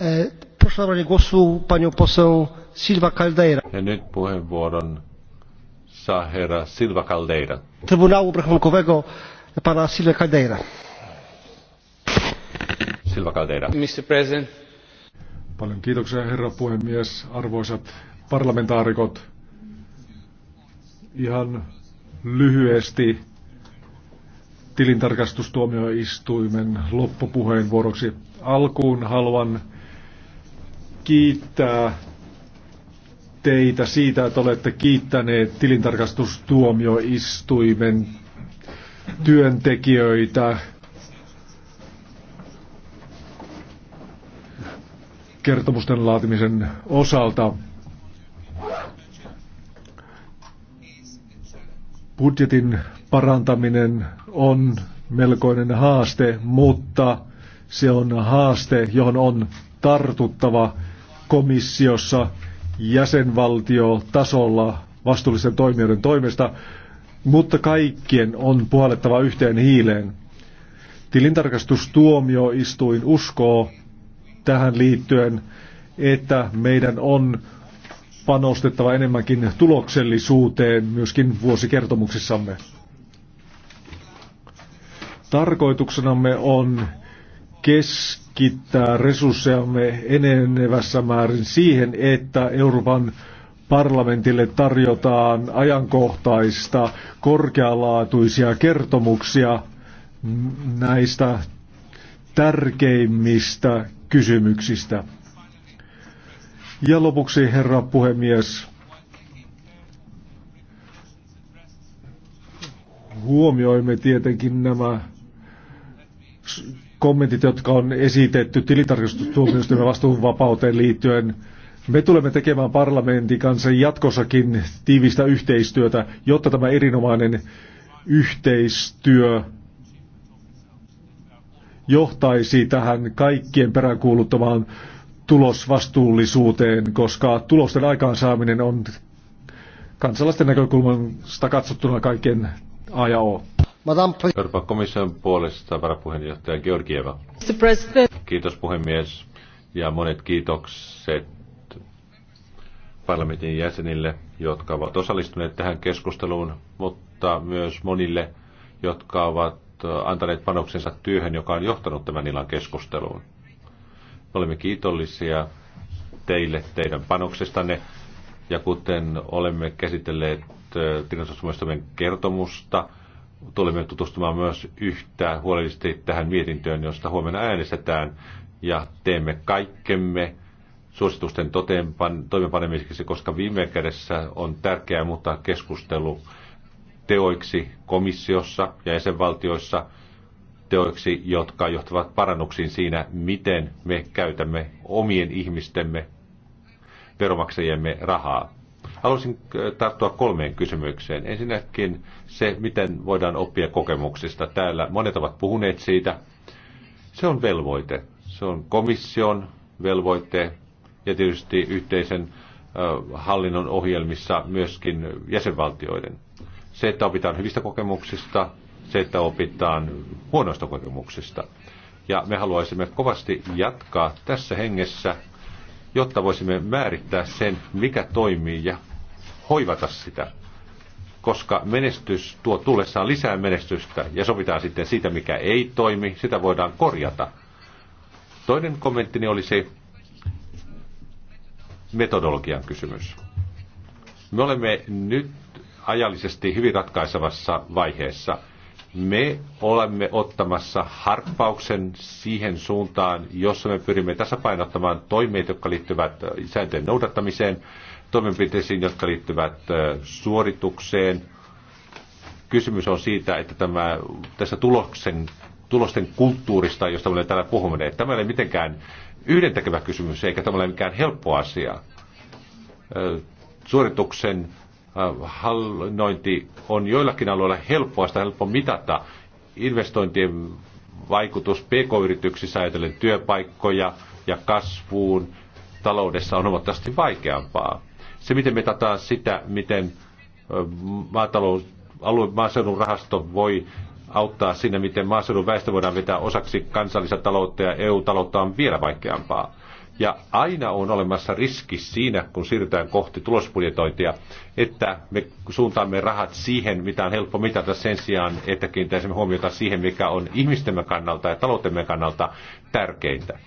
E, proszę o zabranie głosu panią poseł Silva Caldeira. Ja nyt puheenvuoron saa herra Silva Caldeira. Trybunału Obrachunkowego pana Silva Caldeira. Silva Caldeira. Mr. President. Paljon kiitoksia herra puhemies, arvoisat parlamentaarikot. Ihan lyhyesti tilintarkastustuomioistuimen loppupuheenvuoroksi. Alkuun haluan kiittää teitä siitä, että olette kiittäneet tilintarkastustuomioistuimen työntekijöitä kertomusten laatimisen osalta. Budjetin parantaminen on melkoinen haaste, mutta se on haaste, johon on tartuttava komissiossa, jäsenvaltiotasolla vastuullisten toimijoiden toimesta, mutta kaikkien on puolettava yhteen hiileen. Tilintarkastustuomioistuin uskoo tähän liittyen, että meidän on panostettava enemmänkin tuloksellisuuteen myöskin vuosikertomuksissamme. Tarkoituksenamme on kes keskittää resurssejamme enenevässä määrin siihen, että Euroopan parlamentille tarjotaan ajankohtaista, korkealaatuisia kertomuksia näistä tärkeimmistä kysymyksistä. Ja lopuksi, herra puhemies, huomioimme tietenkin nämä kommentit, jotka on esitetty tilitarkastustuomioistuimen vastuunvapauteen liittyen. Me tulemme tekemään parlamentin kanssa jatkossakin tiivistä yhteistyötä, jotta tämä erinomainen yhteistyö johtaisi tähän kaikkien peräänkuuluttamaan tulosvastuullisuuteen, koska tulosten aikaansaaminen on kansalaisten näkökulmasta katsottuna kaiken A ja O. Euroopan komission puolesta varapuheenjohtaja Georgieva. Kiitos puhemies ja monet kiitokset parlamentin jäsenille, jotka ovat osallistuneet tähän keskusteluun, mutta myös monille, jotka ovat äh, antaneet panoksensa työhön, joka on johtanut tämän illan keskusteluun. Me olemme kiitollisia teille teidän panoksestanne ja kuten olemme käsitelleet äh, tilintarkastustuomioistuimen kertomusta, tulemme tutustumaan myös yhtä huolellisesti tähän mietintöön, josta huomenna äänestetään ja teemme kaikkemme suositusten toimenpanemiseksi, koska viime kädessä on tärkeää muuttaa keskustelu teoiksi komissiossa ja jäsenvaltioissa teoiksi, jotka johtavat parannuksiin siinä, miten me käytämme omien ihmistemme veromaksajiemme rahaa. Haluaisin tarttua kolmeen kysymykseen. Ensinnäkin se, miten voidaan oppia kokemuksista. Täällä monet ovat puhuneet siitä. Se on velvoite. Se on komission velvoite ja tietysti yhteisen hallinnon ohjelmissa myöskin jäsenvaltioiden. Se, että opitaan hyvistä kokemuksista, se, että opitaan huonoista kokemuksista. Ja me haluaisimme kovasti jatkaa tässä hengessä – jotta voisimme määrittää sen, mikä toimii ja hoivata sitä. Koska menestys tuo tullessaan lisää menestystä ja sovitaan sitten siitä, mikä ei toimi, sitä voidaan korjata. Toinen kommenttini oli se metodologian kysymys. Me olemme nyt ajallisesti hyvin ratkaisevassa vaiheessa – me olemme ottamassa harppauksen siihen suuntaan, jossa me pyrimme tasapainottamaan toimeet, jotka liittyvät äh, sääntöjen noudattamiseen, toimenpiteisiin, jotka liittyvät äh, suoritukseen. Kysymys on siitä, että tämä, tässä tuloksen, tulosten kulttuurista, josta olemme täällä puhuneet, tämä ei ole mitenkään yhdentekevä kysymys, eikä tämä ole mikään helppo asia. Äh, suorituksen Äh, hallinnointi on joillakin alueilla helppoa, sitä helppo mitata. Investointien vaikutus pk-yrityksissä ajatellen työpaikkoja ja kasvuun taloudessa on huomattavasti vaikeampaa. Se, miten me tataan sitä, miten äh, maatalous, alue, maaseudun rahasto voi auttaa siinä, miten maaseudun väestö voidaan vetää osaksi kansallista taloutta ja EU-taloutta on vielä vaikeampaa. Ja aina on olemassa riski siinä, kun siirrytään kohti tulosbudjetointia, että me suuntaamme rahat siihen, mitä on helppo mitata sen sijaan, että kiinnittäisimme huomiota siihen, mikä on ihmistemme kannalta ja taloutemme kannalta tärkeintä.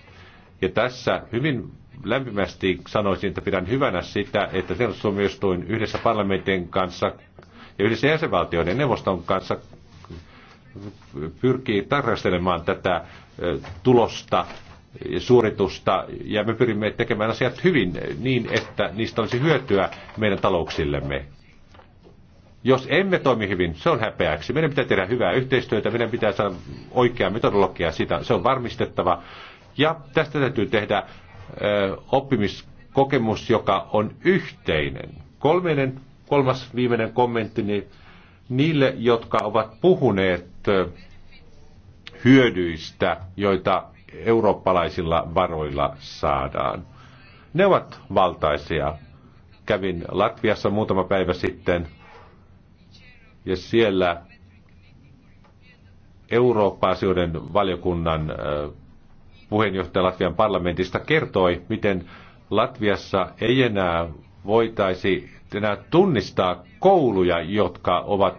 Ja tässä hyvin lämpimästi sanoisin, että pidän hyvänä sitä, että tuomioistuin yhdessä parlamentin kanssa ja yhdessä jäsenvaltioiden neuvoston kanssa pyrkii tarkastelemaan tätä tulosta suoritusta ja me pyrimme tekemään asiat hyvin niin, että niistä olisi hyötyä meidän talouksillemme. Jos emme toimi hyvin, se on häpeäksi. Meidän pitää tehdä hyvää yhteistyötä, meidän pitää saada oikeaa metodologiaa sitä, se on varmistettava. Ja tästä täytyy tehdä ö, oppimiskokemus, joka on yhteinen. Kolmeinen, kolmas viimeinen kommentti niin niille, jotka ovat puhuneet hyödyistä, joita eurooppalaisilla varoilla saadaan. Ne ovat valtaisia. Kävin Latviassa muutama päivä sitten ja siellä Eurooppa-asioiden valiokunnan puheenjohtaja Latvian parlamentista kertoi, miten Latviassa ei enää voitaisi enää tunnistaa kouluja, jotka ovat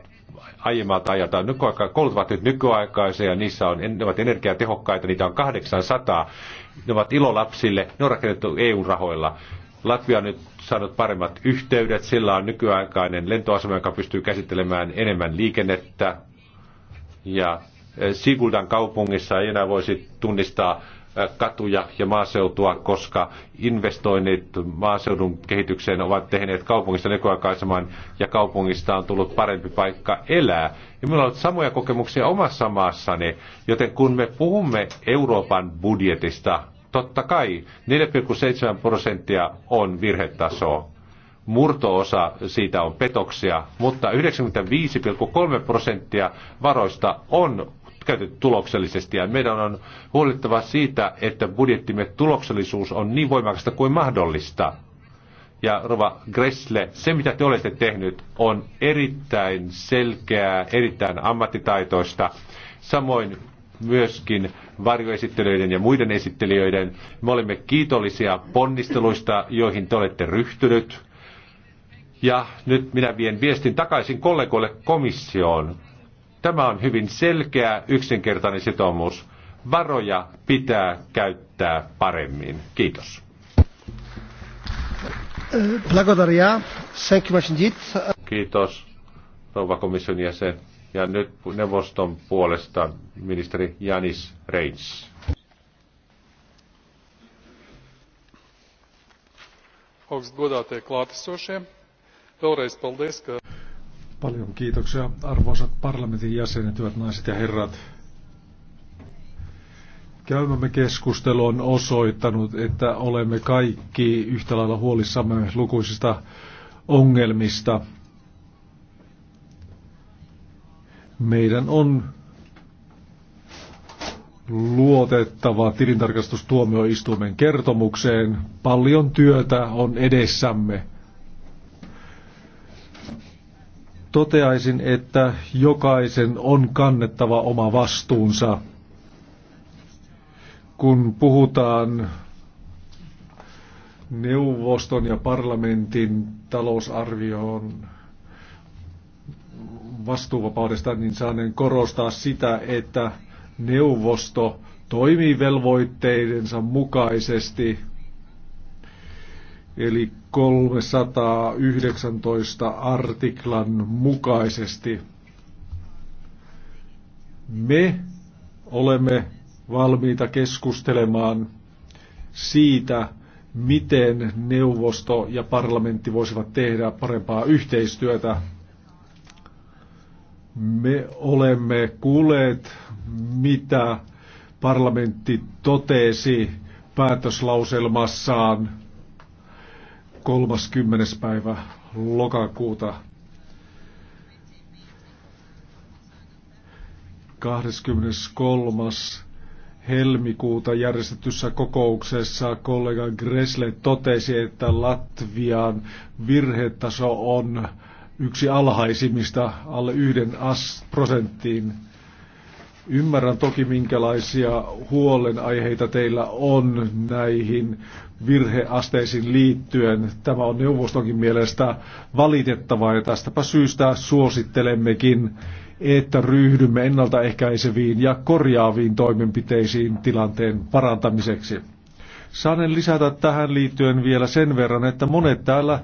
aiemmalta ajalta nykyaika, koulut ovat nyt nykyaikaisia ja niissä on, ne ovat energiatehokkaita, niitä on 800. Ne ovat ilo lapsille, ne on rakennettu EU-rahoilla. Latvia on nyt saanut paremmat yhteydet, sillä on nykyaikainen lentoasema, joka pystyy käsittelemään enemmän liikennettä. Ja eh, Siguldan kaupungissa ei enää voisi tunnistaa katuja ja maaseutua, koska investoinnit maaseudun kehitykseen ovat tehneet kaupungista nykyaikaisemman ja kaupungista on tullut parempi paikka elää. Ja minulla on ollut samoja kokemuksia omassa maassani, joten kun me puhumme Euroopan budjetista, totta kai 4,7 prosenttia on virhetaso. Murtoosa siitä on petoksia, mutta 95,3 prosenttia varoista on käytetty tuloksellisesti. Ja meidän on huolittava siitä, että budjettimme tuloksellisuus on niin voimakasta kuin mahdollista. Ja Rova Gressle, se mitä te olette tehnyt on erittäin selkeää, erittäin ammattitaitoista. Samoin myöskin varjoesittelijöiden ja muiden esittelijöiden. Me olemme kiitollisia ponnisteluista, joihin te olette ryhtynyt. Ja nyt minä vien viestin takaisin kollegoille komissioon. Tämä on hyvin selkeä, yksinkertainen sitoumus. Varoja pitää käyttää paremmin. Kiitos. Kiitos, rouva komission jäsen. Ja nyt neuvoston puolesta ministeri Janis Reins. augstgadātie klātesošie vēlreiz paldies ka Paljon kiitoksia arvoisat parlamentin jäsenet, hyvät naiset ja herrat. Käymämme keskustelu on osoittanut, että olemme kaikki yhtä lailla huolissamme lukuisista ongelmista. Meidän on luotettava tilintarkastustuomioistuimen kertomukseen. Paljon työtä on edessämme. toteaisin, että jokaisen on kannettava oma vastuunsa. Kun puhutaan neuvoston ja parlamentin talousarvioon vastuuvapaudesta, niin saanen korostaa sitä, että neuvosto toimii velvoitteidensa mukaisesti – eli 319 artiklan mukaisesti. Me olemme valmiita keskustelemaan siitä, miten neuvosto ja parlamentti voisivat tehdä parempaa yhteistyötä. Me olemme kuulleet, mitä parlamentti totesi päätöslauselmassaan 30. päivä lokakuuta 23. helmikuuta järjestetyssä kokouksessa kollega Gresle totesi, että Latvian virhetaso on yksi alhaisimmista alle yhden prosenttiin Ymmärrän toki, minkälaisia huolenaiheita teillä on näihin virheasteisiin liittyen. Tämä on neuvostonkin mielestä valitettavaa ja tästäpä syystä suosittelemmekin, että ryhdymme ennaltaehkäiseviin ja korjaaviin toimenpiteisiin tilanteen parantamiseksi. Saanen lisätä tähän liittyen vielä sen verran, että monet täällä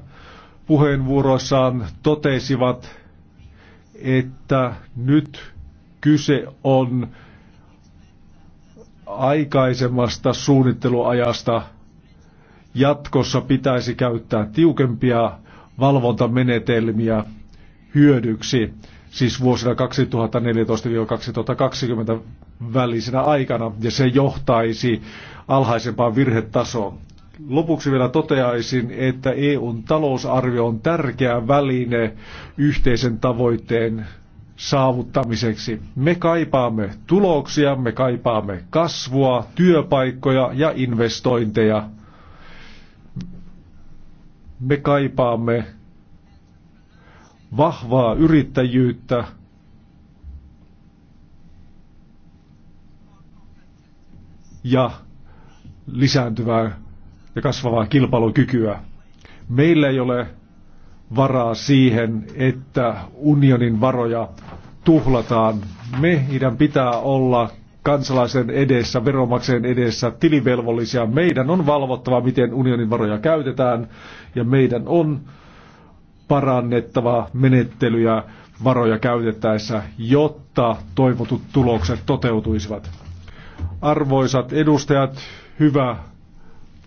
puheenvuoroissaan totesivat, että nyt Kyse on aikaisemmasta suunnitteluajasta. Jatkossa pitäisi käyttää tiukempia valvontamenetelmiä hyödyksi, siis vuosina 2014-2020 välisenä aikana, ja se johtaisi alhaisempaan virhetasoon. Lopuksi vielä toteaisin, että EUn talousarvio on tärkeä väline yhteisen tavoitteen saavuttamiseksi. Me kaipaamme tuloksia, me kaipaamme kasvua, työpaikkoja ja investointeja. Me kaipaamme vahvaa yrittäjyyttä, ja lisääntyvää ja kasvavaa kilpailukykyä. Meillä ei ole varaa siihen, että unionin varoja tuhlataan. Meidän pitää olla kansalaisen edessä, veromakseen edessä tilivelvollisia. Meidän on valvottava, miten unionin varoja käytetään ja meidän on parannettava menettelyjä varoja käytettäessä, jotta toivotut tulokset toteutuisivat. Arvoisat edustajat, hyvä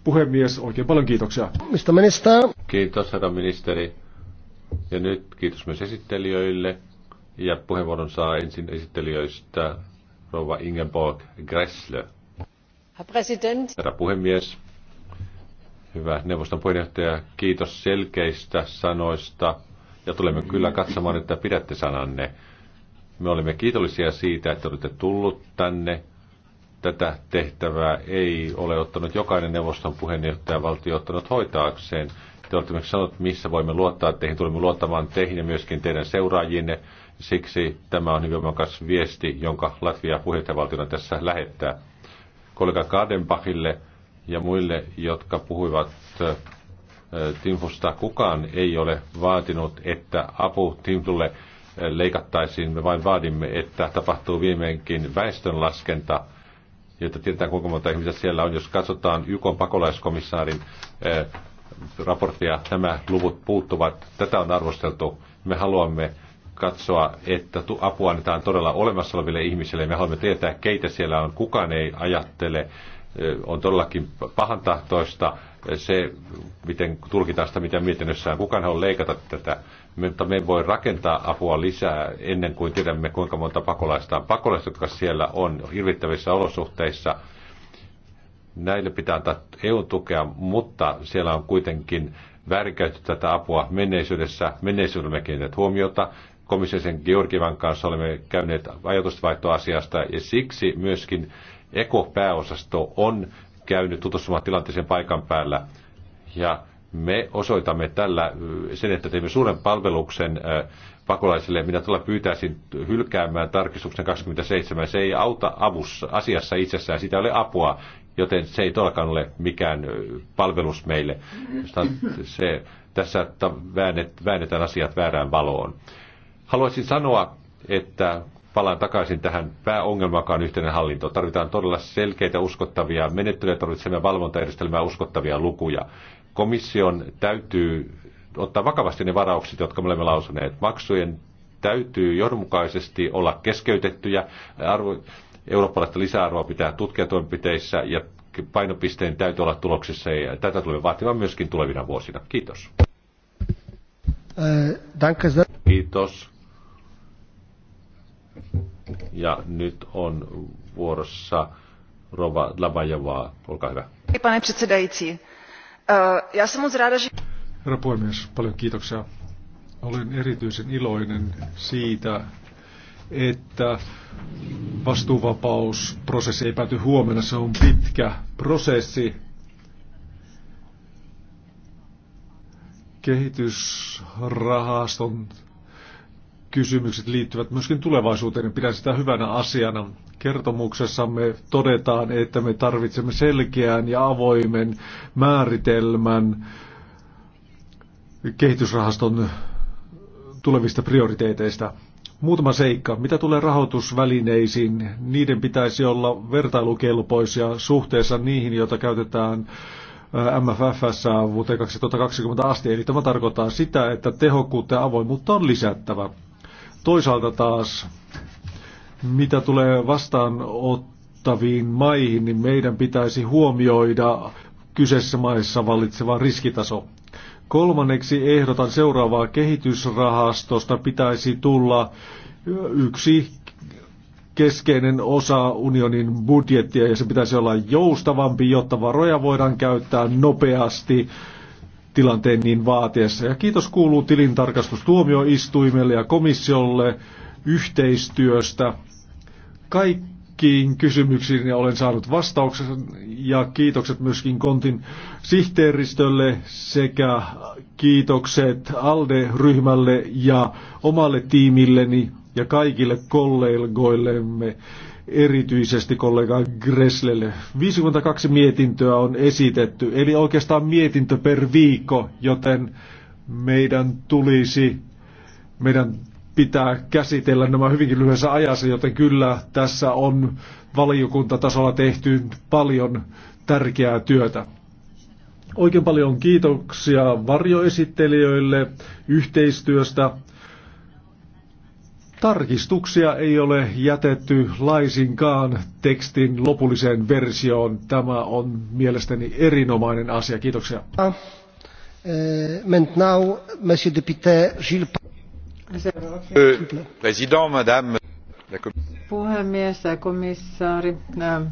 puhemies, oikein paljon kiitoksia. Mistä minister? Kiitos herra ministeri. Ja nyt kiitos myös esittelijöille. Ja puheenvuoron saa ensin esittelijöistä rouva Ingeborg Gressle. Herra puhemies, hyvä neuvoston puheenjohtaja, kiitos selkeistä sanoista. Ja tulemme kyllä katsomaan, että pidätte sananne. Me olemme kiitollisia siitä, että olette tullut tänne. Tätä tehtävää ei ole ottanut jokainen neuvoston puheenjohtaja valtio ottanut hoitaakseen. Te olette myös sanonut, missä voimme luottaa teihin. Tulemme luottamaan teihin ja myöskin teidän seuraajinne. Siksi tämä on hyvin voimakas viesti, jonka Latvia puheenjohtajavaltiona tässä lähettää. Kollega Kadenbachille ja muille, jotka puhuivat äh, Timfusta, kukaan ei ole vaatinut, että apu Timtulle äh, leikattaisiin. Me vain vaadimme, että tapahtuu viimeinkin väestönlaskenta, jotta tiedetään kuinka monta ihmistä siellä on. Jos katsotaan YK pakolaiskomissaarin äh, raporttia nämä luvut puuttuvat. Tätä on arvosteltu. Me haluamme katsoa, että apua annetaan todella olemassa oleville ihmisille. Me haluamme tietää, keitä siellä on. Kukaan ei ajattele. On todellakin pahantahtoista se, miten tulkitaan sitä, mitä mietinnössään. Kukaan haluaa leikata tätä. Mutta me voi rakentaa apua lisää ennen kuin tiedämme, kuinka monta pakolaista on. Pakolaiset, jotka siellä on hirvittävissä olosuhteissa – Näille pitää antaa EU-tukea, mutta siellä on kuitenkin väärinkäytetty tätä apua menneisyydessä. Menneisyydellä me kiinnitetään huomiota. Komissiosen Georgivan kanssa olemme käyneet ajatusvaihtoasiasta ja siksi myöskin ekopääosasto on käynyt tutustumaan tilanteeseen paikan päällä. Ja me osoitamme tällä sen, että teemme suuren palveluksen pakolaisille. Minä tuolla pyytäisin hylkäämään tarkistuksen 27. Se ei auta avussa, asiassa itsessään, siitä ei ole apua joten se ei todellakaan ole mikään palvelus meille. Se, tässä väännetään asiat väärään valoon. Haluaisin sanoa, että palaan takaisin tähän pääongelmakaan yhteinen hallinto. Tarvitaan todella selkeitä, uskottavia menettelyjä, tarvitsemme valvontajärjestelmää, uskottavia lukuja. Komission täytyy ottaa vakavasti ne varaukset, jotka me olemme lausuneet. Maksujen täytyy johdonmukaisesti olla keskeytettyjä. Arvo, Eurooppalaista lisäarvoa pitää tutkia toimenpiteissä ja painopisteen täytyy olla tuloksissa ja tätä tulee vaatimaan myöskin tulevina vuosina. Kiitos. Eh, Kiitos. Ja nyt on vuorossa Rova Labajevaa. Olkaa hyvä. Eh, Herra puhemies, paljon kiitoksia. Olen erityisen iloinen siitä, että vastuuvapausprosessi ei pääty huomenna. Se on pitkä prosessi. Kehitysrahaston kysymykset liittyvät myöskin tulevaisuuteen. Pidän sitä hyvänä asiana. Kertomuksessamme todetaan, että me tarvitsemme selkeän ja avoimen määritelmän kehitysrahaston tulevista prioriteeteista. Muutama seikka. Mitä tulee rahoitusvälineisiin, niiden pitäisi olla vertailukelpoisia suhteessa niihin, joita käytetään MFFssä vuoteen 2020 asti. Eli tämä tarkoittaa sitä, että tehokkuutta ja avoimuutta on lisättävä. Toisaalta taas, mitä tulee vastaanottaviin maihin, niin meidän pitäisi huomioida kyseessä maissa vallitseva riskitaso. Kolmanneksi ehdotan seuraavaa kehitysrahastosta pitäisi tulla yksi keskeinen osa unionin budjettia ja se pitäisi olla joustavampi, jotta varoja voidaan käyttää nopeasti tilanteen niin vaatiessa. Ja kiitos kuuluu tilintarkastustuomioistuimelle ja komissiolle yhteistyöstä. Kaikki kaikkiin kysymyksiin ja olen saanut vastauksen ja kiitokset myöskin Kontin sihteeristölle sekä kiitokset ALDE-ryhmälle ja omalle tiimilleni ja kaikille kollegoillemme, erityisesti kollega Greslelle. 52 mietintöä on esitetty, eli oikeastaan mietintö per viikko, joten meidän tulisi meidän pitää käsitellä nämä hyvinkin lyhyessä ajassa, joten kyllä tässä on valiokuntatasolla tehty paljon tärkeää työtä. Oikein paljon kiitoksia varjoesittelijöille yhteistyöstä. Tarkistuksia ei ole jätetty laisinkaan tekstin lopulliseen versioon. Tämä on mielestäni erinomainen asia. Kiitoksia. Uh, ah, eh, now, Puhemies, komissaari, äh,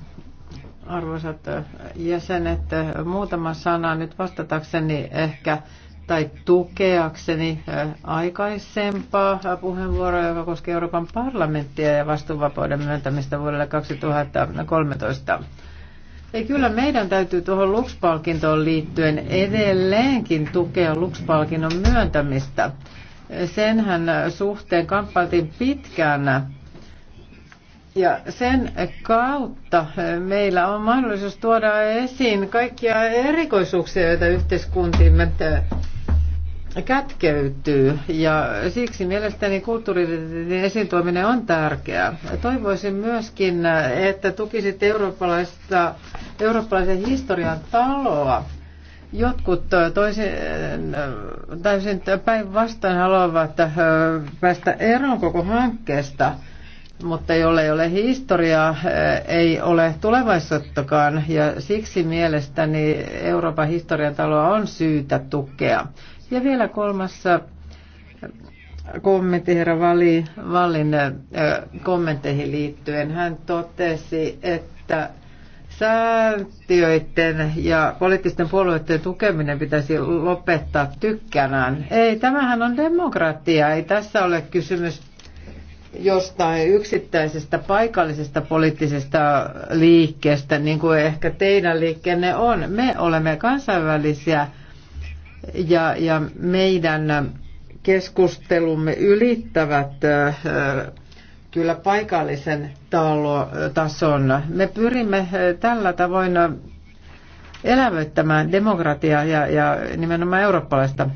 arvoisat äh, jäsenet, äh, muutama sana nyt vastatakseni ehkä tai tukeakseni aikaisempaa puheenvuoroa, joka koski Euroopan parlamenttia ja vastuuvapauden myöntämistä vuodelle 2013. Ei kyllä meidän täytyy tuohon Lux-palkintoon liittyen edelleenkin tukea Lux-palkinnon myöntämistä sen hän suhteen kamppailtiin pitkään. Ja sen kautta meillä on mahdollisuus tuoda esiin kaikkia erikoisuuksia, joita yhteiskuntimme kätkeytyy. Ja siksi mielestäni kulttuurin esiin tuominen on tärkeää. Toivoisin myöskin, että tukisit eurooppalaista, eurooppalaisen historian taloa Jotkut toisin, täysin päinvastoin haluavat päästä eroon koko hankkeesta, mutta jolle ei ole historiaa, ei ole tulevaisuuttakaan, ja siksi mielestäni Euroopan historian taloa on syytä tukea. Ja vielä kolmas kommentti herra Valli, Vallin kommentteihin liittyen. Hän totesi, että säätiöiden ja poliittisten puolueiden tukeminen pitäisi lopettaa tykkänään. Ei, tämähän on demokratia. Ei tässä ole kysymys jostain yksittäisestä paikallisesta poliittisesta liikkeestä, niin kuin ehkä teidän liikkeenne on. Me olemme kansainvälisiä ja, ja meidän keskustelumme ylittävät kyllä paikallisen talo, tason. Me pyrimme eh, tällä tavoin eh, elävöittämään demokratiaa ja, ja nimenomaan eurooppalaista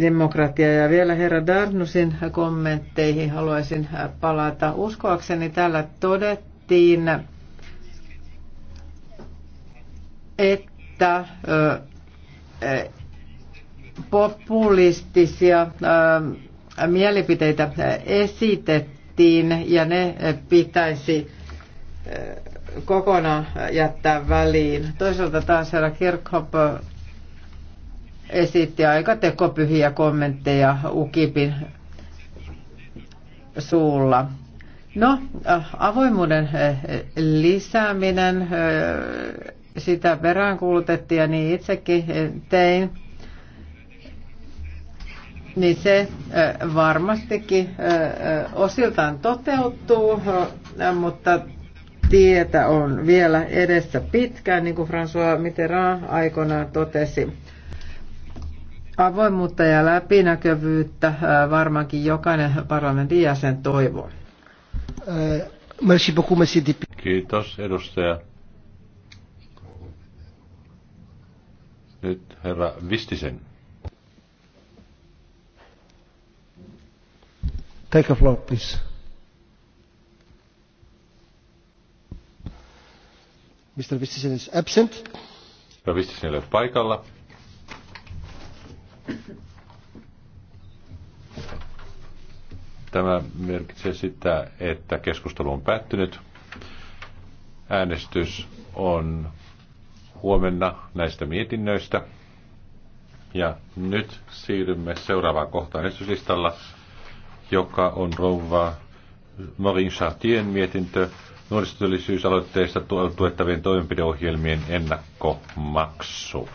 demokratiaa. Ja vielä herra Darnusin kommentteihin haluaisin eh, palata. Uskoakseni täällä todettiin, että populistisia mielipiteitä esitettiin ja ne pitäisi kokonaan jättää väliin. Toisaalta taas herra Kirkhop esitti aika tekopyhiä kommentteja UKIPin suulla. No, avoimuuden lisääminen, sitä peräänkuulutettiin ja niin itsekin tein niin se varmastikin osiltaan toteutuu, mutta tietä on vielä edessä pitkään, niin kuin François Mitterrand aikoinaan totesi. Avoimuutta ja läpinäkyvyyttä varmaankin jokainen parlamentin jäsen toivoo. Kiitos, edustaja. Nyt herra Vistisen. Take a floor, please. Mr. Vistisen is absent. Mr. Vistisen ei ole paikalla. Tämä merkitsee sitä, että keskustelu on päättynyt. Äänestys on huomenna näistä mietinnöistä. Ja nyt siirrymme seuraavaan kohtaan esityslistalla joka on rouva Marin Chartien mietintö nuorisotyöllisyysaloitteista tuettavien toimenpideohjelmien ennakkomaksu.